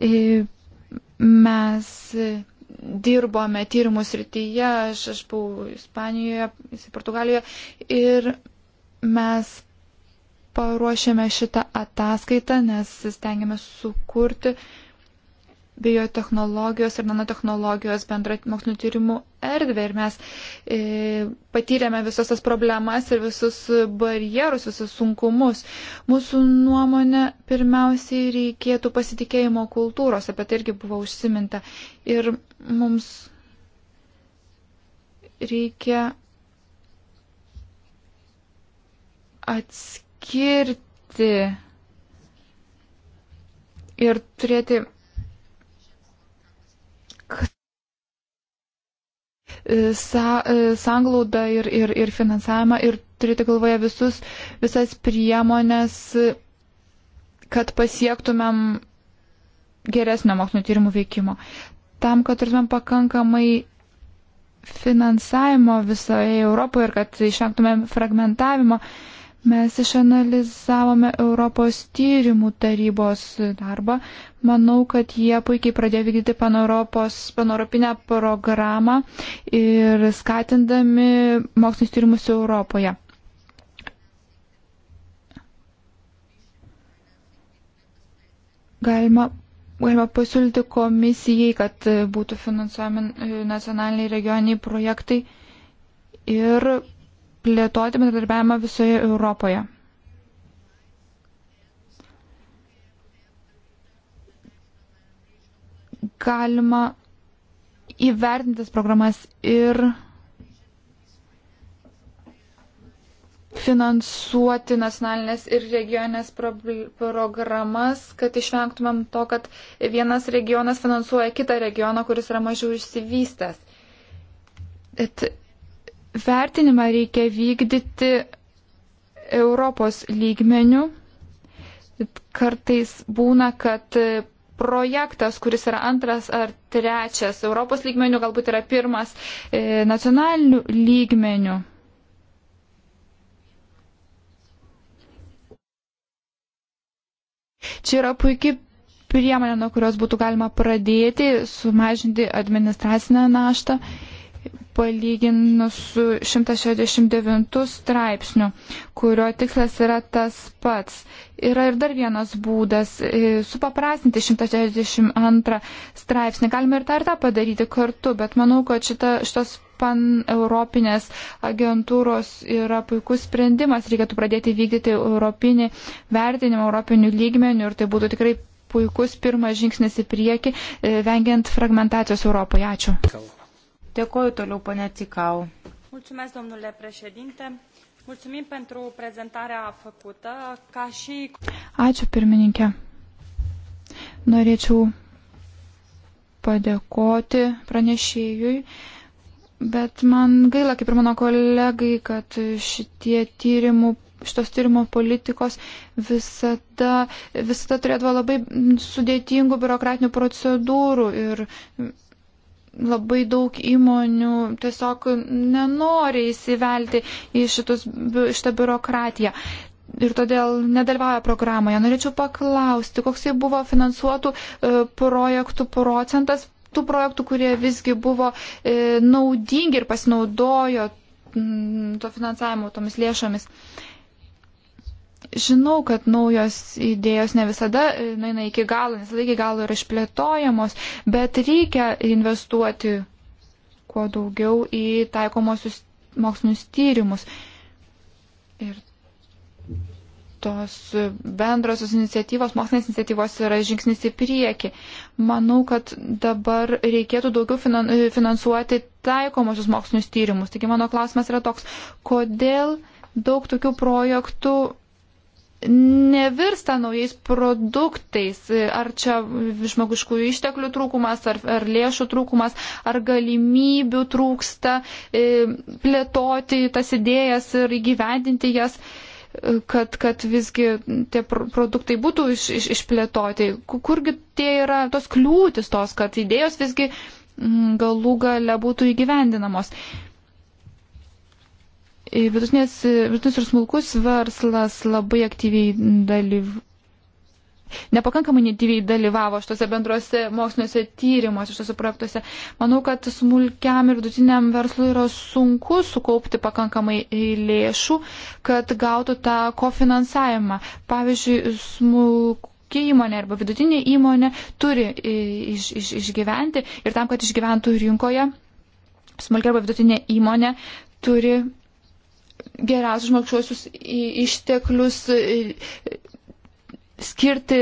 E, mes dirbome tyrimų srityje, aš, aš buvau Ispanijoje, jisai Portugalijoje ir mes paruošėme šitą ataskaitą, nes stengiamės sukurti uh, biotehnologijos ir nanotehnologijos bendrą mokslinio tyrimų erdvę ir mes e, patyrėme visas tas problemas ir visus barjerus, visus sunkumus. Mūsų nuomonė pirmiausiai reikėtų pasitikėjimo kultūros, apie tai irgi buvo užsiminta. Ir mums reikia atskirti ir turėti sa, e, sanglaudą ir, ir, ir finansavimą ir turite galvoje visus, visas priemonės, kad pasiektumėm geresnio mokslinio tyrimų veikimo. Tam, kad turėtumėm pakankamai finansavimo visoje Europoje ir kad išvengtumėm fragmentavimo, uh, Mes išanalizavome Europos tyrimų tarybos darbą. Manau, kad jie puikiai pradėjo vykdyti paneuropinę programą ir skatindami mokslinis tyrimus Europoje. Galima galima pasiūlyti komisijai, kad būtų finansuojami nacionaliniai regioniniai projektai ir plėtoti bendradarbiavimą visoje Europoje. Galima įvertintas programas ir finansuoti nacionalinės ir regioninės programas, kad išvengtumėm to, kad vienas regionas finansuoja kitą regioną, kuris yra mažiau išsivystęs. Et vertinimą reikia vykdyti Europos lygmenių. Kartais būna, kad projektas, kuris yra antras ar trečias Europos lygmenių, galbūt yra pirmas e, nacionalinių lygmenių. Čia yra puikiai priemonė, nuo kurios būtų galima pradėti, sumažinti administracinę naštą. E, palyginus su 169 straipsniu, kurio tikslas yra tas pats. Yra ir dar vienas būdas e, - supaprastinti 162 straipsnį. Galime ir tą ir tą padaryti kartu, bet manau, kad šita, šitos paneuropinės agentūros yra puikus sprendimas. Reikėtų pradėti vykdyti europinį vertinimą, europinių lygmenių ir tai būtų tikrai puikus pirmas žingsnis į priekį, e, vengiant fragmentacijos Europoje. Ačiū. Kalba. Dėkoju toliau, pane Tikau. Mulțumesc, domnule președinte. Mulțumim pentru prezentarea făcută, ca și... Ačiū, pirmininkė. Norėčiau padėkoti pranešėjui, bet man gaila, kaip ir mano kolegai, kad šitie tyrimų šitos tyrimo politikos visada, visada turėdavo labai sudėtingų biurokratinių procedūrų ir labai daug įmonių tiesiog nenori įsivelti į šitus, šitą biurokratiją. Ir todėl nedalyvauja programoje. Norėčiau paklausti, koks jie buvo finansuotų e, projektų procentas, tų projektų, kurie visgi buvo e, naudingi ir pasinaudojo to finansavimo tomis lėšomis. Žinau, kad naujos idėjos ne visada e, nueina iki galo, nes laikai galo yra išplėtojamos, bet reikia investuoti kuo daugiau į taikomosius mokslinius tyrimus. Ir tos bendrosios iniciatyvos, mokslinės iniciatyvos yra žingsnis į priekį. Manau, kad dabar reikėtų daugiau e, finansuoti taikomosius mokslinius tyrimus. Taigi mano klausimas yra toks, kodėl daug tokių projektų nevirsta naujais produktais. Ar čia žmogiškųjų išteklių trūkumas, ar, ar lėšų trūkumas, ar galimybių trūksta e, plėtoti tas idėjas ir įgyvendinti jas, e, kad, kad visgi tie produktai būtų iš, iš, išplėtoti. Kurgi tie yra tos kliūtis tos, kad idėjos visgi galų gale būtų įgyvendinamos. Mm, Vidutinės, vidutinis ir smulkus verslas labai aktyviai dalyvauja nepakankamai netyviai dalyvavo šitose bendruose moksliniuose tyrimuose, šitose projektuose. Manau, kad smulkiam ir vidutiniam verslui yra sunku sukaupti pakankamai lėšų, kad gautų tą kofinansavimą. Pavyzdžiui, smulk smulki įmonė arba vidutinė įmonė turi iš, iš, išgyventi ir tam, kad išgyventų rinkoje, smulkia arba vidutinė įmonė turi geriausius žmogšiuosius išteklius e, skirti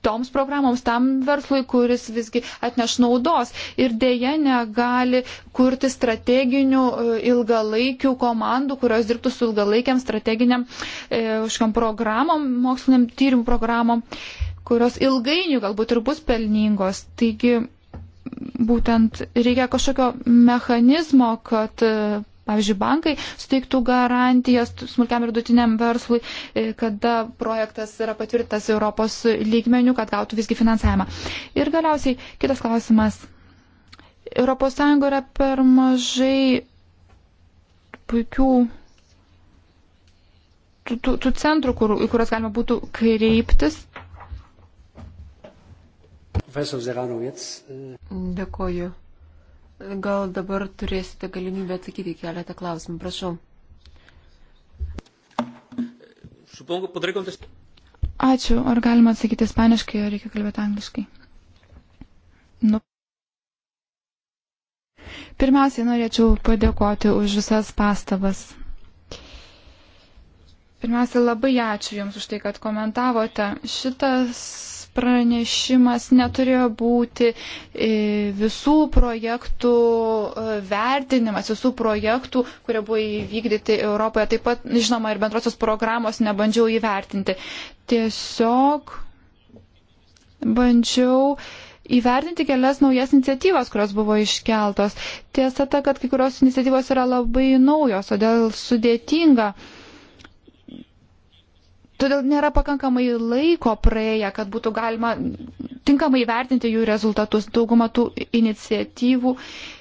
toms programoms, tam verslui, kuris visgi atneš naudos ir dėja negali kurti strateginių e, ilgalaikių komandų, kurios dirbtų su ilgalaikiam strateginiam e, programom, moksliniam tyrimų programom, kurios ilgainiui galbūt ir bus pelningos. Taigi būtent reikia kažkokio mechanizmo, kad e, pavyzdžiui, bankai suteiktų garantijas smulkiam ir dutiniam verslui, e, kada projektas yra patvirtas Europos lygmenių, kad gautų visgi finansavimą. Ir galiausiai kitas klausimas. ES yra per mažai puikių tų, tų, tų centrų, kur, į kurias galima būtų kreiptis. E. Dėkoju. Gal dabar turėsite galimybę atsakyti keletą klausimų. Prašau. Ačiū. Ar galima atsakyti ispaniškai, ar reikia kalbėti angliškai? Nu. Pirmiausiai norėčiau padėkoti už visas pastabas. Pirmiausia, labai ačiū Jums už tai, kad komentavote. Šitas pranešimas neturėjo būti e, visų projektų e, vertinimas, visų projektų, kurie buvo įvykdyti Europoje. Taip pat, žinoma, ir bendrosios programos nebandžiau įvertinti. Tiesiog bandžiau įvertinti kelias naujas iniciatyvas, kurios buvo iškeltos. Tiesa ta, kad kai kurios iniciatyvos yra labai naujos, todėl sudėtinga uh, Todėl nėra pakankamai laiko praėję, kad būtų galima tinkamai vertinti jų rezultatus. Dauguma tų iniciatyvų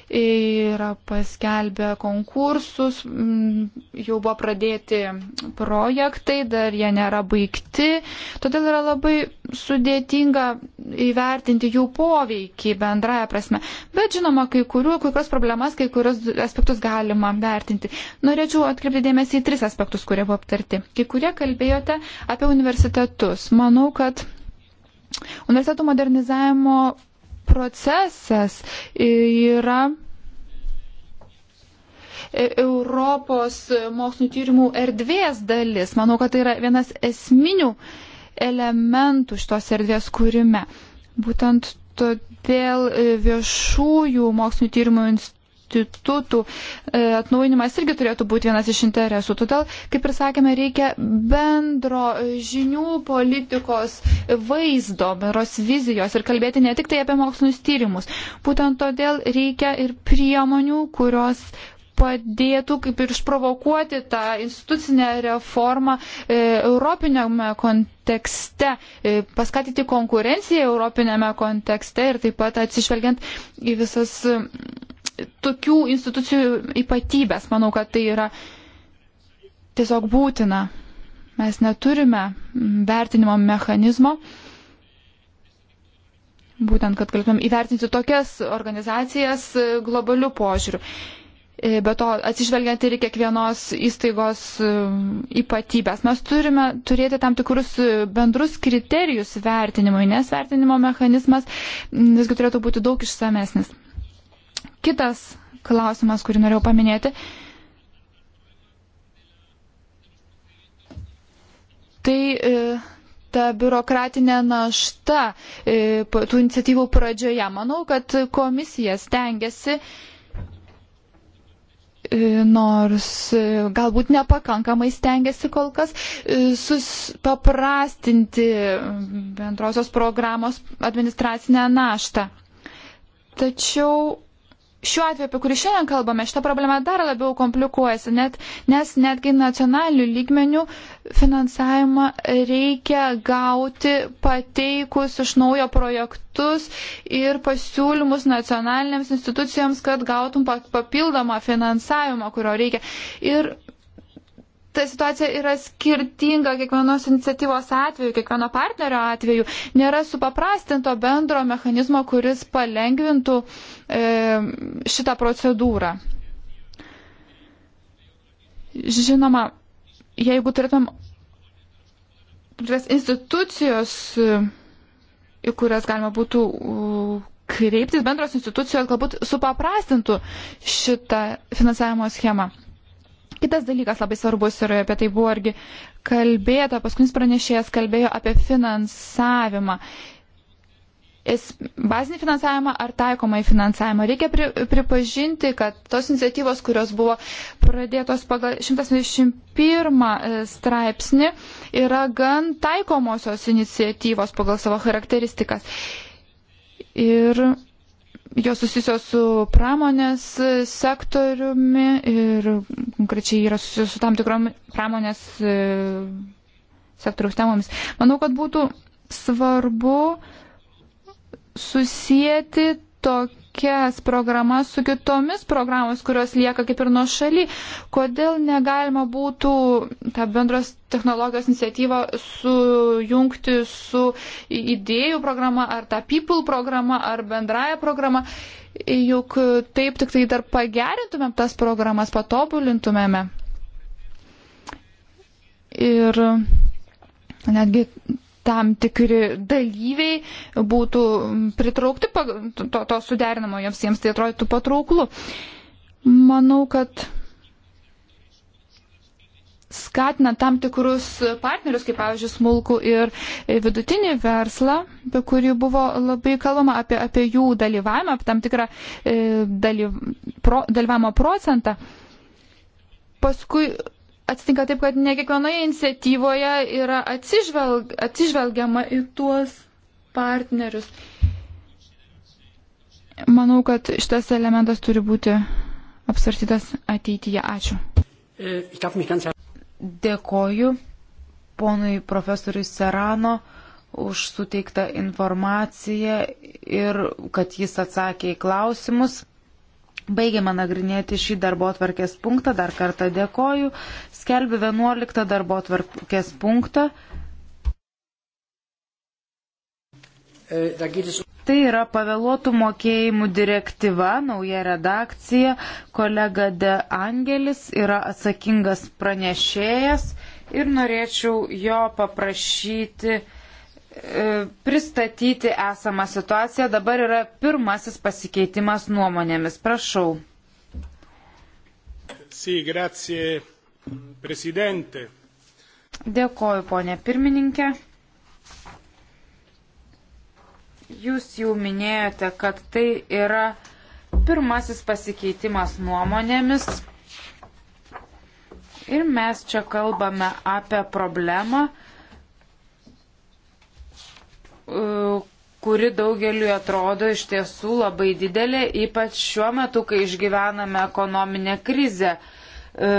yra paskelbę konkursus, mm, jau buvo pradėti projektai, dar jie nėra baigti, todėl yra labai sudėtinga įvertinti jų poveikį bendraja prasme. Bet žinoma, kai, kurių, kai kurios problemas, kai kurios aspektus galima vertinti. Norėčiau atkreipti dėmesį į tris aspektus, kurie buvo aptarti. Kai kurie kalbėjote apie universitetus. Manau, kad Universitetų modernizavimo procesas yra e, Europos mokslinio tyrimų erdvės dalis. Manau, kad tai yra vienas esminių elementų šitos erdvės kūrime. Būtent todėl viešųjų mokslinio tyrimų institucijų institutų e, atnaujinimas irgi turėtų būti vienas iš interesų. Todėl, kaip ir sakėme, reikia bendro žinių politikos vaizdo, bendros vizijos ir kalbėti ne tik tai apie mokslinius tyrimus. Būtent todėl reikia ir priemonių, kurios padėtų kaip ir išprovokuoti tą institucinę reformą e, europinėme kontekste, e, paskatyti konkurenciją europinėme kontekste ir taip pat atsižvelgiant į visas tokių institucijų ypatybės. Manau, kad tai yra tiesiog būtina. Mes neturime vertinimo mechanizmo, būtent, kad galėtumėm įvertinti tokias organizacijas globalių požiūrių. E, be to, atsižvelgiant ir kiekvienos įstaigos e, ypatybės, mes turime turėti tam tikrus bendrus kriterijus vertinimui, nes vertinimo mechanizmas visgi turėtų būti daug išsamesnis. Kitas klausimas, kurį norėjau paminėti, tai e, ta biurokratinė našta e, tų iniciatyvų pradžioje. Manau, kad komisija stengiasi e, nors galbūt nepakankamai stengiasi kol kas supaprastinti bendrosios programos administracinę naštą. Tačiau šiuo atveju, apie kurį šiandien kalbame, šita problema dar labiau komplikuojasi, net, nes netgi nacionalinių lygmenių finansavimą reikia gauti pateikus iš naujo projektus ir pasiūlymus nacionalinėms institucijoms, kad gautum papildomą finansavimą, kurio reikia. Ir ta situacija yra skirtinga kiekvienos iniciatyvos atveju, kiekvieno partnerio atveju. Nėra supaprastinto bendro mechanizmo, kuris palengvintų e, šitą procedūrą. Žinoma, jeigu turėtumėm institucijos, į kurias galima būtų kreiptis, bendros institucijos galbūt supaprastintų šitą finansavimo schemą. Kitas dalykas labai svarbus ir apie tai buvo irgi kalbėta, paskutinis pranešėjas kalbėjo apie finansavimą. Es, bazinį finansavimą ar taikomą į finansavimą. Reikia pri, pripažinti, kad tos iniciatyvos, kurios buvo pradėtos pagal 121 e, straipsnį, yra gan taikomosios iniciatyvos pagal savo charakteristikas. Ir jos susijusios su pramonės sektoriumi ir konkrečiai yra susijusios su tam tikrom pramonės e, sektoriaus temomis. Manau, kad būtų svarbu susijęti tokį tokias programas su kitomis programas, kurios lieka kaip ir nuo šaly. Kodėl negalima būtų tą bendros technologijos iniciatyvą sujungti su idėjų programa ar tą people programa ar bendraja programa? Juk taip tik tai dar pagerintumėm tas programas, patobulintumėme. Ir netgi tam tikri dalyviai būtų pritraukti to, to suderinamo, jiems, jiems tai atrodytų patrauklu. Manau, kad skatina tam tikrus partnerius, kaip pavyzdžiui, smulkų ir vidutinį verslą, apie kurį buvo labai kalbama, apie, apie jų dalyvavimą, apie tam tikrą e, dalyv, pro, dalyvavimo procentą. Paskui atsitinka taip, kad ne kiekvienoje iniciatyvoje yra atsižvelg, atsižvelgiama į tuos partnerius. Manau, kad šitas elementas turi būti apsvarstytas ateityje. Ačiū. Dėkoju ponui profesoriui Serano už suteiktą informaciją ir kad jis atsakė į klausimus. Baigiame nagrinėti šį darbo atvarkės punktą, dar kartą dėkoju. Skelbiu 11 darbo atvarkės punktą. Tai yra pavėluotų mokėjimų direktyva, nauja redakcija. Kolega De Angelis yra atsakingas pranešėjas ir norėčiau jo paprašyti E, pristatyti esamą situaciją. Dabar yra pirmasis pasikeitimas nuomonėmis. Prašau. Sì, grazie, Presidente. Dėkoju, ponė pirmininkė. Jūs jau minėjote, kad tai yra pirmasis pasikeitimas nuomonėmis. Ir mes čia kalbame apie problemą, kuri daugeliu atrodo iš tiesų labai didelė, ypač šiuo metu, kai išgyvename ekonominę krizę. E,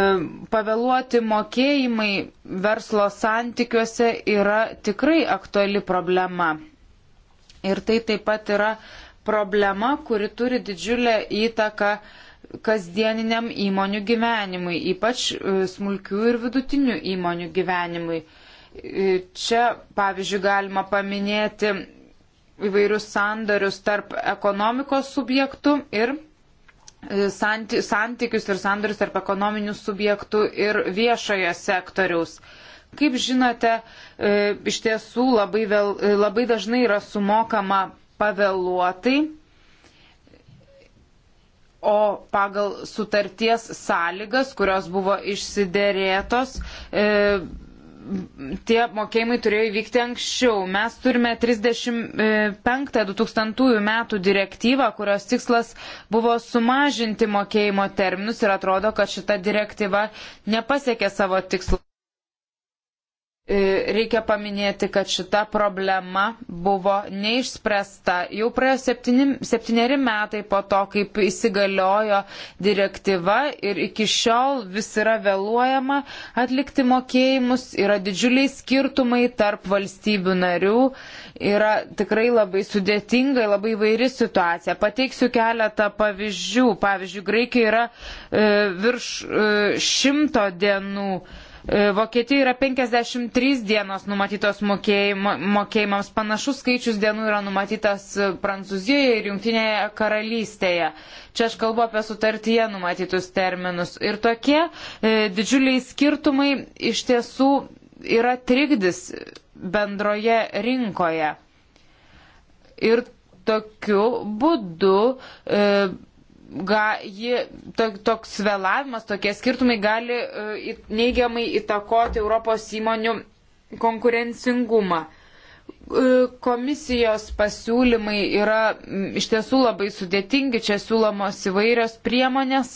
pavėluoti mokėjimai verslo santykiuose yra tikrai aktuali problema. Ir tai taip pat yra problema, kuri turi didžiulę įtaką kasdieniniam įmonių gyvenimui, ypač e, smulkių ir vidutinių įmonių gyvenimui. Čia, pavyzdžiui, galima paminėti įvairius sandarius tarp ekonomikos subjektų ir e, santy, santykius ir sandarius tarp ekonominių subjektų ir viešojo sektoriaus. Kaip žinote, e, iš tiesų labai, vėl, e, labai dažnai yra sumokama pavėluotai, o pagal sutarties sąlygas, kurios buvo išsiderėtos, e, tie mokėjimai turėjo įvykti anksčiau. Mes turime 35-2000 metų direktyvą, kurios tikslas buvo sumažinti mokėjimo terminus ir atrodo, kad šita direktyva nepasiekė savo tikslo. E, reikia paminėti, kad šita problema buvo neišspręsta. Jau praėjo septyni, septyneri metai po to, kaip įsigaliojo direktyva ir iki šiol vis yra vėluojama atlikti mokėjimus, yra didžiuliai skirtumai tarp valstybių narių, yra tikrai labai sudėtinga, labai vairi situacija. Pateiksiu keletą pavyzdžių. Pavyzdžiui, Graikija yra e, virš e, šimto dienų E, Vokietijoje yra 53 dienos numatytos mokėjimo, mokėjimams, panašus skaičius dienų yra numatytas Prancūzijoje ir Junktinėje karalystėje. Čia aš kalbu apie sutartyje numatytus terminus. Ir tokie e, didžiuliai skirtumai iš tiesų yra trikdis bendroje rinkoje. Ir tokiu būdu e, ga, ji, to, toks vėlavimas, tokie skirtumai gali e, neigiamai įtakoti Europos įmonių konkurencingumą. E, komisijos pasiūlymai yra m, iš tiesų labai sudėtingi, čia siūlomos įvairios priemonės,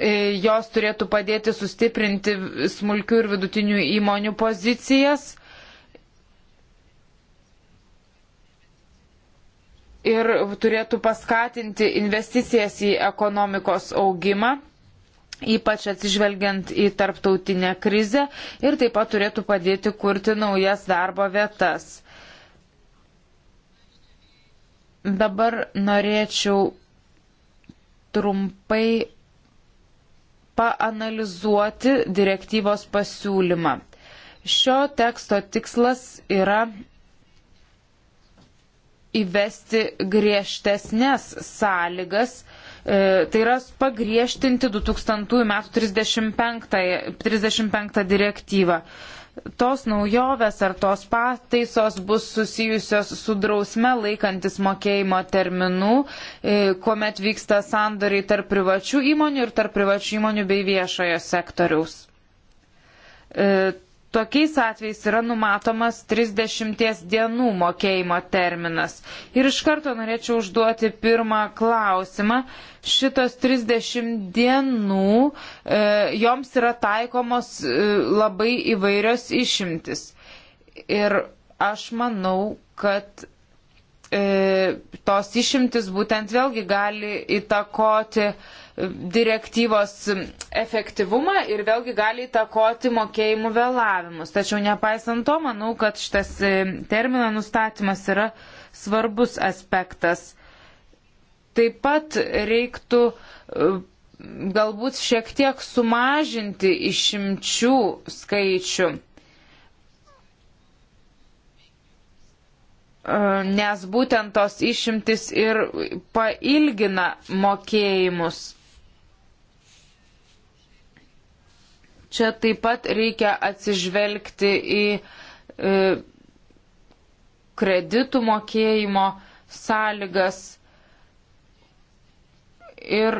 e, jos turėtų padėti sustiprinti smulkių ir vidutinių įmonių pozicijas. E, ir turėtų paskatinti investicijas į ekonomikos augimą ypač atsižvelgiant į tarptautinę krizę ir taip pat turėtų padėti kurti naujas darbo vietas. Dabar norėčiau trumpai paanalizuoti direktyvos pasiūlymą. Šio teksto tikslas yra įvesti griežtesnės sąlygas, e, tai yra pagriežtinti 2000 metų 35, 35 direktyvą. Tos naujovės ar tos pataisos bus susijusios su drausme laikantis mokėjimo terminų, e, kuomet vyksta sandoriai tarp privačių įmonių ir tarp privačių įmonių bei viešojo sektoriaus e, Tokiais atvejais yra numatomas 30 dienų mokėjimo terminas. Ir iš karto norėčiau užduoti pirmą klausimą. Šitos 30 dienų, e, joms yra taikomos e, labai įvairios išimtis. Ir aš manau, kad e, tos išimtis būtent vėlgi gali įtakoti e, direktyvos efektyvumą ir vėlgi gali įtakoti mokėjimų vėlavimus. Tačiau nepaisant to, manau, kad šitas e, termino nustatymas yra svarbus aspektas. Taip pat reiktų e, galbūt šiek tiek sumažinti išimčių skaičių. E, nes būtent tos išimtis ir pailgina mokėjimus. Čia taip pat reikia atsižvelgti į e, kreditų mokėjimo sąlygas ir,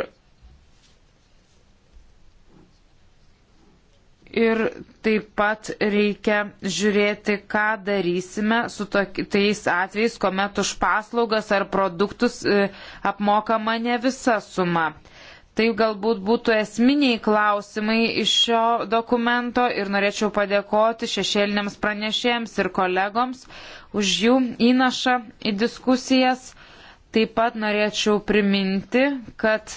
ir taip pat reikia žiūrėti, ką darysime su tokiais atvejais, kuomet už paslaugas ar produktus e, apmokama ne visa suma. E, Tai galbūt būtų esminiai klausimai iš šio dokumento ir norėčiau padėkoti šešėliniams pranešėjams ir kolegoms už jų įnašą į diskusijas. Taip pat norėčiau priminti, kad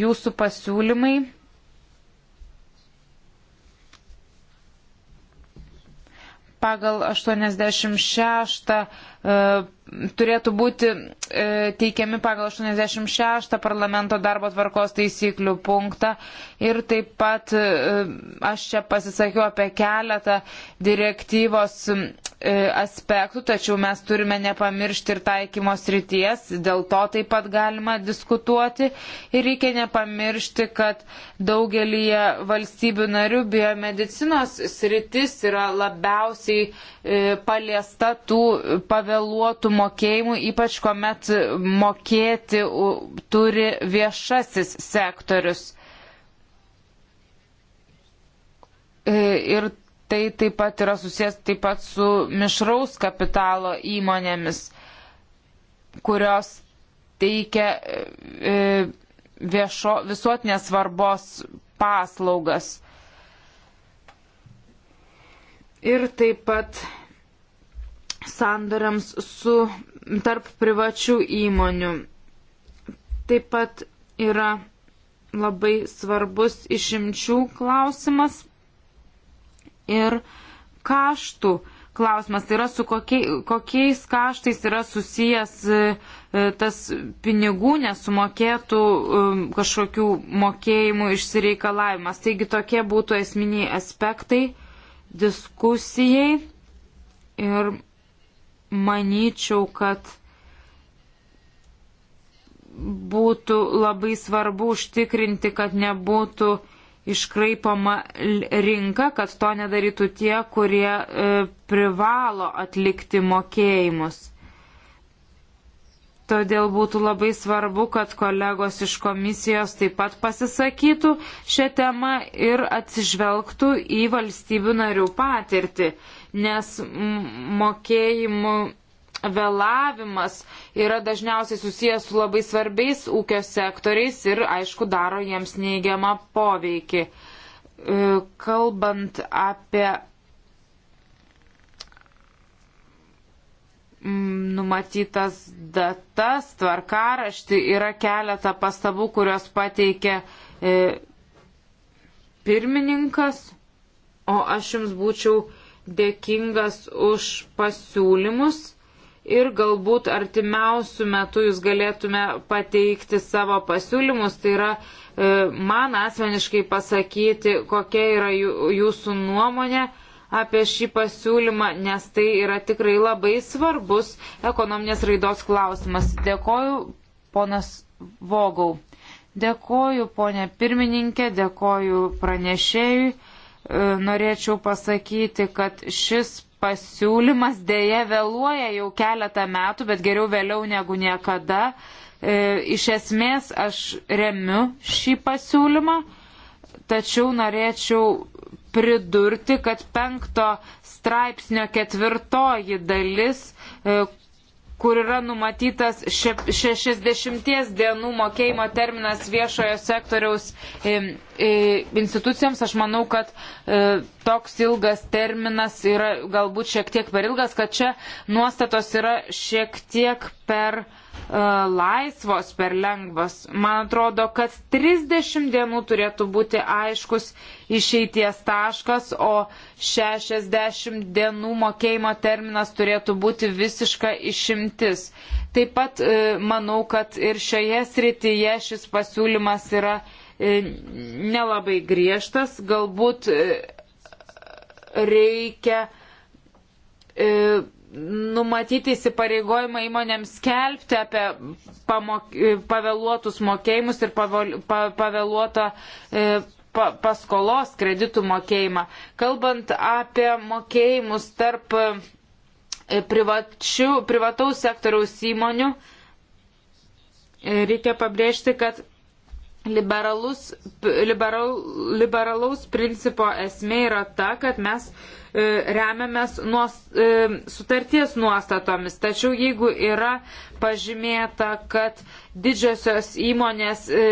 jūsų pasiūlymai pagal 86 e, turėtų būti e, teikiami pagal 86 parlamento darbo tvarkos taisyklių punktą. Ir taip pat e, aš čia pasisakiau apie keletą direktyvos e, aspektų, tačiau mes turime nepamiršti ir taikymos ryties, dėl to taip pat galima diskutuoti. Ir reikia nepamiršti, kad daugelį valstybių narių biomedicinos sritis yra labiausiai e, paliesta tų pavėluotų mokėjimų, ypač kuomet mokėti turi viešasis sektorius. E, ir tai taip pat yra susijęs taip pat su mišraus kapitalo įmonėmis, kurios teikia e, viešo, visuotinės svarbos paslaugas. Ir taip pat sandoriams su tarp privačių įmonių. Taip pat yra labai svarbus išimčių klausimas ir kaštų klausimas. Tai yra su kokiai, kokiais kaštais yra susijęs e, tas pinigų nesumokėtų e, kažkokių mokėjimų išsireikalavimas. Taigi tokie būtų esminiai aspektai diskusijai ir manyčiau, kad būtų labai svarbu užtikrinti, kad nebūtų iškraipama rinka, kad to nedarytų tie, kurie e, privalo atlikti mokėjimus. Todėl būtų labai svarbu, kad kolegos iš komisijos taip pat pasisakytų šią temą ir atsižvelgtų į valstybių narių patirtį nes mokėjimų vėlavimas yra dažniausiai susijęs su labai svarbiais ūkio sektoriais ir, aišku, daro jiems neįgiamą poveikį. E, kalbant apie numatytas datas, tvarkaraštį, yra keletą pastabų, kurios pateikė e, pirmininkas, o aš jums būčiau dėkingas už pasiūlymus ir galbūt artimiausių metų jūs galėtume pateikti savo pasiūlymus. Tai yra e, man asmeniškai pasakyti, kokia yra jūsų nuomonė apie šį pasiūlymą, nes tai yra tikrai labai svarbus ekonominės raidos klausimas. Dėkoju, ponas Vogau. Dėkoju, ponė pirmininkė, dėkoju pranešėjui. E, norėčiau pasakyti, kad šis pasiūlymas dėje vėluoja jau keletą metų, bet geriau vėliau negu niekada. E, iš esmės aš remiu šį pasiūlymą, tačiau norėčiau pridurti, kad penkto straipsnio ketvirtoji dalis, e, kur yra numatytas 60 dienų mokėjimo terminas viešojo sektoriaus e, institucijoms. Aš manau, kad e, toks ilgas terminas yra galbūt šiek tiek per ilgas, kad čia nuostatos yra šiek tiek per ilgas E, laisvos per lengvas. Man atrodo, kad 30 dienų turėtų būti aiškus išeities taškas, o 60 dienų mokėjimo terminas turėtų būti visiška išimtis. Taip pat e, manau, kad ir šioje srityje šis pasiūlymas yra e, nelabai griežtas, galbūt reikia numatyti įsipareigojimą įmonėms skelbti apie pamok, e, pavėluotus mokėjimus ir pavol, pa, pavėluotą e, pa, paskolos kreditų mokėjimą. Kalbant apie mokėjimus tarp e, privačių, privataus sektoriaus įmonių, e, reikia pabrėžti, kad liberalus, liberal, liberalaus principo esmė yra ta, kad mes E, remiamės nuos, e, sutarties nuostatomis. Tačiau jeigu yra pažymėta, kad didžiosios įmonės e,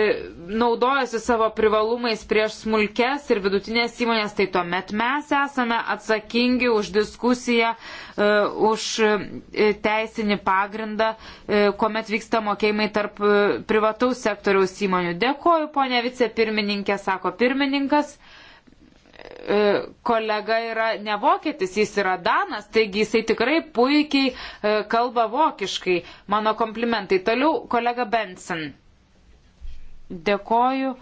naudojasi savo privalumais prieš smulkes ir vidutinės įmonės, tai tuomet mes esame atsakingi už diskusiją, už teisinį pagrindą, kuomet vyksta mokėjimai tarp privataus sektoriaus įmonių. Dėkoju, ponė vicepirmininkė, sako pirmininkas. E, kolega yra ne vokietis, jis yra danas, taigi jisai tikrai puikiai e, kalba vokiškai. Mano komplimentai. Toliau kolega Benson. Dėkoju.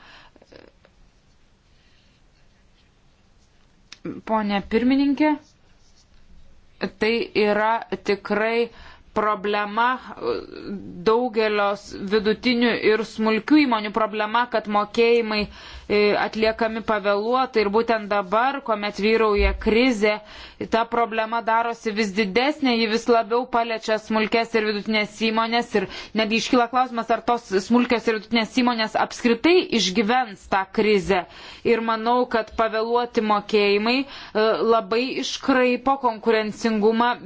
Pone pirmininkė, tai yra tikrai uh, problema, daugelios vidutinių ir smulkių įmonių problema, kad mokėjimai e, atliekami pavėluotai ir būtent dabar, kuomet vyrauja krizė, ta problema darosi vis didesnė, ji vis labiau paliečia smulkės ir vidutinės įmonės ir netgi iškyla klausimas, ar tos smulkės ir vidutinės įmonės apskritai išgyvens tą krizę. Ir manau, kad pavėluoti mokėjimai e, labai iškraipo konkurencingumą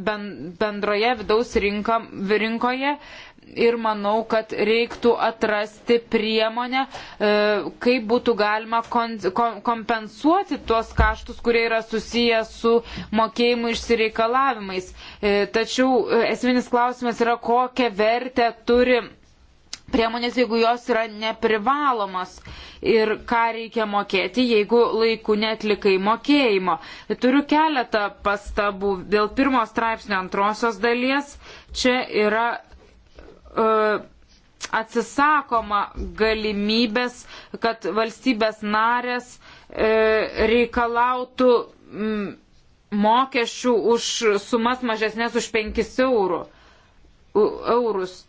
bendroje vidaus rinkoje rinkam, rinkoje ir manau, kad reiktų atrasti priemonę, e, kaip būtų galima kompensuoti tuos kaštus, kurie yra susiję su mokėjimu išsireikalavimais. E, tačiau e, esminis klausimas yra, kokią vertę turi priemonės, jeigu jos yra neprivalomas ir ką reikia mokėti, jeigu laiku netlikai mokėjimo. Turiu keletą pastabų dėl pirmo straipsnio antrosios dalies. Čia yra uh, atsisakoma galimybės, kad valstybės narės uh, reikalautų um, mokesčių už sumas mažesnės už 5 eurų, uh, eurus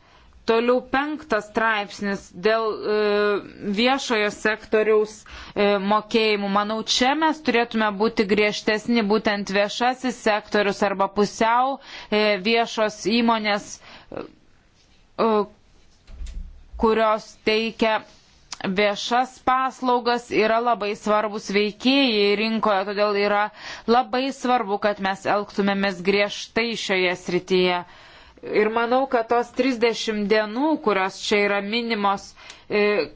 Toliau penktas straipsnis dėl e, viešojo sektoriaus e, mokėjimų. Manau, čia mes turėtume būti griežtesni, būtent viešasis sektorius arba pusiau e, viešos įmonės, e, kurios teikia viešas paslaugas yra labai svarbus veikėjai rinkoje, todėl yra labai svarbu, kad mes elgtumėmės griežtai šioje srityje. Ir manau, kad tos 30 dienų, kurios čia yra minimos, e,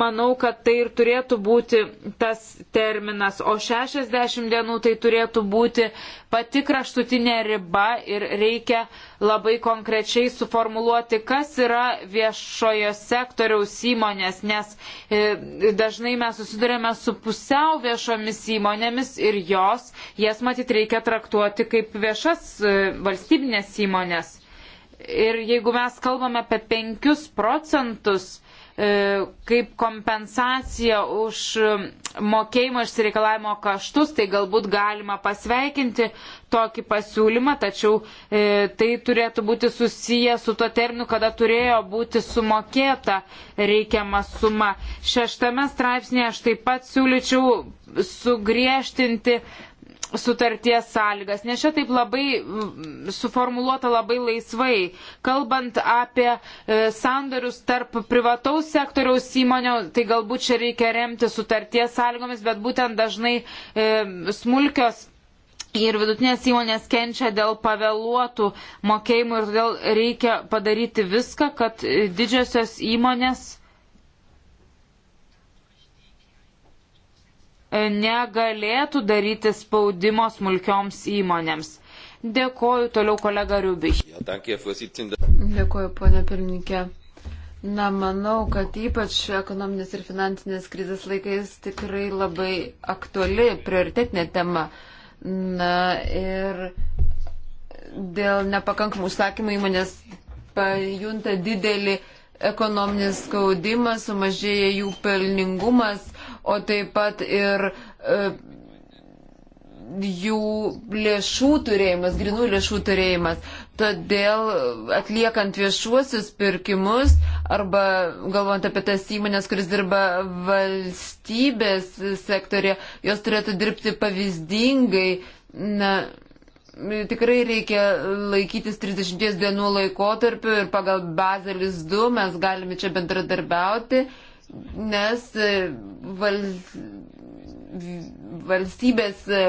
manau, kad tai ir turėtų būti tas terminas, o 60 dienų tai turėtų būti pati kraštutinė riba ir reikia labai konkrečiai suformuluoti, kas yra viešojo sektoriaus įmonės, nes e, dažnai mes susidurėme su pusiau viešomis įmonėmis ir jos, jas matyt reikia traktuoti kaip viešas e, valstybinės įmonės. Ir jeigu mes kalbame apie 5 procentus e, kaip kompensacija už mokėjimo išsireikalavimo kaštus, tai galbūt galima pasveikinti tokį pasiūlymą, tačiau e, tai turėtų būti susiję su to terminu, kada turėjo būti sumokėta reikiama suma. Šeštame straipsnėje aš taip pat siūlyčiau sugriežtinti sutarties sąlygas, nes čia taip labai mm, suformuoluota labai laisvai. Kalbant apie e, sandorius tarp privataus sektoriaus įmonių, tai galbūt čia reikia remti sutarties sąlygomis, bet būtent dažnai e, smulkios ir vidutinės įmonės kenčia dėl pavėluotų mokėjimų ir todėl reikia padaryti viską, kad didžiosios įmonės negalėtų daryti spaudimo smulkioms įmonėms. Dėkoju toliau kolega Rubiš. Dėkoju, ponė pirmininkė. Na, manau, kad ypač ekonominės ir finansinės krizės laikais tikrai labai aktuali, prioritetinė tema. Na ir dėl nepakankamų užsakymų įmonės pajunta didelį ekonominį skaudimą, sumažėja jų pelningumas o taip pat ir e, jų lėšų turėjimas, grinų lėšų turėjimas. Todėl atliekant viešuosius pirkimus arba galvant apie tas įmonės, kuris dirba valstybės sektorė, jos turėtų dirbti pavyzdingai. Na, tikrai reikia laikytis 30 dienų laikotarpiu ir pagal bazelis 2 mes galime čia bendradarbiauti nes e, val, valstybės e,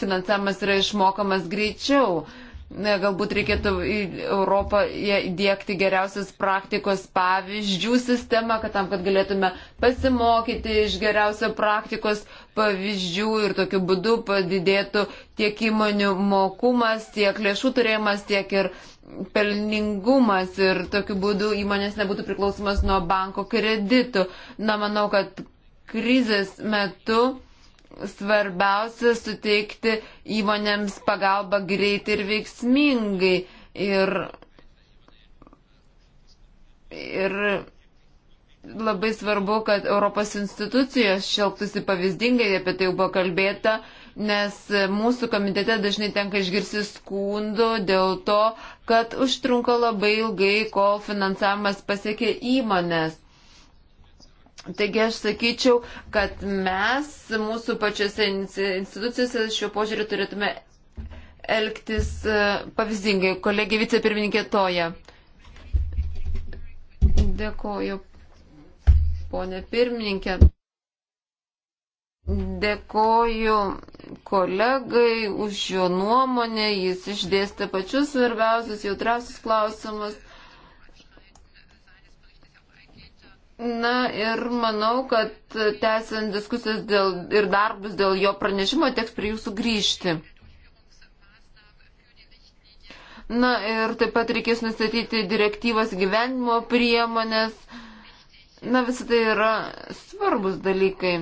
finansavimas yra išmokamas greičiau. Galbūt reikėtų į Europą įdėkti geriausias praktikos pavyzdžių sistemą, kad tam, kad galėtume pasimokyti iš geriausio praktikos pavyzdžių ir tokiu būdu padidėtų tiek įmonių mokumas, tiek lėšų turėjimas, tiek ir pelningumas ir tokiu būdu įmonės nebūtų priklausomas nuo banko kreditų. Na, manau, kad krizės metu svarbiausia suteikti įmonėms pagalbą greitai ir veiksmingai. Ir, ir labai svarbu, kad Europos institucijos šelktųsi pavyzdingai, apie tai jau buvo kalbėta, nes mūsų komitete dažnai tenka išgirsti skundų dėl to, kad užtrunka labai ilgai, kol finansavimas pasiekia įmonės. Taigi aš sakyčiau, kad mes mūsų pačiose institucijose šiuo požiūriu turėtume elgtis e, pavyzdingai. Kolegė vicepirmininkė Toja. Dėkoju, ponė pirmininkė. Dėkoju kolegai už jo nuomonę, jis išdėstė pačius svarbiausius, jautriausius klausimus. Na ir manau, kad tęsiant diskusijas dėl, ir darbus dėl jo pranešimo teks prie jūsų grįžti. Na ir taip pat reikės nustatyti direktyvos gyvenimo priemonės. Na visą tai yra svarbus dalykai.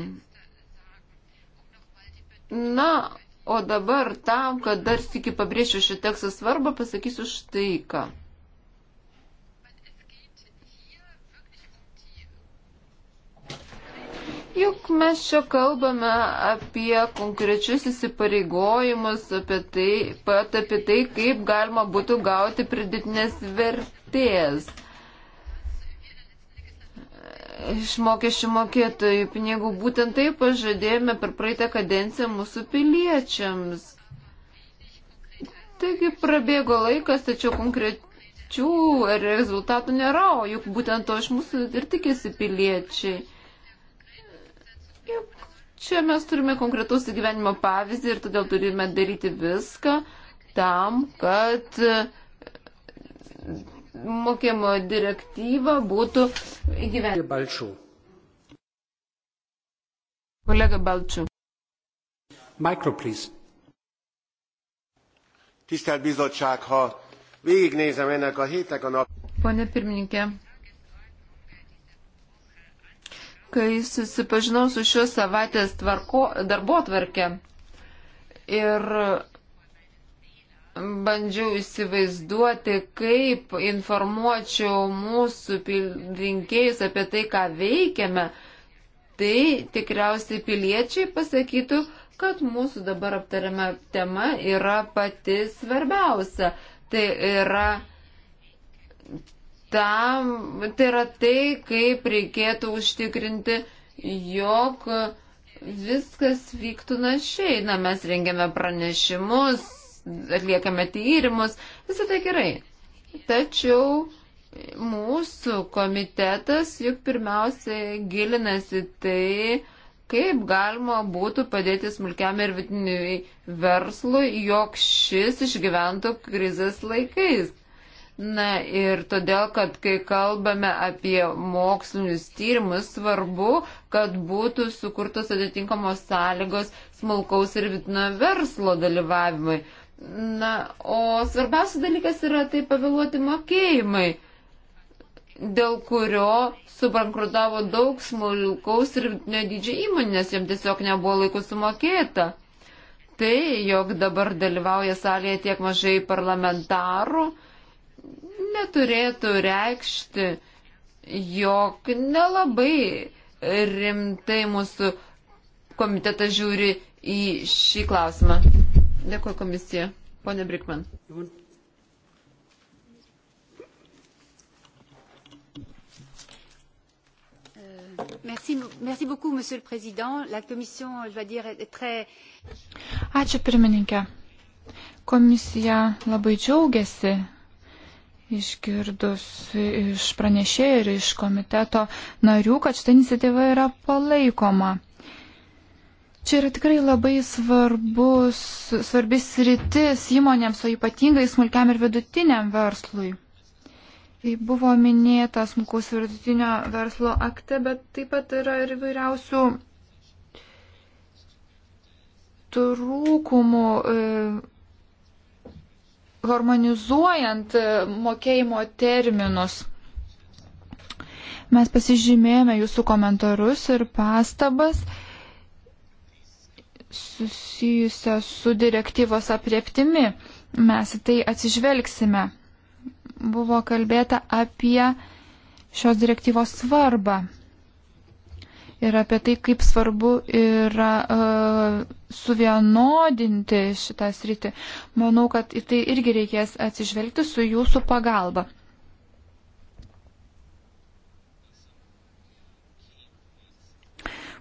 Na, o dabar tam, kad dar sėki pabrėšiu šį tekstą svarbą, pasakysiu štai ką. Juk mes čia kalbame apie konkrečius įsipareigojimus, apie tai, pat apie tai, kaip galima būtų gauti pridėtinės vertės iš mokesčių mokėtojų pinigų. Būtent tai pažadėjome per praeitą kadenciją mūsų piliečiams. Taigi prabėgo laikas, tačiau konkrečių rezultatų nėra, o juk būtent to iš mūsų ir tikisi piliečiai. Juk čia mes turime konkretaus gyvenimo pavyzdį ir todėl turime daryti viską tam, kad mokymo direktyva būtų įgyvendinta. Kolega Balčių. Micro, please. Tisztelt bizottság, ha végignézem ennek a hétnek a nap... Pane pirmininkė, kai susipažinau su šios savaitės tvarko, darbo tvarkė ir bandžiau įsivaizduoti, kaip informuočiau mūsų rinkėjus apie tai, ką veikiame, tai tikriausiai piliečiai pasakytų, kad mūsų dabar aptariama tema yra pati svarbiausia. Tai yra, tam, tai yra tai, kaip reikėtų užtikrinti, jog viskas vyktų našiai. Na, mes rengiame pranešimus, atliekame tyrimus, visą tai gerai. Tačiau mūsų komitetas juk pirmiausiai gilinasi tai, kaip galima būtų padėti smulkiam ir vidiniui verslui, jog šis išgyventų krizės laikais. Na ir todėl, kad kai kalbame apie mokslinius tyrimus, svarbu, kad būtų sukurtos atitinkamos sąlygos smulkaus ir vidinio verslo dalyvavimui. Na, o svarbiausias dalykas yra tai pavėluoti mokėjimai, dėl kurio subankrutavo daug smulkaus ir nedidžio įmonės, jam tiesiog nebuvo laiko sumokėta. Tai, jog dabar dalyvauja salėje tiek mažai parlamentarų, neturėtų reikšti, jog nelabai rimtai mūsų komitetas žiūri į šį klausimą. Dėkuoju komisija. Pone Brikman. Merci, merci beaucoup, Monsieur le Président. La Commission, je dois dire, est très. Ačiū pirmininkė. Komisija labai džiaugiasi išgirdus iš pranešėjų ir iš komiteto narių, kad šitą iniciatyvą yra palaikoma. Čia yra tikrai labai svarbus, svarbis rytis įmonėms, o ypatingai smulkiam ir vidutiniam verslui. Tai buvo minėta smulkaus ir vidutinio verslo akte, bet taip pat yra ir įvairiausių trūkumų e, harmonizuojant e, mokėjimo terminus. Mes pasižymėjome jūsų komentarus ir pastabas susijusią su direktyvos aprieptimi. Mes į tai atsižvelgsime. Buvo kalbėta apie šios direktyvos svarbą ir apie tai, kaip svarbu yra uh, suvienodinti šitą sritį. Manau, kad į tai irgi reikės atsižvelgti su jūsų pagalba.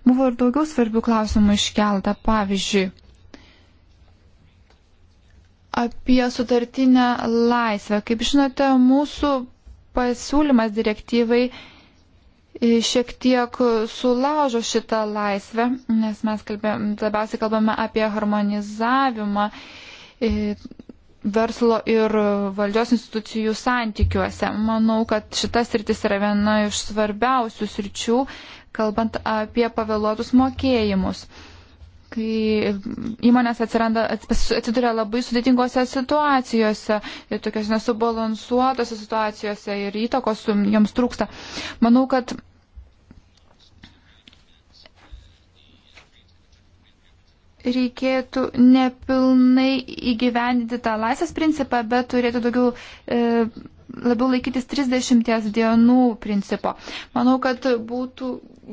Buvo ir daugiau svarbių klausimų iškelta, pavyzdžiui, apie sutartinę laisvę. Kaip žinote, mūsų pasiūlymas direktyvai e, šiek tiek sulaužo šitą laisvę, nes mes kalbėjom, labiausiai kalbame apie harmonizavimą e, verslo ir valdžios institucijų santykiuose. Manau, kad šitas rytis yra viena iš svarbiausių sričių, kalbant apie pavėluotus mokėjimus. Kai įmonės atsiranda, atsiduria labai sudėtingose situacijose, tokios nesubalansuotose situacijose ir įtakos joms trūksta. Manau, kad reikėtų nepilnai įgyvendinti tą laisvės principą, bet turėtų daugiau e, labiau laikytis 30 dienų principo. Manau, kad būtų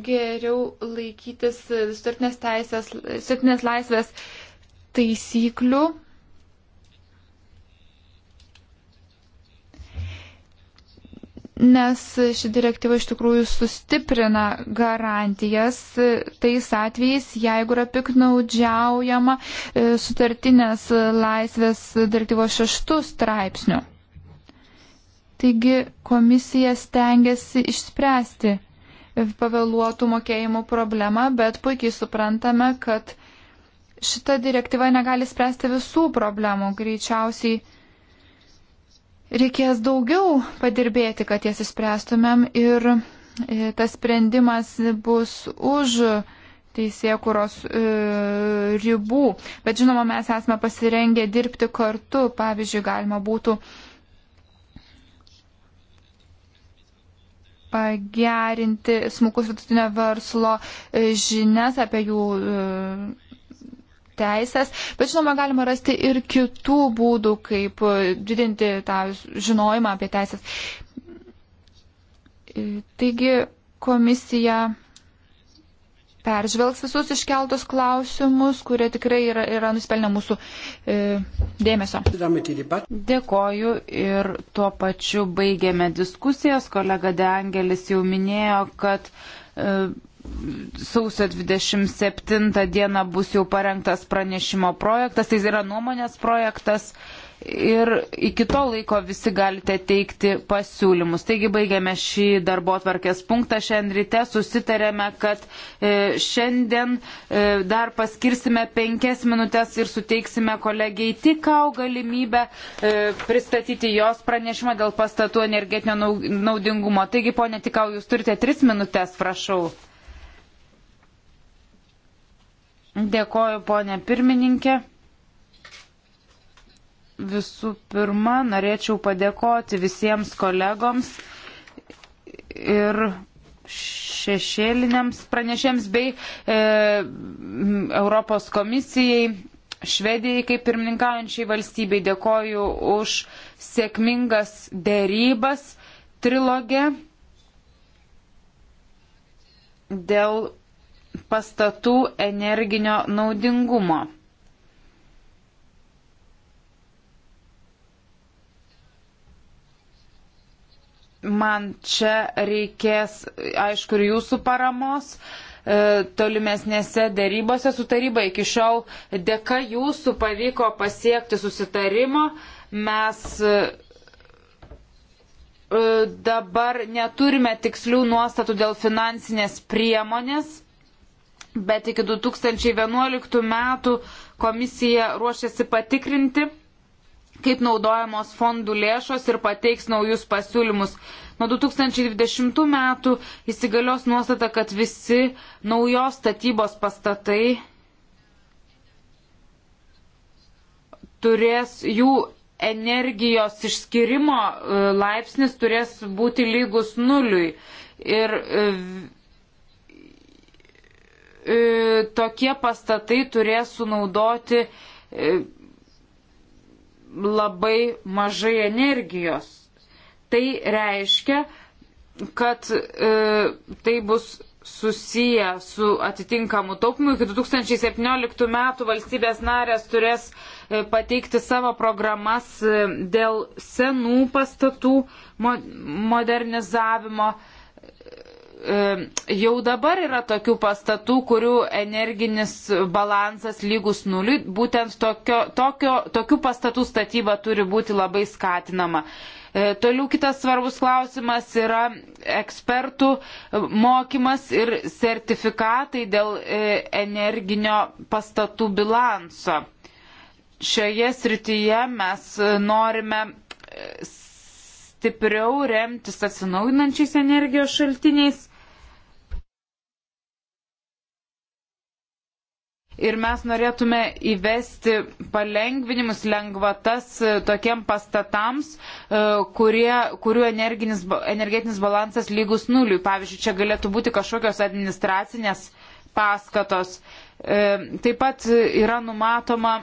geriau laikytis sutartinės teisės, sutartinės laisvės taisyklių. Nes ši direktyva iš tikrųjų sustiprina garantijas tais atvejais, jeigu yra piknaudžiaujama e, sutartinės laisvės direktyvos šeštų straipsnių. Taigi komisija stengiasi išspręsti pavėluotų mokėjimų problemą, bet puikiai suprantame, kad šita direktyva negali spręsti visų problemų. Greičiausiai reikės daugiau padirbėti, kad jas išspręstumėm ir e, tas sprendimas bus už teisėkuros e, ribų. Bet žinoma, mes esame pasirengę dirbti kartu. Pavyzdžiui, galima būtų e, pagerinti smukus vidutinio verslo e, žinias apie jų e, teisės, bet žinoma, galima rasti ir kitų būdų, kaip e, didinti tą žinojimą apie teisės. Taigi komisija peržvelgs visus iškeltus klausimus, kurie tikrai yra, yra nuspelnę mūsų e, dėmesio. Dėkoju ir tuo pačiu baigėme diskusijas. Kolega De Angelis jau minėjo, kad e, sausio 27 dieną bus jau parengtas pranešimo projektas, tai yra nuomonės projektas ir iki to laiko visi galite teikti pasiūlymus. Taigi baigiame šį darbo atvarkės punktą. Šiandien ryte susitarėme, kad e, šiandien e, dar paskirsime penkias minutės ir suteiksime kolegiai tikau galimybę e, pristatyti jos pranešimą dėl pastatų energetinio naudingumo. Taigi, ponė tikau, jūs turite tris minutės, prašau. Dėkoju, ponė pirmininkė. Visų pirma, norėčiau padėkoti visiems kolegoms ir šešėliniams pranešėms bei e, Europos komisijai Švedijai kaip pirmininkaujančiai valstybei dėkoju už sėkmingas dėrybas trilogė dėl pastatų energinio naudingumo. man čia reikės, aišku, ir jūsų paramos e, tolimesnėse dėrybose su taryba. Iki šiol dėka jūsų pavyko pasiekti susitarimo. Mes e, e, dabar neturime tikslių nuostatų dėl finansinės priemonės, bet iki 2011 metų komisija ruošiasi patikrinti kaip naudojamos fondų lėšos ir pateiks naujus pasiūlymus. Nuo 2020 metų įsigalios nuostata, kad visi naujos statybos pastatai turės jų energijos išskirimo e, laipsnis turės būti lygus nuliui. Ir e, e, tokie pastatai turės sunaudoti labai mažai energijos. Tai reiškia, kad e, tai bus susiję su atitinkamu taupimu. Iki 2017 metų valstybės narės turės e, pateikti savo programas e, dėl senų pastatų modernizavimo. E, jau dabar yra tokių pastatų, kurių energinis balansas lygus nuliui. Būtent tokio, tokio, tokių pastatų statyba turi būti labai skatinama. E, toliau kitas svarbus klausimas yra ekspertų mokymas ir sertifikatai dėl e, energinio pastatų bilanso. Šioje srityje mes norime stipriau remtis atsinaujinančiais energijos šaltiniais. ir mes norėtume įvesti palengvinimus, lengvatas e, tokiem pastatams, e, kurie, kurių energetinis balansas lygus nuliui. Pavyzdžiui, čia galėtų būti kažkokios administracinės paskatos. E, taip pat yra numatoma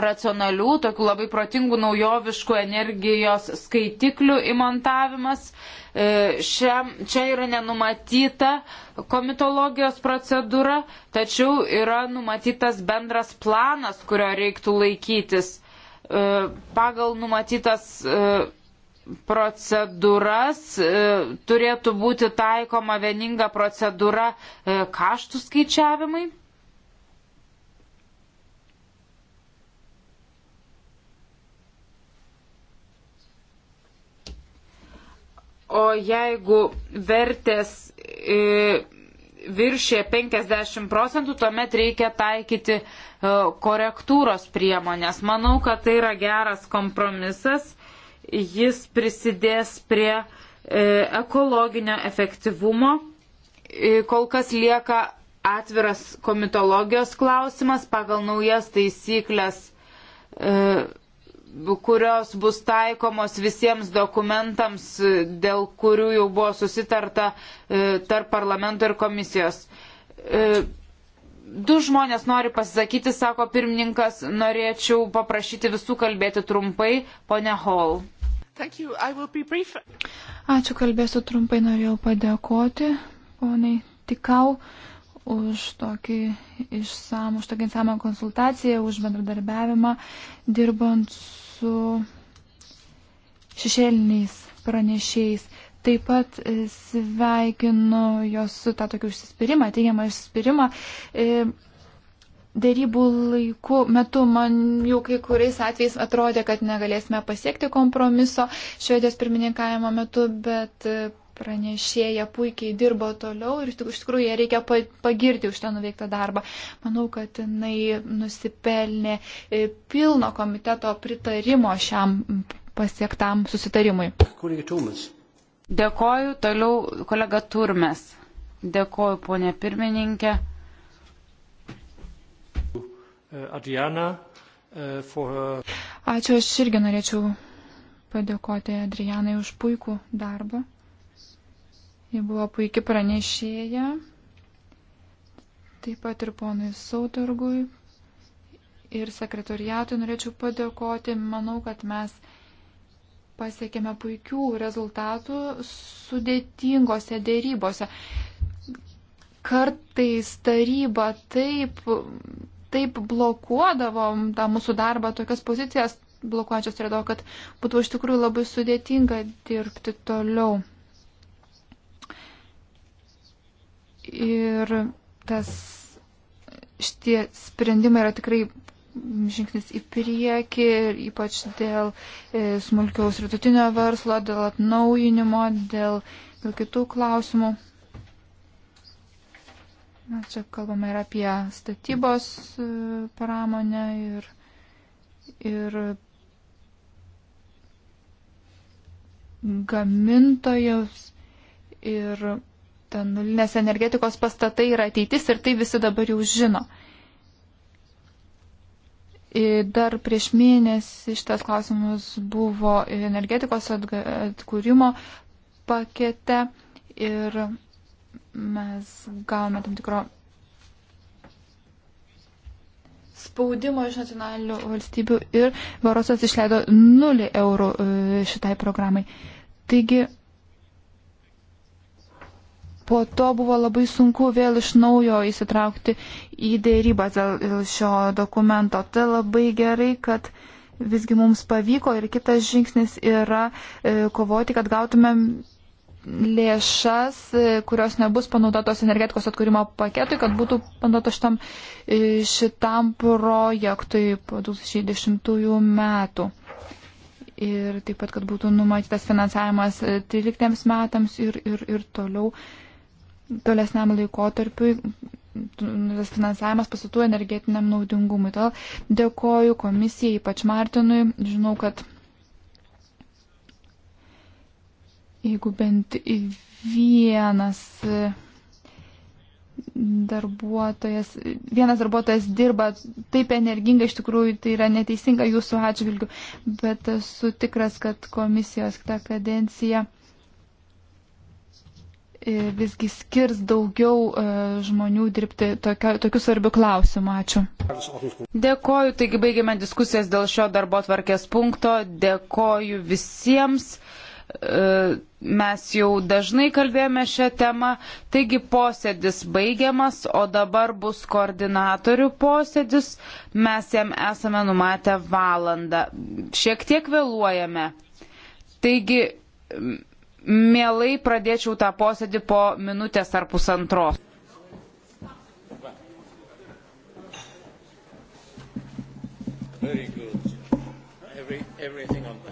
racionalių, tokių labai protingų naujoviškų energijos skaitiklių įmontavimas. E, šia, čia yra nenumatyta komitologijos procedūra, tačiau yra numatytas bendras planas, kurio reiktų laikytis. E, pagal numatytas e, procedūras turėtų būti taikoma vieninga procedūra kaštų skaičiavimai o jeigu vertės e, viršė 50 procentų, tuomet reikia taikyti e, korektūros priemonės. Manau, kad tai yra geras kompromisas, jis prisidės prie e, ekologinio efektyvumo. E, kol kas lieka atviras komitologijos klausimas pagal naujas taisyklės. E, kurios bus taikomos visiems dokumentams, dėl kurių jau buvo susitarta e, tarp parlamento ir komisijos. E, du žmonės nori pasisakyti, sako pirmininkas, norėčiau paprašyti visų kalbėti trumpai, ponia Hall. Ačiū, kalbėsiu trumpai, norėjau padėkoti poniai Tikau už tokį išsamų, už tokį išsamą konsultaciją, už bendradarbiavimą, dirbant su šešėliniais pranešėjais. Taip pat e, sveikinu jos tą tokį užsispyrimą, teigiamą užsispyrimą. E, Dėrybų laiku metu man jau kai kuriais atvejais atrodė, kad negalėsime pasiekti kompromiso švedės pirmininkavimo metu, bet e, pranešėja puikiai dirbo toliau ir iš tikrųjų ją reikia pagirti už tą nuveiktą darbą. Manau, kad jinai nusipelnė e, pilno komiteto pritarimo šiam pasiektam susitarimui. Dėkoju toliau kolega Turmes. Dėkoju ponė pirmininkė. E, Adriana, e, for... Ačiū, aš irgi norėčiau padėkoti Adrianai už puikų darbą. Ji buvo puikiai pranešėja, taip pat ir ponui Sautargui ir sekretoriatui norėčiau padėkoti. Manau, kad mes pasiekėme puikių rezultatų sudėtingose dėrybose. Kartais taryba taip, taip blokuodavo tą mūsų darbą, tokias pozicijas blokuojančios turėdavo, kad būtų iš tikrųjų labai sudėtinga dirbti toliau. Ir tas šitie sprendimai yra tikrai žingsnis į priekį, ypač dėl e, smulkiaus rytutinio verslo, dėl atnaujinimo, dėl, dėl kitų klausimų. Mes čia kalbame ir apie statybos e, pramonę ir, ir gamintojus ir ten nulinės energetikos pastatai yra ateitis ir tai visi dabar jau žino. Ir dar prieš mėnesį šitas klausimas buvo energetikos atkūrimo pakete ir mes gavome tam tikro spaudimo iš nacionalinių valstybių ir Varosas išleido 0 eurų e, šitai programai. Taigi po to buvo labai sunku vėl iš naujo įsitraukti į dėrybas dėl šio dokumento. Tai labai gerai, kad visgi mums pavyko ir kitas žingsnis yra e, kovoti, kad gautumėm lėšas, e, kurios nebus panaudotos energetikos atkūrimo paketui, kad būtų panaudotos šitam, e, šitam projektui po 2010 metų ir taip pat, kad būtų numatytas finansavimas 13 metams ir, ir, ir toliau tolesniam laikotarpiui tas finansavimas pasitų energetiniam naudingumui. Todėl dėkoju komisijai, ypač Martinui. Žinau, kad jeigu bent vienas darbuotojas, vienas darbuotojas dirba taip energingai, iš tikrųjų tai yra neteisinga jūsų atžvilgių, bet esu tikras, kad komisijos kitą kadenciją E, visgi skirs daugiau e, žmonių dirbti tokio, tokiu svarbiu klausimu. Ačiū. Dėkoju, taigi baigėme diskusijas dėl šio darbo tvarkės punkto. Dėkoju visiems. E, mes jau dažnai kalbėjome šią temą, taigi posėdis baigiamas, o dabar bus koordinatorių posėdis. Mes jam esame numatę valandą. Šiek tiek vėluojame. Taigi Mielai pradėčiau tą posėdį po minutės ar pusantros. Very good. Every, everything on that.